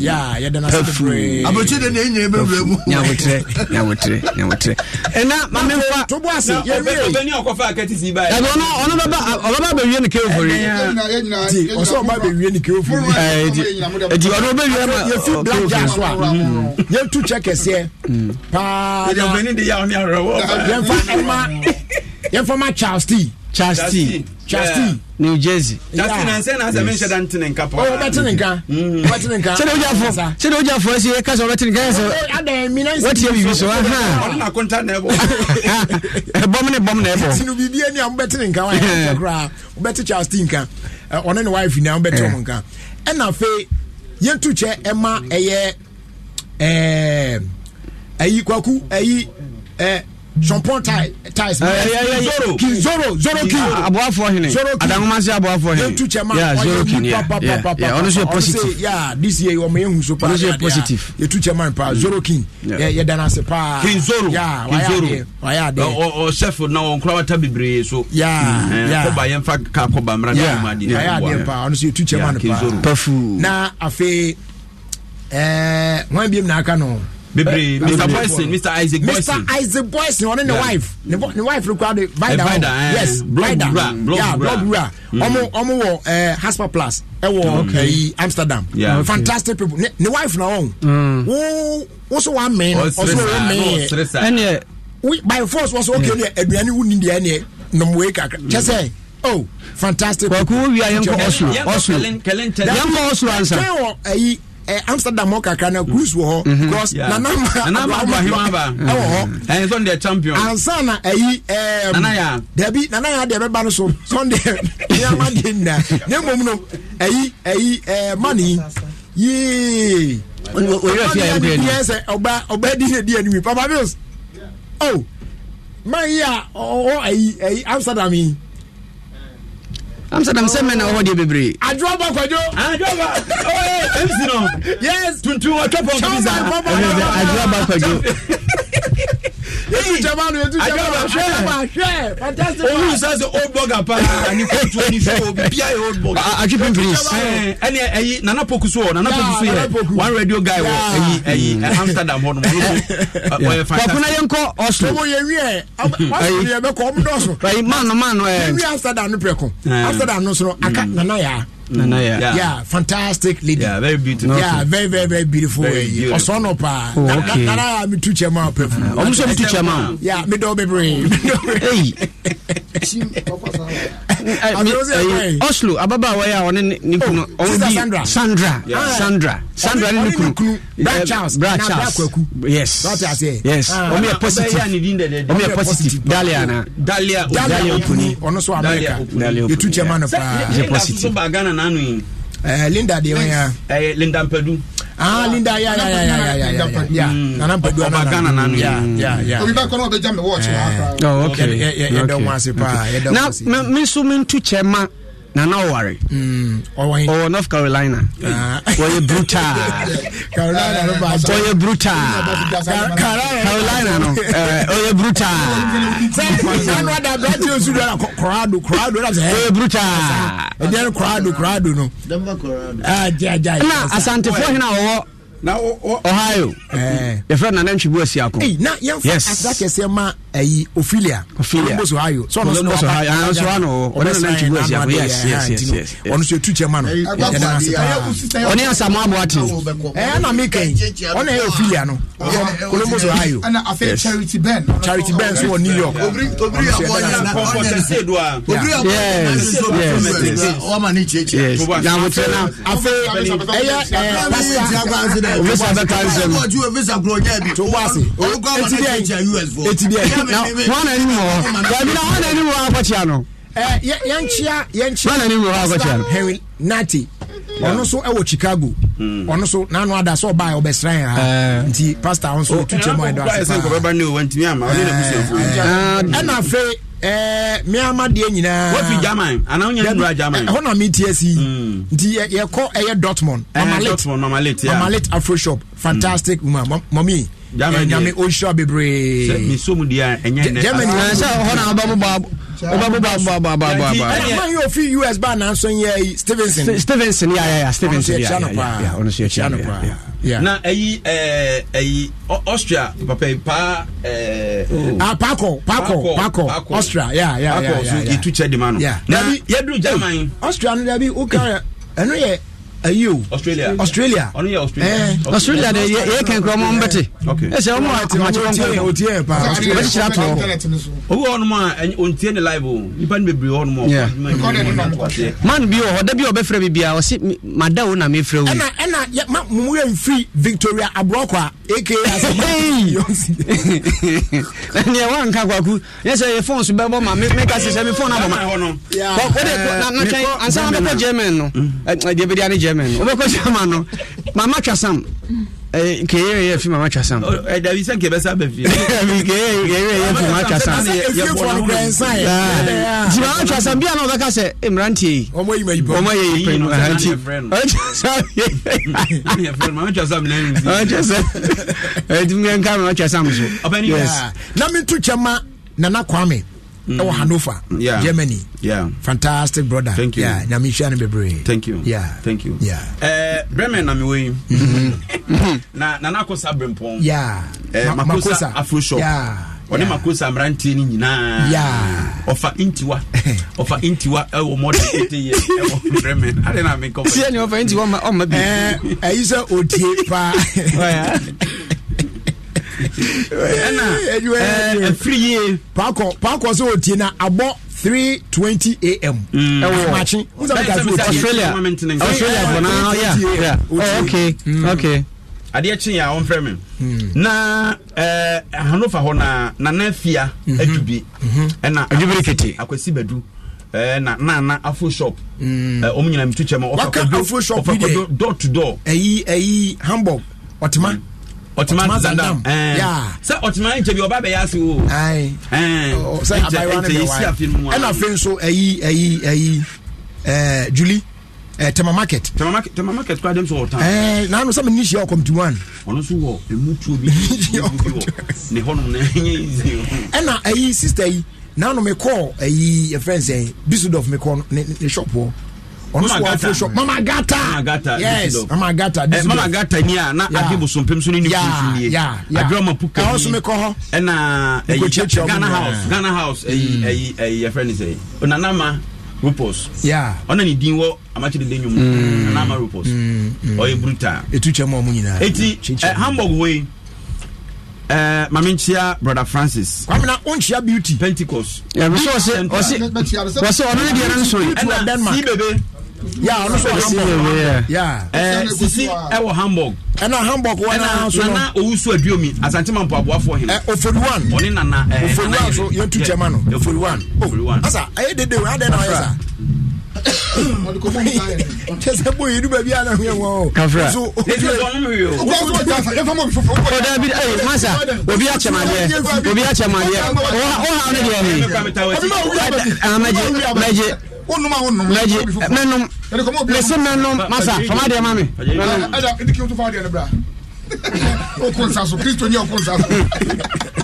ya yɛda aburokye de na ɛnyɛ bebree mu nyawotrɛ nyawotrɛ nyawotrɛ ɛna mame mfa to bo ase yɛwie ɛno no ɔno bɛba ɔbɛba bɛwie ne kewofori ti ɔsɛ ɔba bɛwie ne kewofori ɛti ɔno bɛwie ma yɛfi black jar so a mm. yɛtu kyɛ kɛseɛ mm awo ni arẹwọ. yẹnfa ẹma yẹnfa ma charles t. charles t charles t new jersey. charles t nansẹ na asẹ mi n ṣe da n tini nka pọ. ọwọ bẹ tini nka bẹ mm-hmm. tini nka. sani ojú afọ sani ojú afọ ẹsẹ ẹka sọ bẹ tini nka ẹsẹ wọ́n ti yẹ bìbí sọ ọ̀hán. ọ̀nà náà kúntà náà bọ̀. ẹ̀bọ́m ni bọ́m náà bọ̀. tinubu bíi ẹni àwọn bẹ tini nka wọn yà kura ọbẹ ti charles t nka ọ̀nà ni wáyé fìnnà ọbẹ tí wọn nka ẹnna afẹ yẹn tu kyẹ ẹ ma ẹ yẹ ẹyi kwaku ɛyi ɛ sɔnpɔn tai tai zoro kin zoro zoro kin aboafo hene adankomase aboafo hene etu cɛ ma ɔye mu papapapa ɔno so yɛ positive ya this year ɔmo ye nhuso paa ɔno so yɛ positive etu cɛ ma paa zoro kin yɛ dana se paa kin zoro ya kin zoro ɔyɛ adeɛ ɔ ɔ sɛfo na wɔn kura wata bebree so ya ya kɔba yɛn fa ka kɔba mura na ɔmo adeɛ ɔyɛ adeɛ paa ɔno so etu cɛ ma paa na afei ɛɛ wɔn ebien na aka no bebree eh, mr boyson mr isaac boyson mr isaac boyson ɔne ne wife ne wife no kura de vida hɔ eh, eh, yes vida yeah blood wura hmm. ɔmo ɔmo wɔ ɛɛ haspa plus ɛwɔ ɛyi amsterdam fantastic people ne wife na ɔn hmm. wo woso wa mɛn ɔso wo mɛn ɛniɛ by force wɔso okay ɛniɛ aduane wuni deɛ ɛniɛ nomuwe kakra kyɛ sɛ hmm. oh fantastic. kɔkɔ wo wia yɛn kɔ ɔsoro ɔsoro yɛn kɔ ɔsoro ansa eh, amsterdam hɔ kakra na cruise wɔ hɔ mhm. because nanama ɛwɔ hɔ sunday mm. champion ansa na ya dabi nanaya deɛ bɛba no so sunday nneɛma deɛ nyinaa na mmom no ayi ayi eh, mane yee sɛ ɔba ɔba di ne di anim papa bills oh man yi a ɔwɔ ayi ayi amsterdam yi amsterdam sɛ mɛna wɔhɔ deɛ bebree adwoaba kwadwo oh, mc no yes tuntum ɔtwapɔnkadwoaba kwadwo olu sa sɛ old blogger paa ani kotuo ni fɛ obi bia ye old blogger. atwi pimpins. ɛni ɛyi nana poku so wɔ nana poku so yɛ one radio guy wɔ mm. amsterdam hɔ nomu ɔyɛ fantastic. kɔkuna yɛn kɔ ɔsoro. ɔmɔ yɛ wiɛ ɔmɔ yɛ bɛ kɔ ɔmɔ dɔsɔ. ayi maa nɔ maa amsterdam Amsterdam no so aka mm. nanaya nanaya yeah. yeah fantastic lady yeah very beautiful yeah very very very beautiful way ọsọ nọ paa nanaya mi tu cẹ maa pẹ fun ọmọ sọ mi tu cẹ maa yeah mi dọ bebree mi dọ bebree. Eh, oslo ababaawa yi a ɔne ne kunu ɔbi oh, sandra sandra ah. sandra ne ne kunu brad charles yes yes ɔmo ah, yɛ ah, positive ɔmo yɛ positive dalia na dalia dalia okuni ɔno so america dalia okuni yɛ tu chairman of yɛ positive linda deɛ eh, wɔn linda eh, mpadu. ah linda ya ya ya ya ya ya ya nana mpadua na gana na no ya ya ya obi ba kono obeja me watch na oh okay yeah yeah yeah don't want to pa na me so me ntu chema nana ɔware ɔwɔ hmm, north carolina ah. wɔyɛ brutal ɔyɛ brutal carolina no ɔyɛ eh, brutal ɔyɛ brutal na asantefoɔ hena wɔwɔ na ohio yɛfrɛ nana ntwibu asi ako na yɛmfa asra kɛseɛ ma ayi ophelia columbus ohio ɔno so ɛtu kyɛ ma no ɔne asamo aboateɛna mekai ɔne ɛyɛ ophelia no columbus ohio charity ben so wɔ new york Yes. Yes. pasta visa bɛ cancel no visa kuro ɔnyɛ bi to bɔ ase eti bi eti bi na wɔn na anim wɔ hɔ baabi na wɔn na anim wɔ hɔ akɔkyia no. yɛnkyia yɛnkyia wɔn na anim wɔ hɔ akɔkyia no. henry nati ɔno nso wɔ chicago ɔno nso n'ano ada sɛ ɔbaa ɔbɛsra yɛn ha nti pastor nso tu kyɛ mu ɛdɔ ase paa ɛna afei mmeama eh, deɛ nyinaa wofi german anaa wonya nwura german ɛhɔ eh, na metie si hmm. nti yɛkɔ ɛyɛ eh, dortmund mamalit mamalit afro shop fantastic woman mami nyame ɔhyira bebree germany sɛ hɔ na wobɛbobɔbɛbobɔbɔbɔbɔyɛ ofi us ba nanso yɛ stevenson stevenson yɛyɛyɛ stevensonɔno so yɛkyia no paa Yeah. na ɛyi ɛɛ ɛyi austria papa yi paa ɛɛ. ah paako paako paako austria ya ya ya ya paako so yɛ tu kyɛ di ma no. na yɛ duru germany. austria no dabi o kan ɛnu yɛ ayi o australia australia ɔno yɛ australia eh, australia de yɛ yɛ kɛn kurɔ mɔmu bɛte ɛsɛ ɔmu akumati wɔn kɔrɔ o tiɛ paa o bɛ kyerɛ tɔ owó hɔ nom a o tiɛ ne live o nipa ni bebree hɔ nom o man bi wɔ hɔ da bi ɔbɛ fira bi bia ɔsi ma da o na mi fira o. ɛna ɛna ma mumu yɛ nfiri victoria aburɔkɔ a aka asoma. ɛnìyɛ wa nka kwaku yɛsɛ yɛ fɔn so bɛ bɔ ma mi ka sisɛ mi fɔn na bɔ ma o de na na kyɛn ansa an bɛ kɔ german no ɛdiɛ bi di ani german chairman wobɛkɔ chairman no mama twasam eh, nkeyɛyɛ fi mama twasam eh, dabi mama twasam nti ah. bia na wobɛka sɛ mmerantiei ɔmayɛyinti miɛnka mama twasam eh, so na mento kyɛma nana kwame Mm-hmm. ɛwɔ hannover yeah. germany yeah. fantastic brother thank you yeah. nyame hyia no bebree thank you yeah. thank you yeah. uh, bremen na mewɔ yi mm-hmm. na na nanakosa brempɔn yeah. uh, Ma makosa shop. yeah. ɔne makosa mmeranteɛ no nyinaa ɔfa ntiwa ɔfa ntiwa ɛwɔ eh, mɔde ɛte yɛ ɛwɔ bremen ade na mekɔsɛ ne ɔfa ntiwa ɔma bi ɛyi sɛ ɔtie paa ɛna ɛfiri eh, yie paakɔ paakɔ sɛ ɔtie na abɔ 320 am mm. ɛwɔ makye australia australia fɔ na ya ok oh, mm. ok adeɛ kye a ɔmfrɛ me mm. na eh, hanofa hɔ na nana afia mm-hmm. adwubi mm-hmm. ɛna adwubirekete akwasi badu eh, na nana Afo shop ɔmo nyina metu kyɛ ma ɔfa to door ɛyi hamburg ɔtema mm. ɔtuma zandam sɛ ɔtuma nkyɛ bi ɔba bɛyɛ ase o sɛ abayewa no bɛwa ɛna afei nso ayi ayi ayi ɛɛ juli ɛɛ tɛma market tɛma market tɛma market kura dem sɛ ɔtan ɛɛ n'anu sɛ mi ni si ɔkɔm ti wan ɔno nso wɔ emu tuo bi ebi wɔ ne hɔnom na ɛnyɛ izi o ɛna ayi sista yi n'anu mi kɔɔ ayi efɛn sɛ bisudɔf mi kɔɔ ne ne shop wɔ ɔno so mama gata yes mama gata mama gata eh, ni a na ade bosompem so ne ne kusu nie adwuma ma puka ɛhɔ so mekɔ hɔ ɛna ɛyi Ghana house Ghana house ɛyi mm. ɛyi ɛyi yɛfrɛ ne sɛ onanama rupos ɔna ne din wɔ amakyere de nwom mm. onanama rupos mm, ɔyɛ bruta ɛtu kyɛ ma ɔmo hamburg hɔ yi maame nkyia brother francis. kwamina o nkyia beauty. pentecost. ɛɛ bɛ sɛ ɔsɛ ɔsɛ ɔno ni deɛ ne nsɔn yi. ɛna si bebe yà ọ̀nà sọ hamburg yà ẹ eh, sisi ẹ eh, wọ hamburg eh, na hamburg wọn náà sọ nana owusu aduomi asanteman po aboafo hin ẹ oforiwan ọni nana ẹ oforiwan so yẹn tu jẹma no oforiwan o oh, asa ẹ yẹ dede o adẹ na ọ yẹ sa kyɛsɛ boyi no baabi ana hwɛ wɔ kaframasa oh, obi akyɛmadeɛ obi akyɛmadeɛ wohaw no deɛ megye megye menom mese menom masa fama deɛ ma me ɔkɔ nsa so kristo nyɛ ɔkɔ nsa so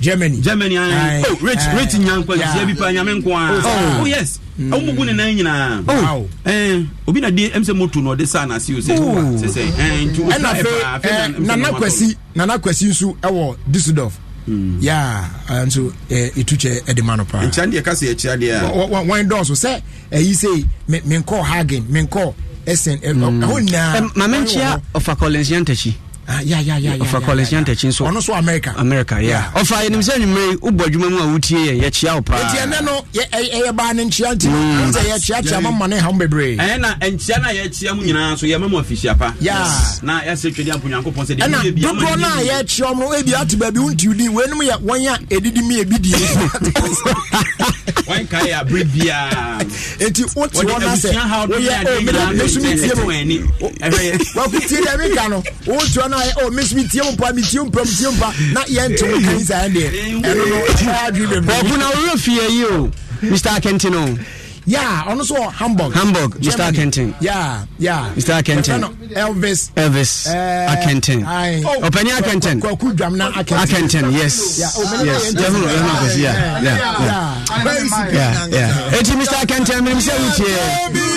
germany germany ayi oh rate rate nyankwa sisi ebi pa nyame nko oh. oh yes awo mm. mugu ne nan nyinaa oh eh, ɛn obi na de ɛmisɛn moto na ɔde sa na se o se sɛsɛ ɛn eh, nti o sa ɛfa afei eh, na nana kwasi nana kwasi nso ɛwɔ düsseldorf mm. yaa nso etu kyɛ ɛde ma no paa nkyɛn deɛ kasa ɛkyia deɛ a wɔn dɔɔso sɛ ɛyi sɛ mi nkɔ hagen mi nkɔ oh. ɛhɔ nyinaa. maame nkyia ɔfa collins yantakyi ɔfra collegian tɛkyi nso ɔno so america america ya ɔfa yɛnim sɛ nwummere yi wobɔ adwuma mu a wotie yɛn yɛkyia wo paa ɛtiɛ nɛ no ɛyɛ baa ne nkyia nti sɛ yɛkyiakyia ma ma ne ham bebree ɛɛ na ɛnkyia no a yɛkyia mu nyinaa nso yɛma mu afihyia pa na yɛsɛ twɛde ampo nyankopɔn sɛ ɛna dodoɔ no a yɛkyia m no ebi ate baabi wontiw din weinom yɛ wɔn a ɛdidi mi ebi die wɔn ka yɛ abere biara eti wote hɔ na sɛ woyɛ o mede mesu mi tie mu wakotie deɛ meka no wotua no na oh miss me tie mpa me tie mpa me tie mpa na yɛn to mo kan saa deɛ ɛno no ɛyɛ adwi bebree. ɔbu na ɔwura fie yi o mr akentin o. Yeah, ɔno so wɔ hamburg hamburg mr akentin yeah, yeah. mr akentin elvis elvis uh, akentin ɔpɛni oh, akentin kwaku dwam na akentin akentin yes yes yɛhu yɛhu akɔsi ya ya ya eti mr akentin mmenim sɛ wotie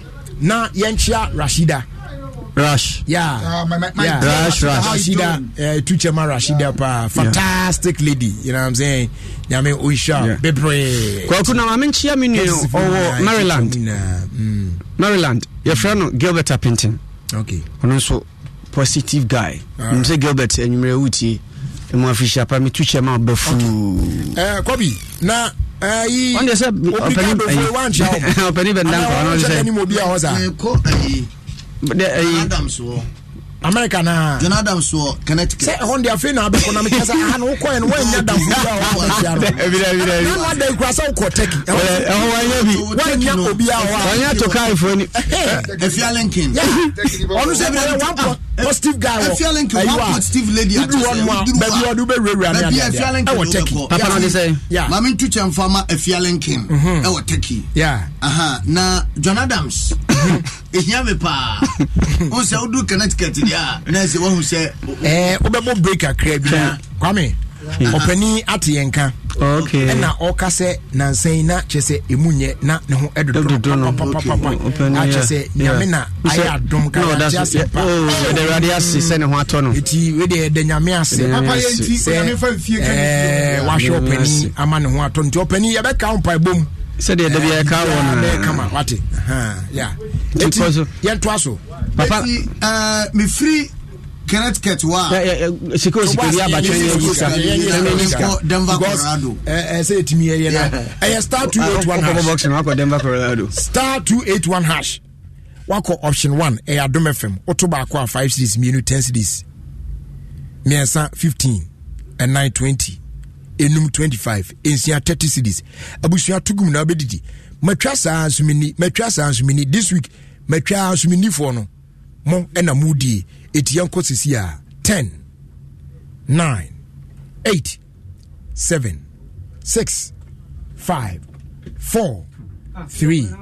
na yɛnkyia rashida Rash. Yeah. Uh, my, my, eh, yeah. Rash Rush. Rashida, uh, two chairman Rashida, pa. fantastic yeah. lady. You know what I'm saying? Nyame Oisha, yeah. bebre. Kwa kuna mame nchia minu owo Maryland. Mm. Maryland. Your mm. friend Gilbert Apinton. Okay. And also positive guy. Uh. Ah. Mse Gilbert, enyumere eh, uti. Mwa fisha pa mitu tuchema befu. Okay. Uh, Kobi, na ayi wọn de sɛ ɔpɛni bɛyi ɔpɛni bɛ ndan kɔrɔ n'ɔde sɛ ɛni mo bi a ɔsa. ɛkɔ ayi ɛyi adams wɔ. america naa. john adams wɔ connecticut. sɛ ɛhɔn de afei na abɛkɔ na mekasa aha na wokɔ yɛn wɔn nyɛ danfo bi a wɔn akɔsia no. ebi dɛ ebi dɛ ebi. nanu ada ikura sɛ wokɔ tɛki. ɛhɔn wɔn nyɛ bi. wɔn nyɛ obi a wɔ a. wɔn nyɛ tokaifo ni. efiya lincoln. ɔnu sɛ bi one point positive guy wɔ ayiwa dudu hɔ nom a baabi ɔde wobɛwurawura ne adeadeɛ ɛwɔ turkey papa no de sɛ maame ntu kyɛ mfa ma afiale nkem ɛwɔ turkey na john adams mm-hmm. ehia mi paa wọn sɛ wodu connecticut deɛ a na ɛsɛ wahu sɛ wobɛbɔ break akra bi kwame Hmm. ɔpani ati yɛn ka ɛna ɔka nansɛn na kyɛ sɛ ɛmu nyɛ na ne ho ɛdodo no akyɛ oh, sɛ nyame na ayɛ adom kaɛnti wede ɛda nyame ase sɛ wahwɛ ɔpani ama ne ho atɔ nti ɔpani yɛbɛka wo mpaebom sɛdeɛ dabi ɛka wɔ no yɛntoa so papa mefiri Kenneth Ketua. Eh, eh, eh, siko siko bi abatwa yɛ yi sa. Ɛmɛ Denver Colorado. Ɛsɛ etimi yɛ yɛ na. Ɛyɛ star two eight one hash. Akɔkɔ box na wakɔ Denver Colorado. Star two eight one hash. Wakɔ option one ɛyɛ Adum FM. Woto baako a five series mienu ten series. Mmiɛnsa fifteen ɛnan twenty enum twenty five nsia thirty series. Abusua tugum na abedidi. Matwa saa nsumini matwa saa nsumini this week matwa nsuminifoɔ no mo ɛna mo die ɛti yɛnkɔ sisi a 10 9 8 7 6 5 4 3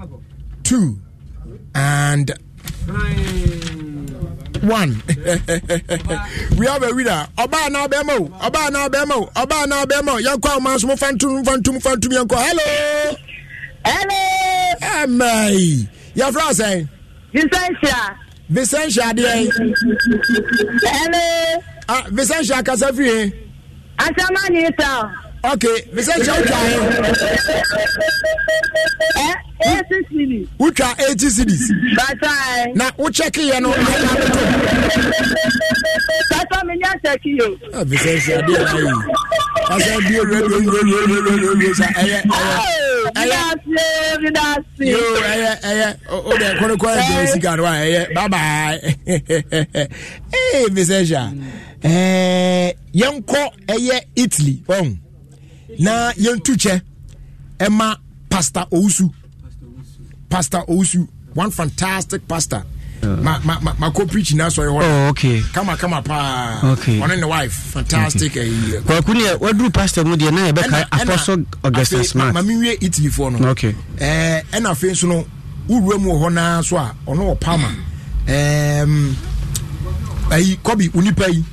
2 and 1 we have a winner ɔbaa na ɔbɛma o ɔbaa na ɔbɛma o ɔbaa na ɔbɛma o yɛnkɔ a ɔma so mo fantum fantum fantum yɛnkɔ hello hello ɛmɛi yɛfrɛ sɛn nsanhyia visensia adeɛ. hello. ah visensia akasa fie. asamani ta ok mesɛ kyɛ wotwae wotwa 80 cities na wokyɛkeyɛ no bisɛ sɛdeɛ ayi asɛ bie ɛyɛ wode kɔnekɔɛ gyɛ sika no a ɛyɛ babae bisɛ hyɛ a yɛnkɔ ɛyɛ italy ɔhu na yɛntu kyɛ ɛma pastor owusu pastor owusu one fantastic pastor ma ma ma ma ko preach na sɔrɔ hɔ. ɔɔ oh, ok kama kama paa. ok ɔne ne wife fantastic ɛyi. Eh, eh. kɔkɔ ni yɛ waduru pastor mu deɛ n'a yɛ bɛ ka apɔsɔ ɔgɛsɛ smart. maame n wiye itili fɔ no. ok ɛɛ eh, ɛna afei nso no wura mu wɔ hɔ naa so a ɔno wɔ palma mm. ɛɛm ɛyi kɔbi onipa yi.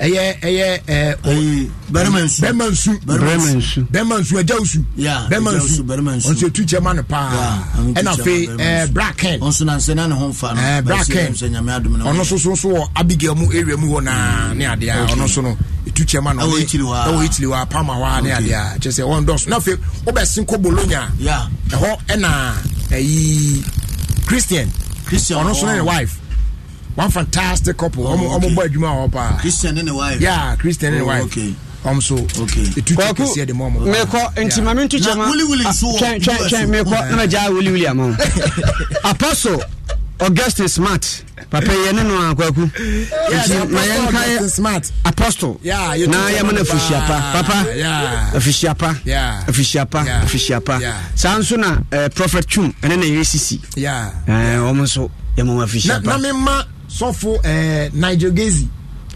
ɛyɛ ɛyɛ ɛɛ bɛrɛmɛ nsu bɛrɛmɛ nsu bɛrɛmɛ nsu bɛrɛmɛ nsu ɛjɛw su bɛrɛmɛ nsu ɔnso etu kyɛma no paa ɛna afei ɛɛ bracken ɛɛ bracken ɔno soso so wɔ abigail mu area mu hɔ naa ne adeɛ ɔno so no etu kyɛma no ɛwɔ itiri hɔ ɛwɔ itiri hɔ apama hɔ ne adeɛ kyerɛ sɛ wɔn dɔso n'afei ɔbɛsi nkɔ bologna ɛhɔ ɛna ɛyi christian ɔno so ne ne wife one fantastic couple ọmọ oh, ọmọ bọ ẹdwuma wọn pa. christian ne ne wa yẹ. ya christian ne ne wa yẹ. ọm so etu tu kese de mọ ọmọ. mekọ nti maame ntu kyɛ ma twɛn twɛn twɛn mekɔ nama gya wuliwuli ama o apostle augustin smart papa yɛ ne no a kwaku nti ma smart. ka yɛ apostle na yɛ mana afihyia pa papa afihyia pa afihyia pa afihyia pa Yeah, nso na eh, prophet twum ɛne na yɛ sisi wɔn eh, nso yɛ mama afihyia pa. na mema sɔfo ɛɛ eh, nigel gezi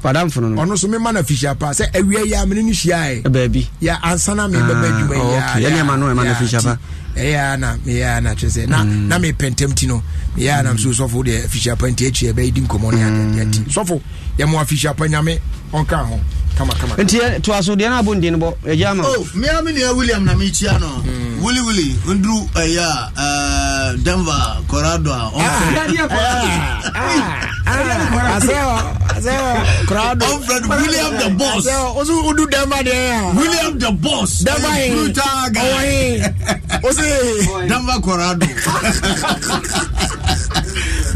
padamfo no ɔno nso mema no afihyia paa sɛ awia yi a mene no hyia ɛ baabi yɛ ansa na mebɛba ah, adwuma yiɛneɛma no ɛma no afihyia paa ɛyɛ na meyɛ na kyerɛ sɛ na mm. na mepɛntɛm ti no meyɛ nam so sɔfo deɛ afihyia pa nti akyi ɛbɛyɛ di nkɔmmɔ ne adeɛ nti mm. sɔfo yɛmo afihyia pa nyame ɔnka ho kamakama nti toa so deɛ no abɔ ndin bɔ agya ma oh, mea me nua william na mekyia no wiliwili nduru ɛyɛ a ah, denver corado ah, ah, a ɔmfred william the boss woso wodu denver deɛ william the boss denver eh, ɔwɔ he wo se denver corado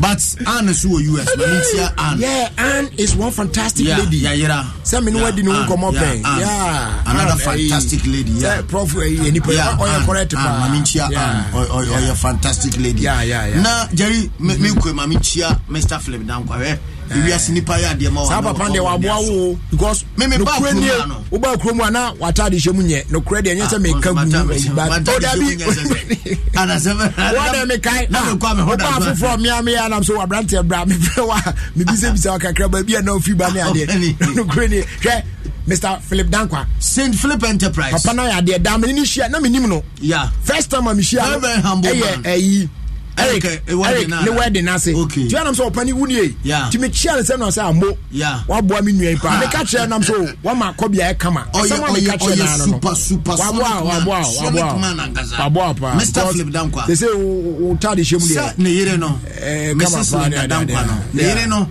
but Anne is who US. Let me see Anne. Yeah, Anne is one fantastic yeah, lady. Yeah, yeah. Some in wedding will come up. Yeah, yeah. another eh, fantastic lady. Yeah, eh, prof. Eh, any Yeah, or oh, your correct. I mean, chia Anne or your oh, oh, fantastic lady. Yeah, yeah, yeah. Now Jerry, me me Mamichia, Mr. Flip down ewiase nipa yɛ adeɛ ma saa papa deɛ waboa wo because nokorɛ nie woba kuro mu a na hyɛ mu nyɛ nokorɛ deɛ ɛnyɛ sɛ ah, meka guwodabiwone mekae woba ah, afoforɔ meameɛ anam so waberanteɛ bra mefrɛ wa mebisabisa ah. wakakra baabi na wofi ba ne adeɛ nokorɛ nie hwɛ mr philip dankwa st philip enterprise papa no yɛ adeɛ daa mene hyia na menim no first time a mehyia ɛyɛ ayi eric eric ne wedding n'ase okay tí wọn nam sọ ọpani wúni yẹ tí mi kyíyà nsẹm náà sẹ àmó wà bọ mi nìyẹn paa mi ká kyerẹ nam sọ wà má kọbi ẹ kama ọsẹ wọn mi ká kyerẹ náà nọ wà bọ a wà bọ a wà bọ a wà bọ a paa mr philip dankwa ṣe ṣe o taade ṣe mu de ẹ ne yere nọ kama paa ne dankwa nọ ne yere nọ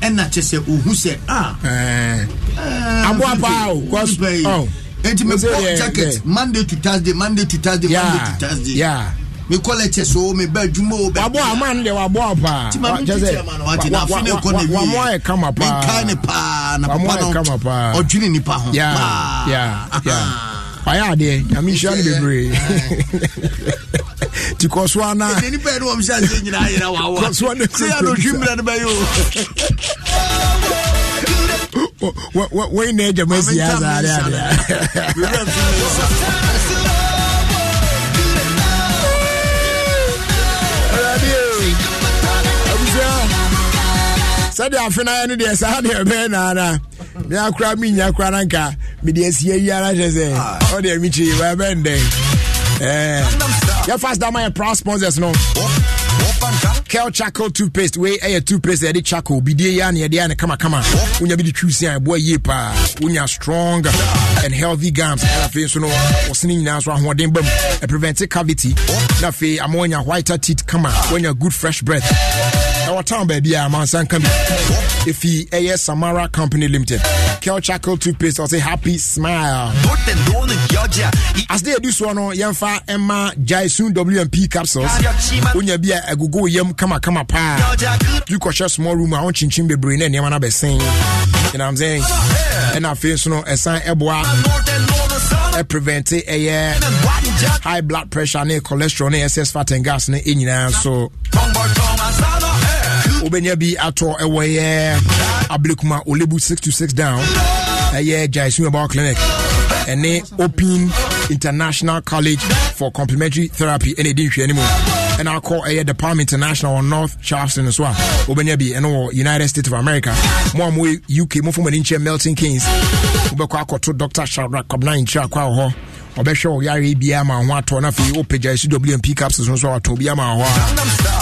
ẹnna kyerẹ sẹ ohun sẹ a abọ a paa o kọsi ọ nti mi bọ jacket monday to thursday monday to thursday monday to thursday mi kɔ lectures o mi bɛ juma o bɛ. wabɔ a man de wabɔ a paa. ti ma mi eh. Eh. ti tiɲɛ ma na waati na fi ne kɔ ne wi ye wamɔ yɛ kama paa mi ka ne paa na papa na ɔdwini nipa ho paa. ɔyɛ adeɛ nyame nhyira no bebree tikɔ so anawei na agya masi asaade adeɛ sɛdeɛ afe no ne deɛ saa deɛ ɛbɛyɛ naana me akora menya kora no anka mede asia yi ara hyɛ sɛ ɔdeɛ mekyiri bɛbɛndɛn yɛfas da ma yɛ proud sponsors no kel charcoal toothpaste wei ɛyɛ toothpaste yɛde charcoal bidie yɛ ne yɛde ne kamakama wonya bi de twusi a ɛboa yie paa wonya strong and healthy gums ɛna afei nso no wɔsene nyinaa so ahoɔden ba mu ɛprevente cavity na afei ama wanya whiter teeth kama wanya good fresh breath ɔtan baabi a mansa nka bi ɛfi ɛyɛ samara company limited kelchacle toothpaste ɔsɛ happy smile asedeɛ ɛdu soɔ no yɛmfa ɛma gyaesun wmp capsules wonya bi a agogo eh, yam You paa share small room I want chinchin be wonkyinkyin bebree na nneɛma no abɛsen yɛnam sɛ ɛna afei nso no ɛsan ɛboa ɛprevente ɛyɛ high blood pressure ne cholesterol ne excess fat and gas ne nyinaa so wobɛnya bi atɔ ɛwɔ yɛ ablekuma olebu 626 down ɛyɛ clinic ɛne open international college for complementary therapy ɛne ɛdi nhwɛ no ɛna akɔ ɛyɛ the international wɔ north charleston so a wobɛnya bi ɛno wɔ united states of america mo a mo uk mofo mani nkyɛ melton kings wobɛkɔ akɔto dr shadrack kɔbna nkyerɛ akɔ a hɔ ɔbɛhwɛ wo yare biaa ma ho atɔ no afei wopɛ gyaesu wmp capsules no so a watɔ biaa ma wɔ a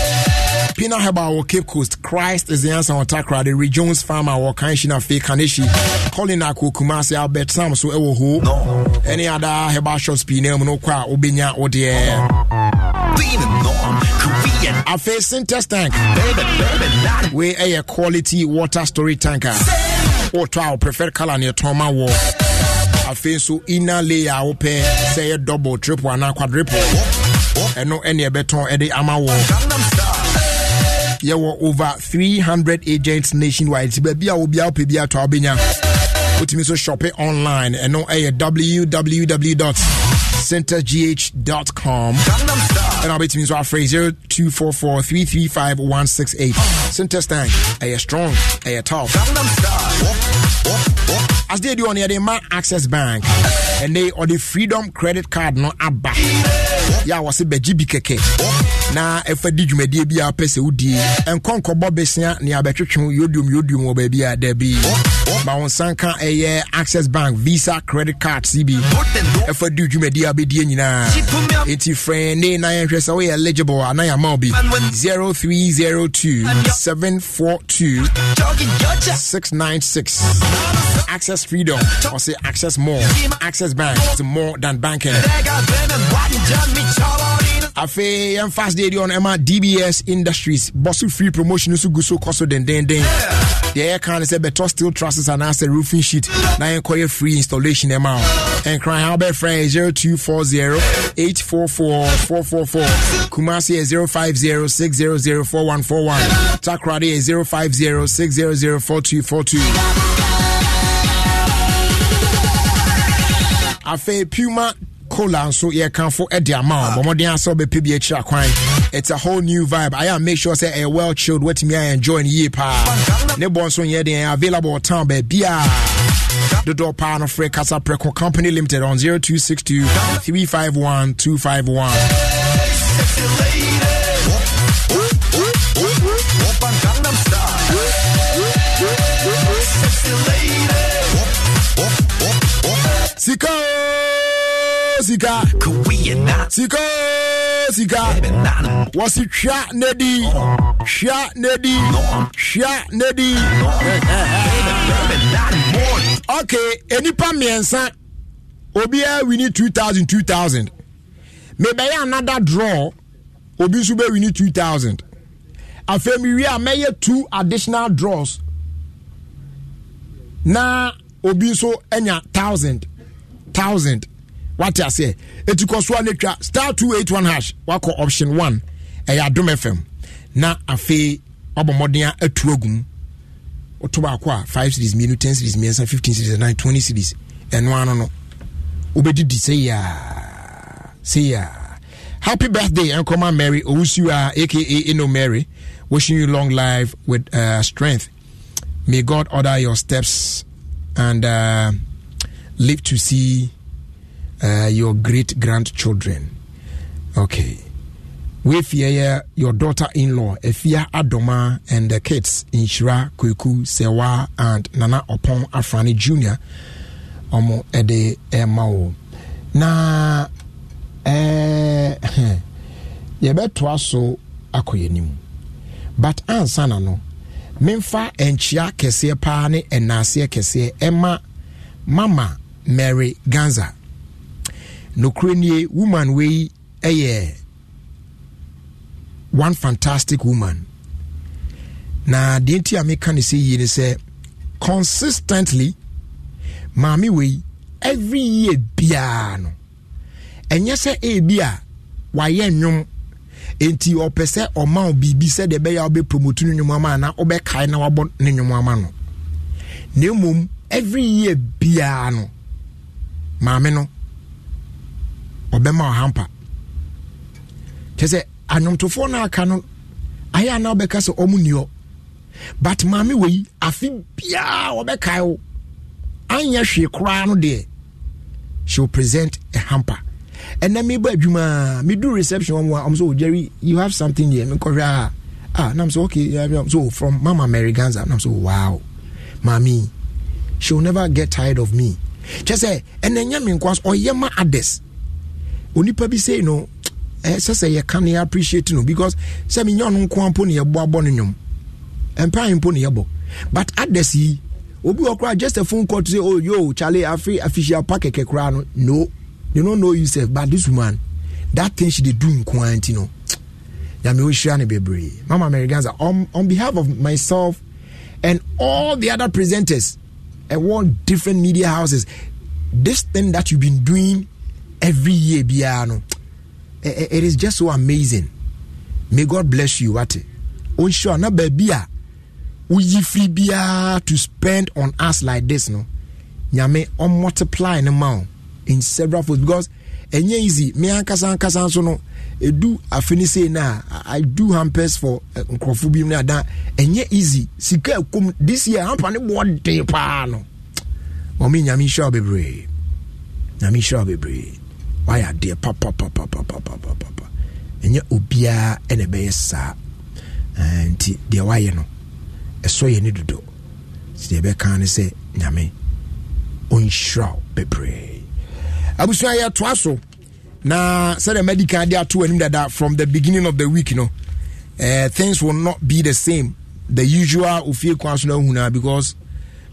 Pina Heba or Cape Coast, Christ is the answer on Takra, the Jones Farmer or Kanshina Fe Kaneshi, Colin Aku Kumasi Albert Sam, so Ewo Ho, no. any other Heba shops, Pinem, no Kwa, Obinya, Odeer. Being norm, Korean. I face Syntest Tank. we a quality water storage tanker. Water, our preferred color near Toma War. afei nso inner layer a wopɛ sɛ yɛ double triple anaa quadruple ɛno ɛne ɛbɛtɔn ɛde ama wɔ yɛwɔ over 300 agents nationwide baabi a obi a wopɛ bi atɔ wobɛnya wotumi so shɔpe online ɛno ɛyɛ www centergh.com ɛna wobɛtumi nso afrɛ 0244 335 168 center stan A strong ɛyɛ tough they do on the ma access bank And they are the freedom credit card no abba. yɛ a wɔse bɛgye bi kɛkɛ na ɛfa di dwumadie bi a wopɛ sɛ wodie ɛnkɔnkɔbɔ besea ne abɛtwetwe yodium yodium wɔ baabi a daabi ma wo nsan ka ɛyɛ access bank visa credit card cb ɛfa di dwumadie a wobɛdie nyinaa enti frɛ ne na yɛnhwɛ sɛ woyɛ eligible ana yɛma wo bi 0302 742 696 access freedom or say access more. Access bank to more than banking. I feel I'm fast deɛ On ɛma dbs industries bɔso free promotion nso gu so the aircon is deɛ yɛka ne sɛ bɛtɔ steel trusses anaasɛ roofing sheet na call free installation ɛma and cry ha wobɛfrɛ friends 0240844444 kumase yɛ 0506004141 takrade yɛ 0506004242 afei puma cola nso yɛkamfo de ama wo ah. bɔmmɔden asɛ wobɛpɛ bi akyira kwan it's a whole new vibe I am make sure say ɛyɛ well chilled watumi a enjoy no yie paa ne bɔ nso nyɛ den available town baabiaa dodoɔ paa no frɛ kasa prɛko company limited on 0262 351 251 sika sika sika wɔsi twa nedi twa nedi twa nedi ok enipa mmiɛnsa obiara wini two thousand two thousand mebɛyɛ another draw obi nso we need two thousand afei mi wi a two additional draws na obi so nya thousand thousand wate aseɛ ɛti kɔ soa no twa star one hash wakɔ option 1 ɛyɛ adom fm na afei wabɔ mmɔden a atu agu mu woto baako a 5 series mmienu 10 series mmiɛnsa 15 series 9 twenty series ɛno ano no wobɛdidi sɛyia sɛyia happy birthday ɛnkɔma mary owusu a aka eno mary wishing you long life with uh, strength may god order your steps and uh, live to see uh, your great grandchildren. Okay. With your your daughter in law, Efia Adoma, and the kids, Inshira, Kweku, Sewa, and Nana Opon Afrani Jr. Omo Ede Emao. Eh, na, eh, yɛbɛtoa so akɔ yɛn anim but ansa na no memfa nkyia kɛseɛ paa ne ɛnaaseɛ kɛseɛ mama mary ganza nokorɛ nie woman wei ɛyɛ one fantastic woman na deɛ nti a meka no sɛ yie ne sɛ consistently maame wei every year biara no ɛnyɛ sɛ ebi a wayɛ nnwom nti ɔpɛ sɛ ɔma wo biribi sɛdeɛ ɛbɛyɛ a wobɛpromotu no nnwom ama anaa wobɛkae na wabɔ ne nnwom ama no na mmom every year biara no maame no ɔbɛma ɔhampa kyɛ sɛ anwomtofoɔ no aka no ayɛ ana wobɛka sɛ ɔmo nniɔ but maame wei afe biaa wɔbɛkae wo anyɛ hwee koraa no deɛ she will present a hamper ɛnna mi bɔ adwuma mi do reception wɔn mu a wɔn so oh, jerry you have something here mi kɔhwɛ a ah na so okay yeah so oh, from mama mary ganza na so oh, wow maami she will never get tired of me kyɛ sɛ ɛnna nyɛ mi nkwa ɔyɛ ma others onipa bi sei no ɛsɛ eh, sɛ yɛka ne appreciate no because sɛ menyɛ ɔno nko a mpo ne yɛbɔ abɔ no nwom mpae mpo ne yɛbɔ but others yi obi wɔ koraa just a phone call to say oh yo chale afi official pa kɛkɛ koraa no no they don't know you but this woman that thing she dey do nko a nti no nyame ohyira ne bebree mama americansa on, on behalf of myself and all the other presenters at all different media houses this thing that you've been doing every year biara no eh, eh, it is just so amazing may god bless you wate ɔnhyɛ na baabi a woyi firi biara to spend on us like this no nyame ɔmmultiply no ma wo in several folds because enye easy me ankasa ankasa nso no ɛdu afe no sei no a i do hampers for eh, nkurɔfo bi mu no ada easy sika akom this year hampa ne boɔ de paa no ɔme nyame nhyira wo bebree nyame nhyira wo bebree wayɛ adeɛ papapapapapapapa ɛnyɛ obiara ɛna ɛbɛyɛ saa nti deɛ wayɛ no ɛsɔ yɛ ne dodo nti deɛ ɛbɛka ne sɛ nyame ɔnhyira wo bebree abusua yɛ toa so na sɛdeɛ madi kan de ato anim dada from the beginning of the week no uh, things will not be the same the usual ofie kwan so na ohuna because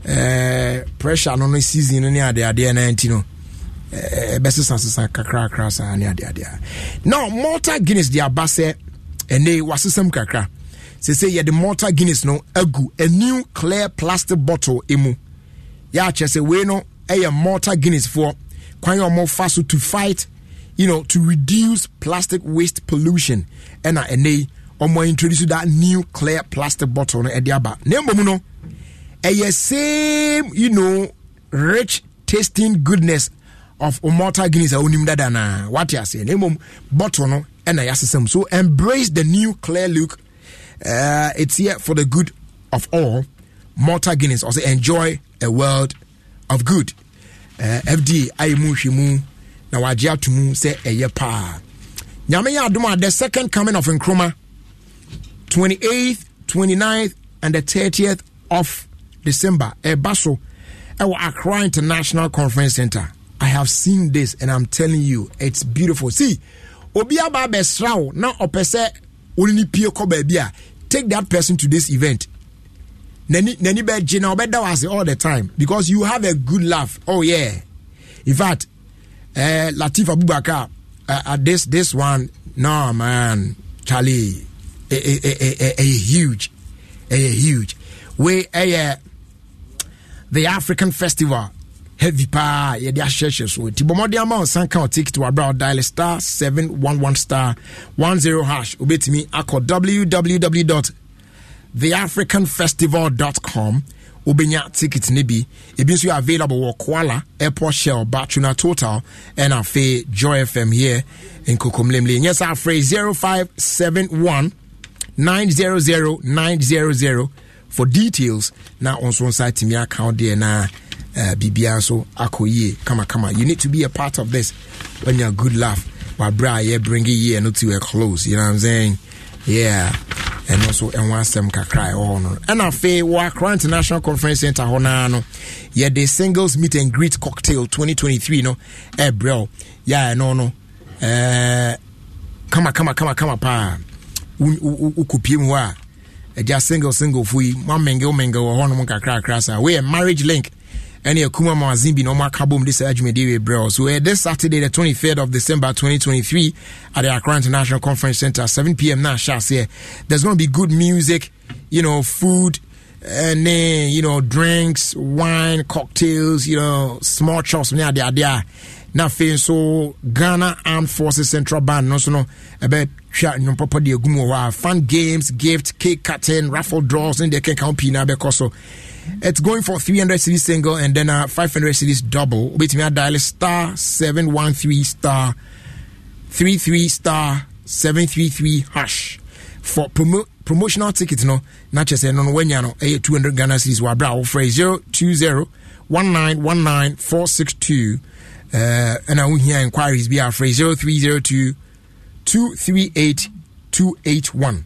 uh, pressure no no season no ne adeadeɛ no nti no ɛbɛsesa sesa kakrakra saa ne adeadeɛ now malta guinness de aba sɛ ɛne wasesam kakra sese yɛde malta guinness no agu a new clear plastic bottle mu yɛakyerɛ sɛ wei no ɛyɛ malta guinness foɔ kwan a wɔmfa so to fight you know to reduce plastic waste pollution ɛna ɛnɛ wɔn introduce that new clear plastic bottle no ɛde aba na mbom no ɛyɛ same you know rich tasting goodness of mortar guinness a wonim dada na wate aseɛ na mmom bottle no ɛna yɛasesam so embrace the new clear look uh, it's here for the good of all mortar guinness also enjoy a world of good uh, fda ayɛ mu hwɛ mu na wagye ato mu sɛ ɛyɛ paa nyame yɛ adom a the second coming of nkroma 28th 29th and the 30th of december ɛba so ɛwɔ accra international conference center I have seen this and I'm telling you it's beautiful. See, obi aba abɛsra wo na ɔpɛ sɛ wone ne pie take that person to this event. Nani nani bɛgye na ɔbɛda wo ase all the time because you have a good laugh. Oh yeah. In fact, uh, eh, Latif Abubakar uh, uh, this this one no man Charlie a a a a huge a huge we eh, a the African festival heavy paa yɛde ahyehyɛ so nti bɔmmɔden ama ɔsan ka ticket wabrɛ a dial star 711 star 10 hash wobɛtumi akɔ www theafricanfestival.com wobɛnya ticket no bi ebi nso yɛ available wɔ koala airport shell batuna total ɛna afei joy fm yɛ nkokomlemle nyɛ saa afrɛ 0571 900 900 for details na ɔnso nsa atumi account deɛ naa uh, eh, biribiara nso akɔ yie kamakama you need to be a part of this when you're good laugh wabrɛ a yɛ bring year no to a close you know what i'm saying yeah ɛno nso ɛho asɛm kakra ɛwɔ no ɛna afei wɔ accra international conference center hɔ naa no yɛde singles meet and greet cocktail 2023 no ɛbrɛ o yɛ ɛno no ɛɛ eh, kama kama kama kama paa wokɔpie mu hɔ a ɛgya single single fo yi moamenge womenge wɔ hɔnom kakrakra saa woyɛ marriage link ɛne akuma mawazen bi na ɔmo aka bom de saa adwumadi so ɛyɛ this saturday the 23rd of december 2023 at the accra international conference center 7pm na ahyɛ aseɛ there's going to be good music you know food and then you know drinks wine cocktails you know small chops ne adeade a na afei nso ghana armed forces central band no nso no ɛbɛtwa nnompɔpɔ de agu mu wɔ hɔ a uh, fun games gift cake cutting raffle draws ne deɛ kɛka ho pii na bɛkɔ so It's going for 300 cities single and then a 500 cities double. Wait me, I dial star 713 star 33 star 733 hash for promo. Promotional tickets, no, not just a non when you know, a 200 Ghana series, wa bra, phrase 020 1919462. Uh, and I will hear inquiries be our phrase 0302 238 281.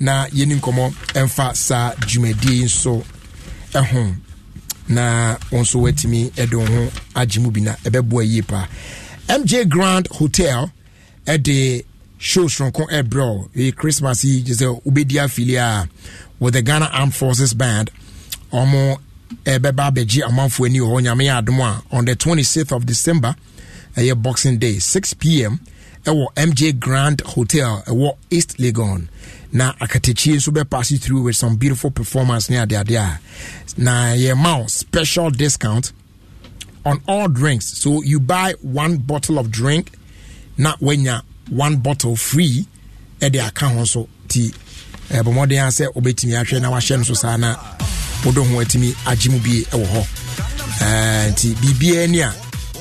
Na yenim komo emfa sa dwumadie so ɛho na wɔn nso watumi de wɔn ho agye mu bi na ɛbɛboa yie paa mj grand hotel ɛde show soronko ɛbrɛ ɛyɛ christmas yi gye sɛ wobɛdi afili a with the ghana armed forces band ɔmo ɛbɛba abɛgye amanfoɔ ani wɔ hɔ nyame yɛ adom a on the 26th of december ɛyɛ boxing day six pm ɛwɔ mj grand hotel ɛwɔ east legon na akatakyi nso bɛpasse through with some beautiful performance ne adeade a na yɛma wo special discount on all drinks so you buy one bottle of drink na wanya one bottle free ɛde aka ho so ti ɛbɔmmɔden eh, a sɛ wobɛtumi ahwɛ na wahyɛ no so saa na wodɔ ho atumi agye mu bie ɛwɔ hɔ eh, nti biribiaa ni a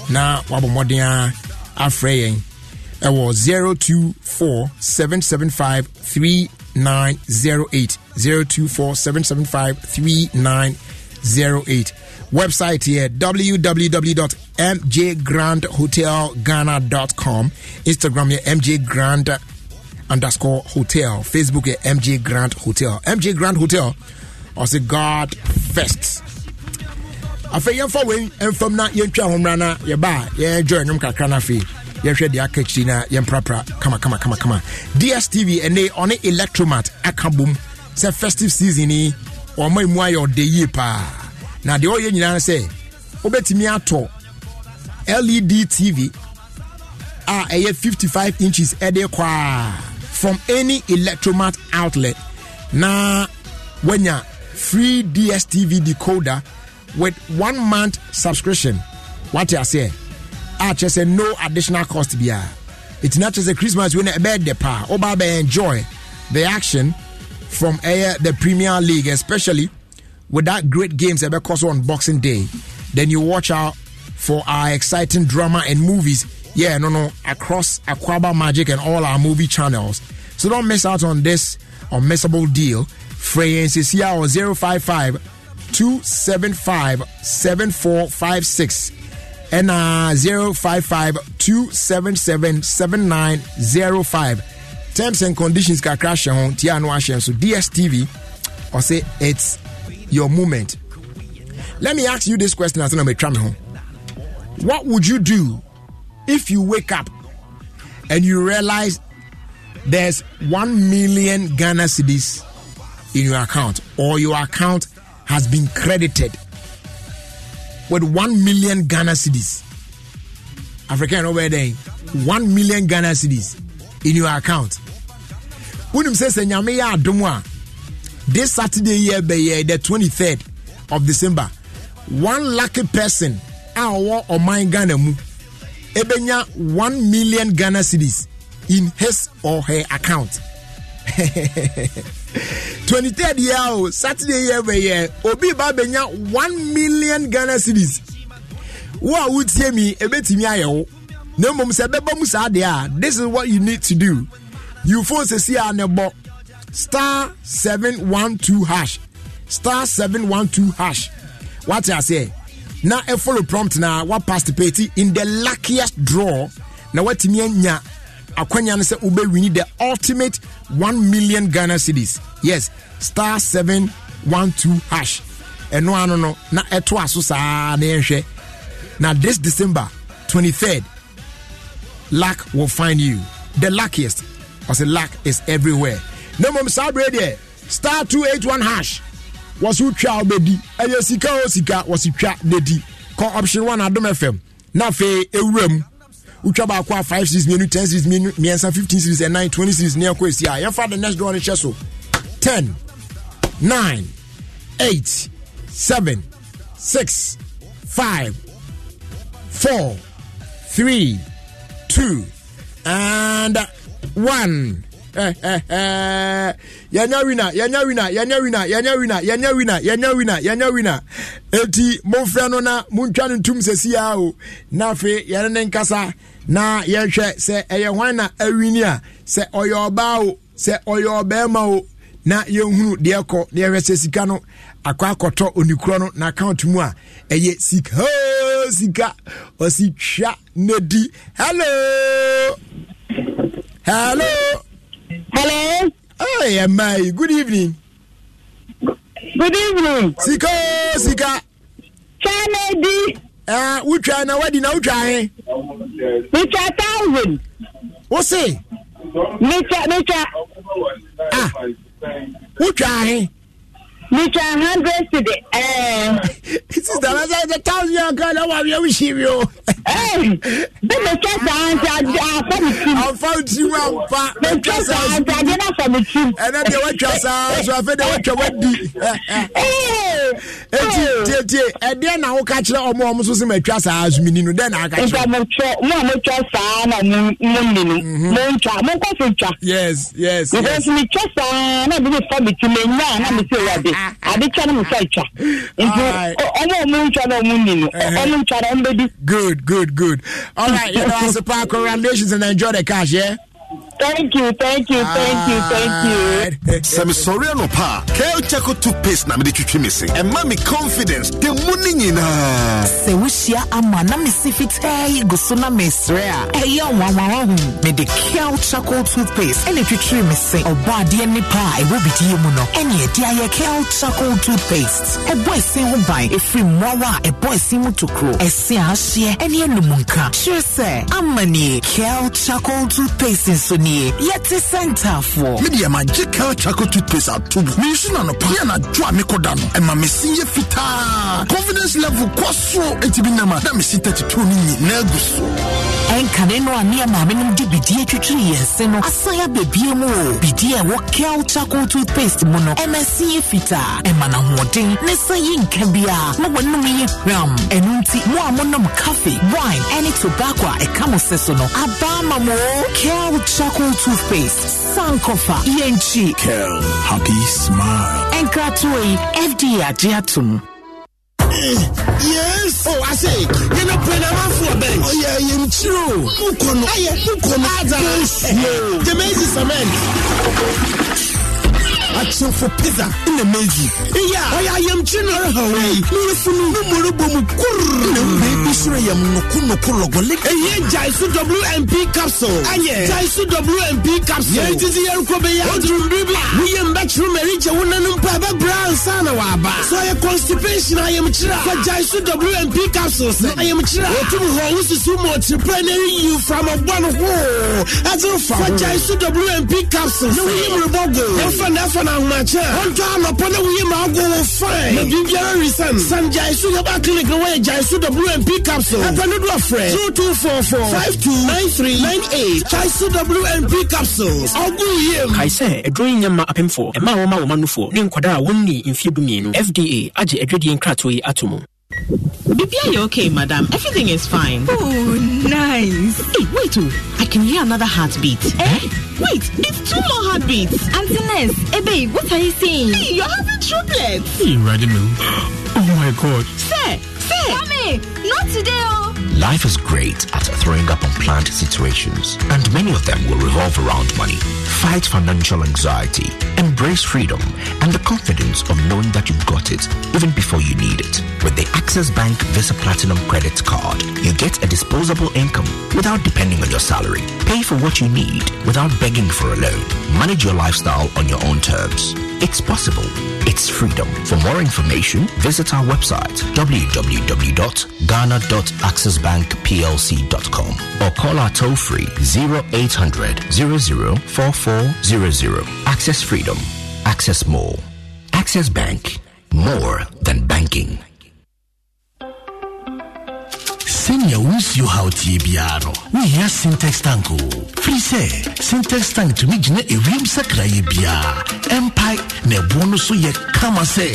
na wabɔ mmɔden a afrɛ yɛn ɛwɔ 024 775 3 3908 Website here www.mjgrandhotelghana.com. Instagram here mjgrand underscore hotel. Facebook here MJ Grand Hotel. MJ Grand Hotel. Also God first. afei yɛmfa wei mfam na yɛntwa homra na yɛba a enjoy nwom kakra no afei yɛhwɛ deɛ aka akyiri na yɛmprapra kamakamakama dstv ɛne ɔne electromat aka bom sɛ festive season ni ɔma mu ayɛ ɔdɛ yie paa na deɛ ɔyɛ nyinaa sɛ wobɛtumi atɔ led tv a ɛyɛ 55 inches ɛde kɔ a from any electromat outlet na wanya free dstv decoder with one month subscription wate aseɛ akyɛ ah, sɛ no additional cost biara ɛti na just sɛ christmas wei no the paa woba bɛ enjoy the action from uh, the premier league especially with that great games ɛbɛkɔ so on boxing day then you watch out for our exciting drama and movies yeah no no across aquaba magic and all our movie channels so don't miss out on this unmissable deal free ncc 055 275 7456 ɛna uh, 0552777905 terms and conditions can crash on Tiano no so dstv or say it's your moment let me ask you this question As I'm a ho what would you do if you wake up and you realize there's 1 million ghana cedis in your account or your account has been credited with 1 million Ghana cedis. African over there, 1 million Ghana cedis in your account. Wunim says, Nyame ya adumwa. This Saturday year by year, the 23rd of December, one lucky person, our or my Ghana mu, ebenya 1 million Ghana cedis in his or her account. 23rd year o saturday year bɛ yɛ obi ba bɛ nya one million ghana series wo a wotie mi ebetumi ayɛ wo na mmom sɛ bɛbɔ mu saa deɛ a this is what you need to do you phone sisi a ne bɔ star seven one two hash star seven one two hash wate aseɛ na ɛfollow e prompt na wa participate in the luckiest draw na watumi anya akwanya no sɛ wobɛwini the ultimate 1 million ghana cities yes star 712 hash ɛno ano no na ɛto a so saa na yɛnhwɛ na this december 23rd luck will find you the luckiest ɔsɛ luck is everywhere na mmom saa berɛ deɛ star 281 hash wɔso twa wobɛdi ɛyɛ sika o sika wɔso twa de kɔ option 1 adom fm na afei ɛwura mu wotwa baako a 5 series mmienu 10 series mmiɛnsa fifteen series ɛnan 20 series ne ɛkɔ esi a yɛfa the next door no hyɛ so 10 9 8 7 6 5 4 3 2 and one. Eh, eh, eh. yɛnyɛ wina yɛnyɛ wina yɛnyɛ wina yɛnyɛ wina yɛnyɛ wina yɛnyɛ wina yɛnyɛ wina eti mofra no na montwa no ntum sɛsi a o na yɛne ne nkasa na yɛhwɛ sɛ ɛyɛ hwan na awini a sɛ ɔyɛ ɔbaa o sɛ ɔyɛ ɔbɛrima o na yɛnhunu deɛ kɔ na yɛhwɛ sɛ sika no akɔ akɔtɔ onikorɔ no na account mu a ɛyɛ sika sika ɔsi twa na hello hello. Hello. Hey, my good evening. Good evening. Sika, Sika. Kennedy. Uh, ah, wotwa na wadi na wotwa he. Wotwa thousand. Wo se? Metwa metwa. Ah. Wotwa he mita hundred cedi. sista na sẹ ẹjẹ thousand kan náà wà wíyẹn wíṣí mi o. bí mi kẹ́ sàn án sàn án àfọ mi tì. àfọ mi tì wá nfa. mi kẹ́ sàn án sàn án àfọ mi tì. ẹnẹ de wọ́n twẹ́ sàn án sọ afẹ́ de wọ́n twẹ́ wọ́n di. eti tie tie ẹdíẹ na wọ́n ká kyerẹ ọmọ ọmọ soso mi twẹ́ sàn án mi nínú dẹ́n na wọ́n ká kyerẹ. nta mo twẹ mo a mo twẹ sàn án na mo nínú mo n twa mo n kọ́ fi twa. yes yes yes. because mi twẹ sàn án náà bí mi fọ́ mi tì mi n yá náà mi sì wá Ah, adetwa no mu sɛ atwa nti ɔmo a ntwa na ɔmo ni no ntwa na ɔmo bɛdi. good good good all right yɛn na wá congratulations and enjoy the cash yɛ. Yeah? Thank you, thank you, thank you, thank you. Ah. Sami sorry no pa. Kale Chaco toothpaste na me de twitwi me se. confidence the morning nyinaa. Sɛ wohyia ama na me si fitaa yi gu so na mesrɛ e e e a ɛyɛ nwanwa Me de Kale Chaco toothpaste ɛna twitwi me se. Ɔbɔ adeɛ ne pa a ɛwɔ bidie mu no. Ɛne ɛde ayɛ Kale Chaco toothpaste. Ɛbɔ ɛse ho ban ɛfiri mmoawa a ɛbɔ ɛse mu tokuro. Ɛse ahyeɛ ɛne ɛnum nka. lumunka. sɛ ama Amani Kale Chaco toothpaste in suni nie yɛte centerfoɔ medeɛ magye cal chaco toothpaste ato mu mensu na nɔpa yɛ anadwo a mekɔda no ɛma mesi yɛ fitaa confidence level kɔ soro ɛnti bi nam a na mesi 32 no nyinaa gu so ɛnkane no a ne ɛmaamenom de bidie twitwiri yɛn se no asan abɛbie mu o bidie a ɛwɔ cal chaco toothpaste mu no ɛmɛsi yɛ fitaa ɛma no ahoɔden ne sa yi nka biara na wɔnom yɛ hwam ɛno nti mo a monom cafe wine ɛne tobacco a ɛka mo se so no abaa ma mo cal chaco cool toothpaste, Sankofa, ENG. Kel, happy smile. Enkratoi, e, FDA Agiatum. yes. Oh, I say, you know, play a man for a bench. Oh, yeah, you true. Mukono. Aye, Mukono. Ada. The maze is a man. akyɛfo pizza na meji iya ɔyɛ ayamkye na ɔrehaw yi ne yɛfunu ne mmorobɔ mu kurr na wobɛi bi soro yɛ mnokonoko lɔgɔle ɛyɛ gyae so wmp capsule ayɛ gyae so wmp capsule yɛgyegye yɛnkɔbɛyɛ adurumduribla woyɛ mbɛkyerɛ marigye wo nanom pa bɛbrɛ ansa na waaba sɛ ɔyɛ constipation ayamkyerɛ a sɛ gyae so wmp capsules. sɛ ayamkyerɛ a wɔtum hɔ wo susu ma na ɛreyi fram ɔbɔ no hoo ɛgyere fa sɛ gyae so wmp capsules. na woyɛ mmerebɔ go ɛmfa na na ahomakye a wɔntɔ anɔpɔ na woyi ma ago wo fae na biribiara resɛm san gyaeso yɛba clinic na wɔyɛ gyaeso wmp capsule ɛpɛ no do afrɛ 2244529398 gyaeso wmp capsules ɔgo yiem kae sɛ ɛduro yi nyɛ ma apemfoɔ ɛma wɔma wɔma nofoɔ ne nkɔda a wɔnni mfeɛ dumienu fda agye adwadie nkratoɔ yi ato mu are you're okay, madam. Everything is fine. Oh, nice. Hey, wait, oh, I can hear another heartbeat. Eh? eh? Wait, it's two more heartbeats. Auntie Ness, hey, eh, babe, what are you saying? Hey, you're having triplets. Hey, Radimil. Oh, my God. Sir, sir. Mommy, not today, oh. Life is great at throwing up unplanned situations, and many of them will revolve around money. Fight financial anxiety, embrace freedom, and the confidence of knowing that you've got it even before you need it. With the Access Bank Visa Platinum Credit Card, you get a disposable income without depending on your salary. Pay for what you need without begging for a loan. Manage your lifestyle on your own terms. It's possible. It's freedom. For more information, visit our website www.ghana.accessbank.com bankplc.com or call our toll free 0800 004400. Access freedom. Access more. Access Bank. More than banking. sɛnea wonsuo haw tie biara no wohia sintex tank o firi sɛ sintex tank tumi gyina ewiem sakrayɛ biara ɛmpae na ɛboɔ no so yɛ kama sɛ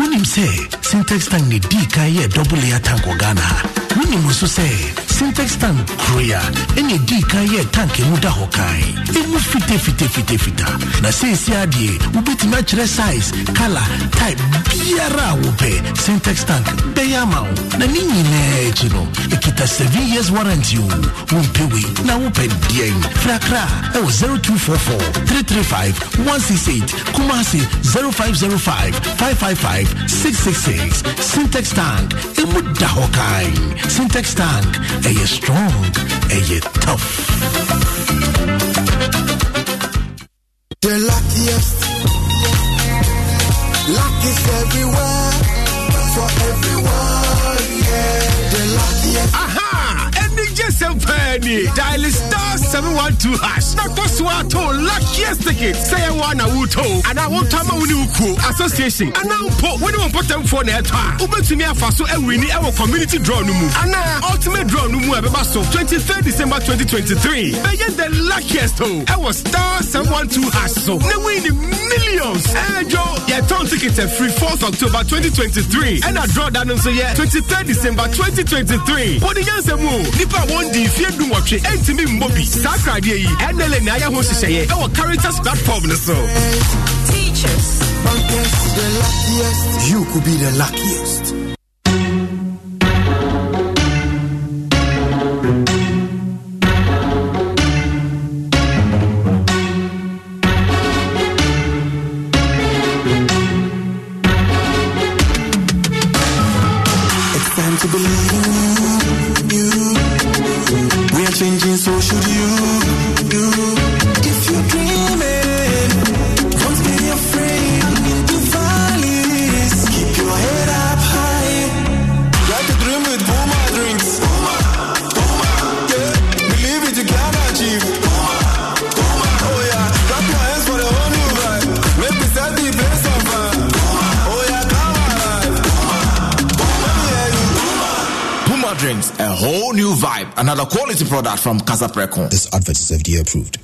wonim sɛ sintex tank ne dii kan yɛ dɔbleya tank wɔ ghana ha wonim nso sɛ syntex tank kuroa ɛne ɛdii kan yɛɛ tank mu da hɔ kae ɛmu fitafitafitafita na seesia deɛ wobɛtumi akyerɛ size kala type biara a wopɛ syntex tank bɛyɛ ama wo na ne nyinaa akyi no ɛkita 7 years warranty o wompɛ wei na wopɛ deɛn frakra ɛwɔ 0244 335 168 kumase 0505 555 666 syntex tank ɛmu da hɔ kae Syntex tank, you strong, Are you tough. The luckiest, luck is everywhere, for everyone, yeah. The luckiest. Aha! ɛnyɛ pɛɛ dial star seven one two hash na kɔ so ato luckiest ticket sɛ yɛwɔ ana wotɔ anaa wotɔ ama wo ne wo kuo association anaa mpo wo ne wɔ mpɔtamfoɔ na ɛtɔ a wobɛtumi afa so awini ɛwɔ community draw no mu anaa ultimate draw no mu a ɛbɛba so 23 december 2023 bɛyɛ the luckiest o ɛwɔ star 712 hash so na wini millions ɛɛdwo yɛtɔn ticket ɛfiri e 4th october 2023 ɛna draw da no nso yɛ 23 december 2023 wɔde nyansa mu nipa wɔndi mfie ɛntumi bi saa kradeɛ yi ɛnɛlɛ na ayɛ ho ɛwɔ caritas platform so You could be the luckiest. to believe a whole new vibe. Another quality product from Casa Precon. This advert is FDA approved.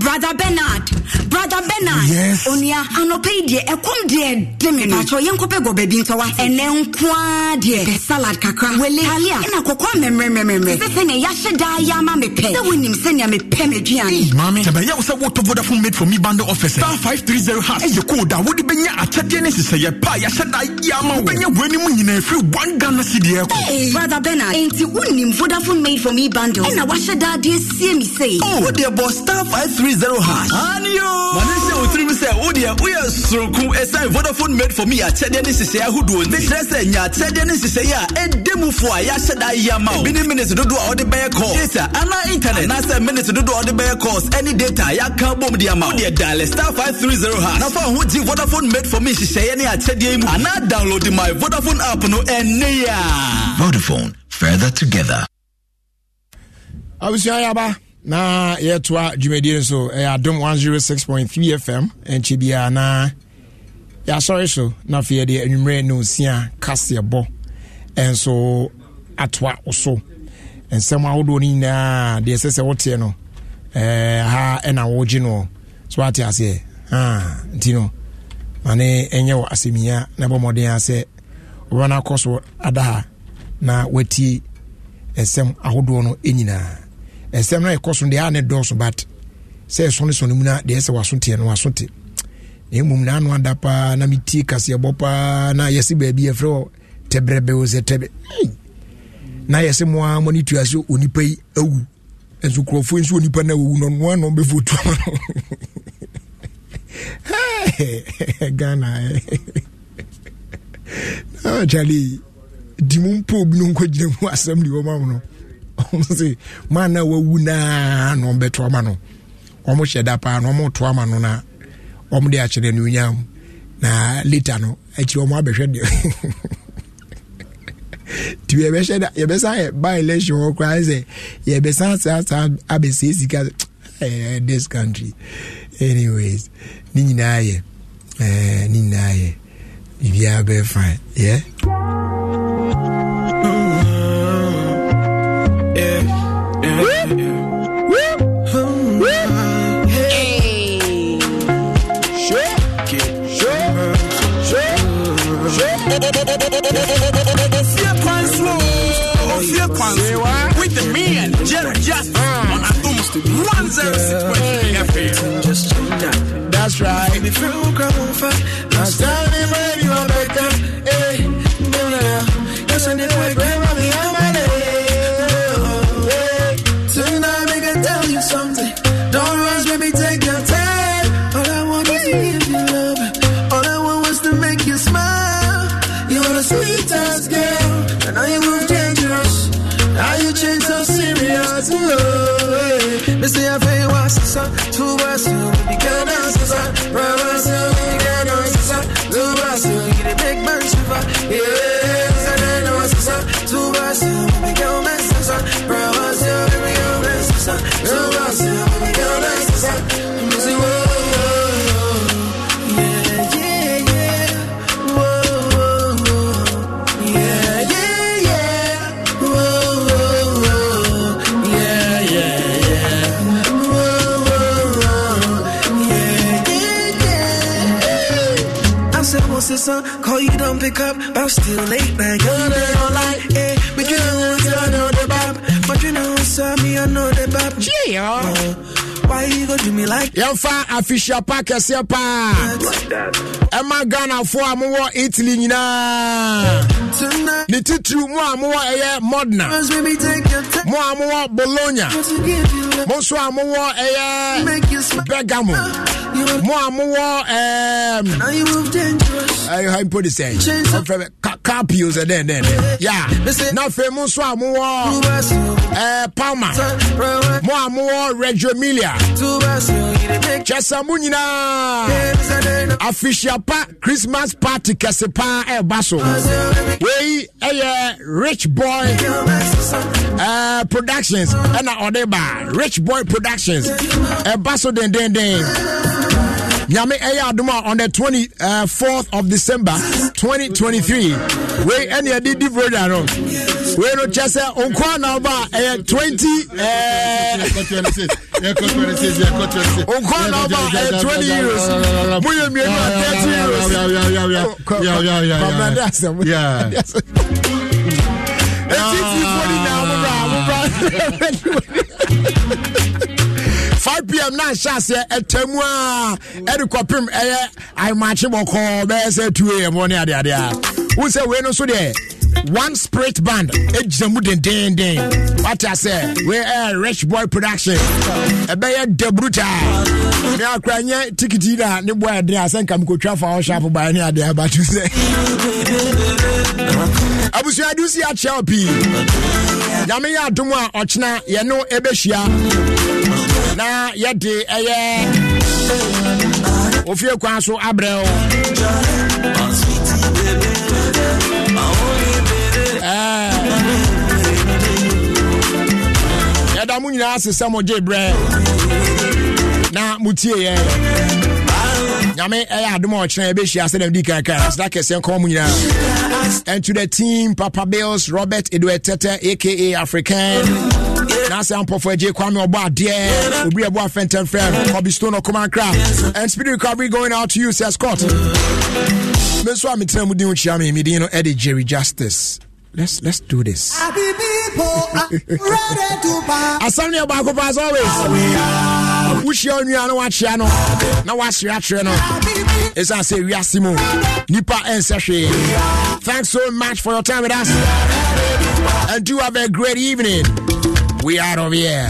Brother Bernard. brother bernard yes. onua anɔpɛ yi deɛ ɛkɔm deɛ de me no atwɛ yɛnkɔpɛ gɔba bi nka wa ɛnɛ nkoa deɛ pɛ salad kakra wele talia ɛna kɔkɔɔ mmɛmmerɛmmerɛmmerɛ sɛ sɛnea yɛahyɛ daa yɛ ama mepɛ sɛ wonim sɛnea mepɛ m'aduane maame sɛbɛyɛ wo sɛ wotɔ vodafone made for me bundle office star 530 has ɛyɛ code a wode bɛnya akyɛdeɛ ne hyehyɛyɛ pa a yɛahyɛ daa yɛ ama wo wobɛnya w'anim nyinaa ɛfiri one ghana sideɛ eh, ɛkɔ brother bernard enti wonim vodafone made for me bundle ɛna wahyɛ daa deɛ sie me sei oh. wode bɔ star 530 hash manese otirim sɛ wodeɛ woyɛ soronko ɛsiane vodafone made for me akyɛdeɛ ne sesɛe ahodoɔ nti mekyerɛ sɛ nya akyɛdeɛ ne sesɛe a ɛde mu fo a yɛahyɛ da yɛ ma wo bi ne minute dodoɔ a wode bɛyɛ call data ana internet anaasɛ minute dodoɔ a wode bɛyɛ calls ɛne data a yɛaka bom de ama wo wodeɛ diale star five 530 ha na fa ho gye vodafone made for me nhyehyɛeɛ ne akyɛdeɛ mu anaa download my vodafone app no ɛnne a vodafone further together abusua yaba na yɛtoa dwumadie nso ɛyɛ adom 106.3 fm ɛnkyɛ bia na yɛasɔre so na afei yɛde anwummerɛ ne osia kaseɛ bɔ ɛnso atoa wo so nsɛm ahodoɔ no nyinaa deɛ ɛsɛ sɛ woteɛ no ha ɛna wogye no so wate aseɛ nti no mane ɛnyɛ wɔ asɛmia na ɛbɔ mmɔden a sɛ wobɛno akɔ so ada ha na watie nsɛm ahodoɔ no nyinaa ɛsɛm no ɛkɔ so deɛ a ne dɔɔso but sɛ ɛsɔne sɔne mu no deɛ sɛ waso teɛ no waso te na mmom na ano ada paa na metie kaseɛbɔ paa na yɛse baabi yɛfrɛ wɔ tɛbrɛbɛ o sɛ tɛbɛ na yɛse mmoa ma ne tua sɛ onipa yi awu nso kurɔfoɔ nso onipa no awɔwu no noa eh. na ɔbɛfo tuama no ghana na kyale di mu mpo obi no nkɔgyina mu asɛm de wɔma mo no sɛ ma na wawu naa na ɔmbɛto ama no ɔmo hyɛ da paa na ɔmoto ama no na ɔmo de akyerɛ no na later no akyi ɔmo abɛhwɛ deɛ nti yɛbɛhyɛ da yɛbɛsan yɛ ba election hɔ koraa sɛ yɛbɛsan asan saa abɛsie ɛɛ eh, eh, this country anyways ne nyinaa yɛ ɛɛ ne nyinaa yɛ yɛ. Yeah? With the man, Jerry Justice on Atom's 106.3 FM. Just check that. That's right. That's right. Two words to become us, son. Call you, don't pick up. But still late night. Girl, they don't like it. But you know what's I know the bop. But you know what's me, I know the bop. Yeah, oh, Why you go do me like yɛmfa official pa kɛseɛ paa ɛma ghanafoɔ a mowɔ italy nyinaa ne titiriw mo a mowɔ ɛyɛ modna mo a mowɔ bologna mo nso a mowɔ ɛyɛ bergamo uh, mo a mowɔ hpo de sɛ ɔfrɛ carpios ɛdɛn dɛn ya na afei mo nso a mowɔ eh, palma mo a mowɔ regiomilia kyɛsɛ mu nyinaa afihyia pa christmas party kɛse paa ɛɛba eh, so wei ɛyɛ eh, rich boy uh, productions ɛna ɔde ba rich boy productions ɛba so dendenden nyame ɛyɛ adom on the 24th uh, of december 2023 wei any ɛde di broda no wei no kyɛ sɛ nko a na woba a ɛyɛ 20 uh, nko a na woba a ɛyɛ 20 euros moyɛ mmienu a 30 euros ɛtitifo ni na mobra mobra five pm na ahyɛ aseɛ ɛtɛmu a ɛde kɔpem ɛyɛ ayimakye bɔkɔɔ bɛyɛ sɛ two am wɔ ne adeadeɛ a wohu sɛ wei no nso deɛ one spirit band ɛgyina mu dendenden wate asɛ wei ɛyɛ rich boy production ɛbɛyɛ dabruta ne akora nyɛ tikiti na ne boa ɛdene a sɛ nka mekɔtwa fa ɔhyɛ apo baɛ ne adeɛ abato sɛ abusua de si akyea wo pii nyame yɛ adom a ɔkyena yɛno ɛbɛhyia na yɛde ɛyɛ ofie kwan so abrɛ o yɛda mo nyinaa sesɛ mo gye berɛ na motie yɛ nyame ɛyɛ adom a ɔkyerɛ yɛbɛhyia sɛ dɛm di kankan aseda ah. kɛseɛ nkɔn mu nyinaa and to the team papa bills robert edward tete aka african n'asɛ ampɔfo agye kwame ɔbɔ adeɛ obi ɛbɔ afɛntɛn fɛm ɔbi stone ɔkoma nkra and speed recovery going out to you sir scott me nso a metena mu din wo kyia me me no ɛde jerry justice let's let's do this asɛm ne ɛbaako pa as always wohyia onua na woakyea no na woasere akyerɛ no ɛsiane sɛ wiase mu nnipa ɛnsɛ hwee thanks so much for your time with us and do have a great evening we out of here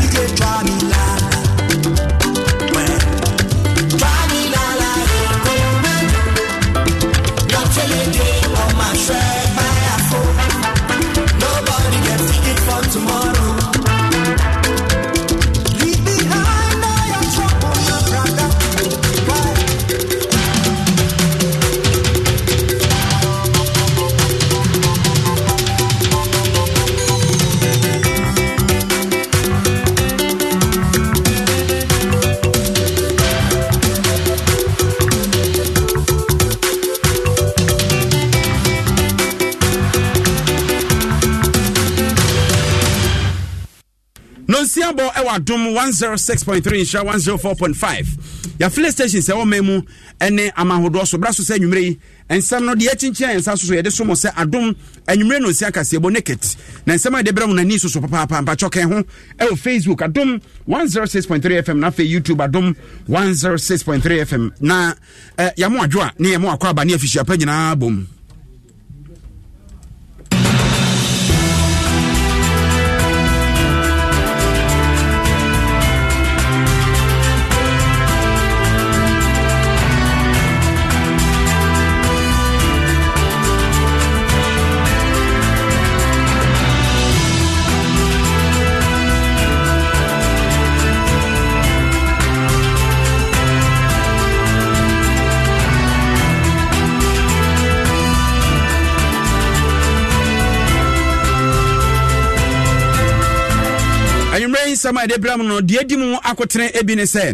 yɛnsi abɔ ɛwɔ adom 106.3 nhyira 104.5 yɛafile station sɛ wɔma mu ne amahodoɔ so braso so sɛ anwummerɛ yi nsɛm no deɛ akyinkyin a yɛnsa so so yɛde som sɛ adom anwummerɛ no nsi akaseɛbɔ naked na nsɛm a yɛde berɛ mu n'ani so so papaapa mpakyɛ kɛn ho ɛwɔ facebook adom 106.3 fm na afei youtube adom 106.3 fm na yɛmo adwo a ne yɛmo akɔ aba ne afihyia pa nyinaa bom asɛm a yɛde brɛ m no deɛ di mu akotene bi ne sɛ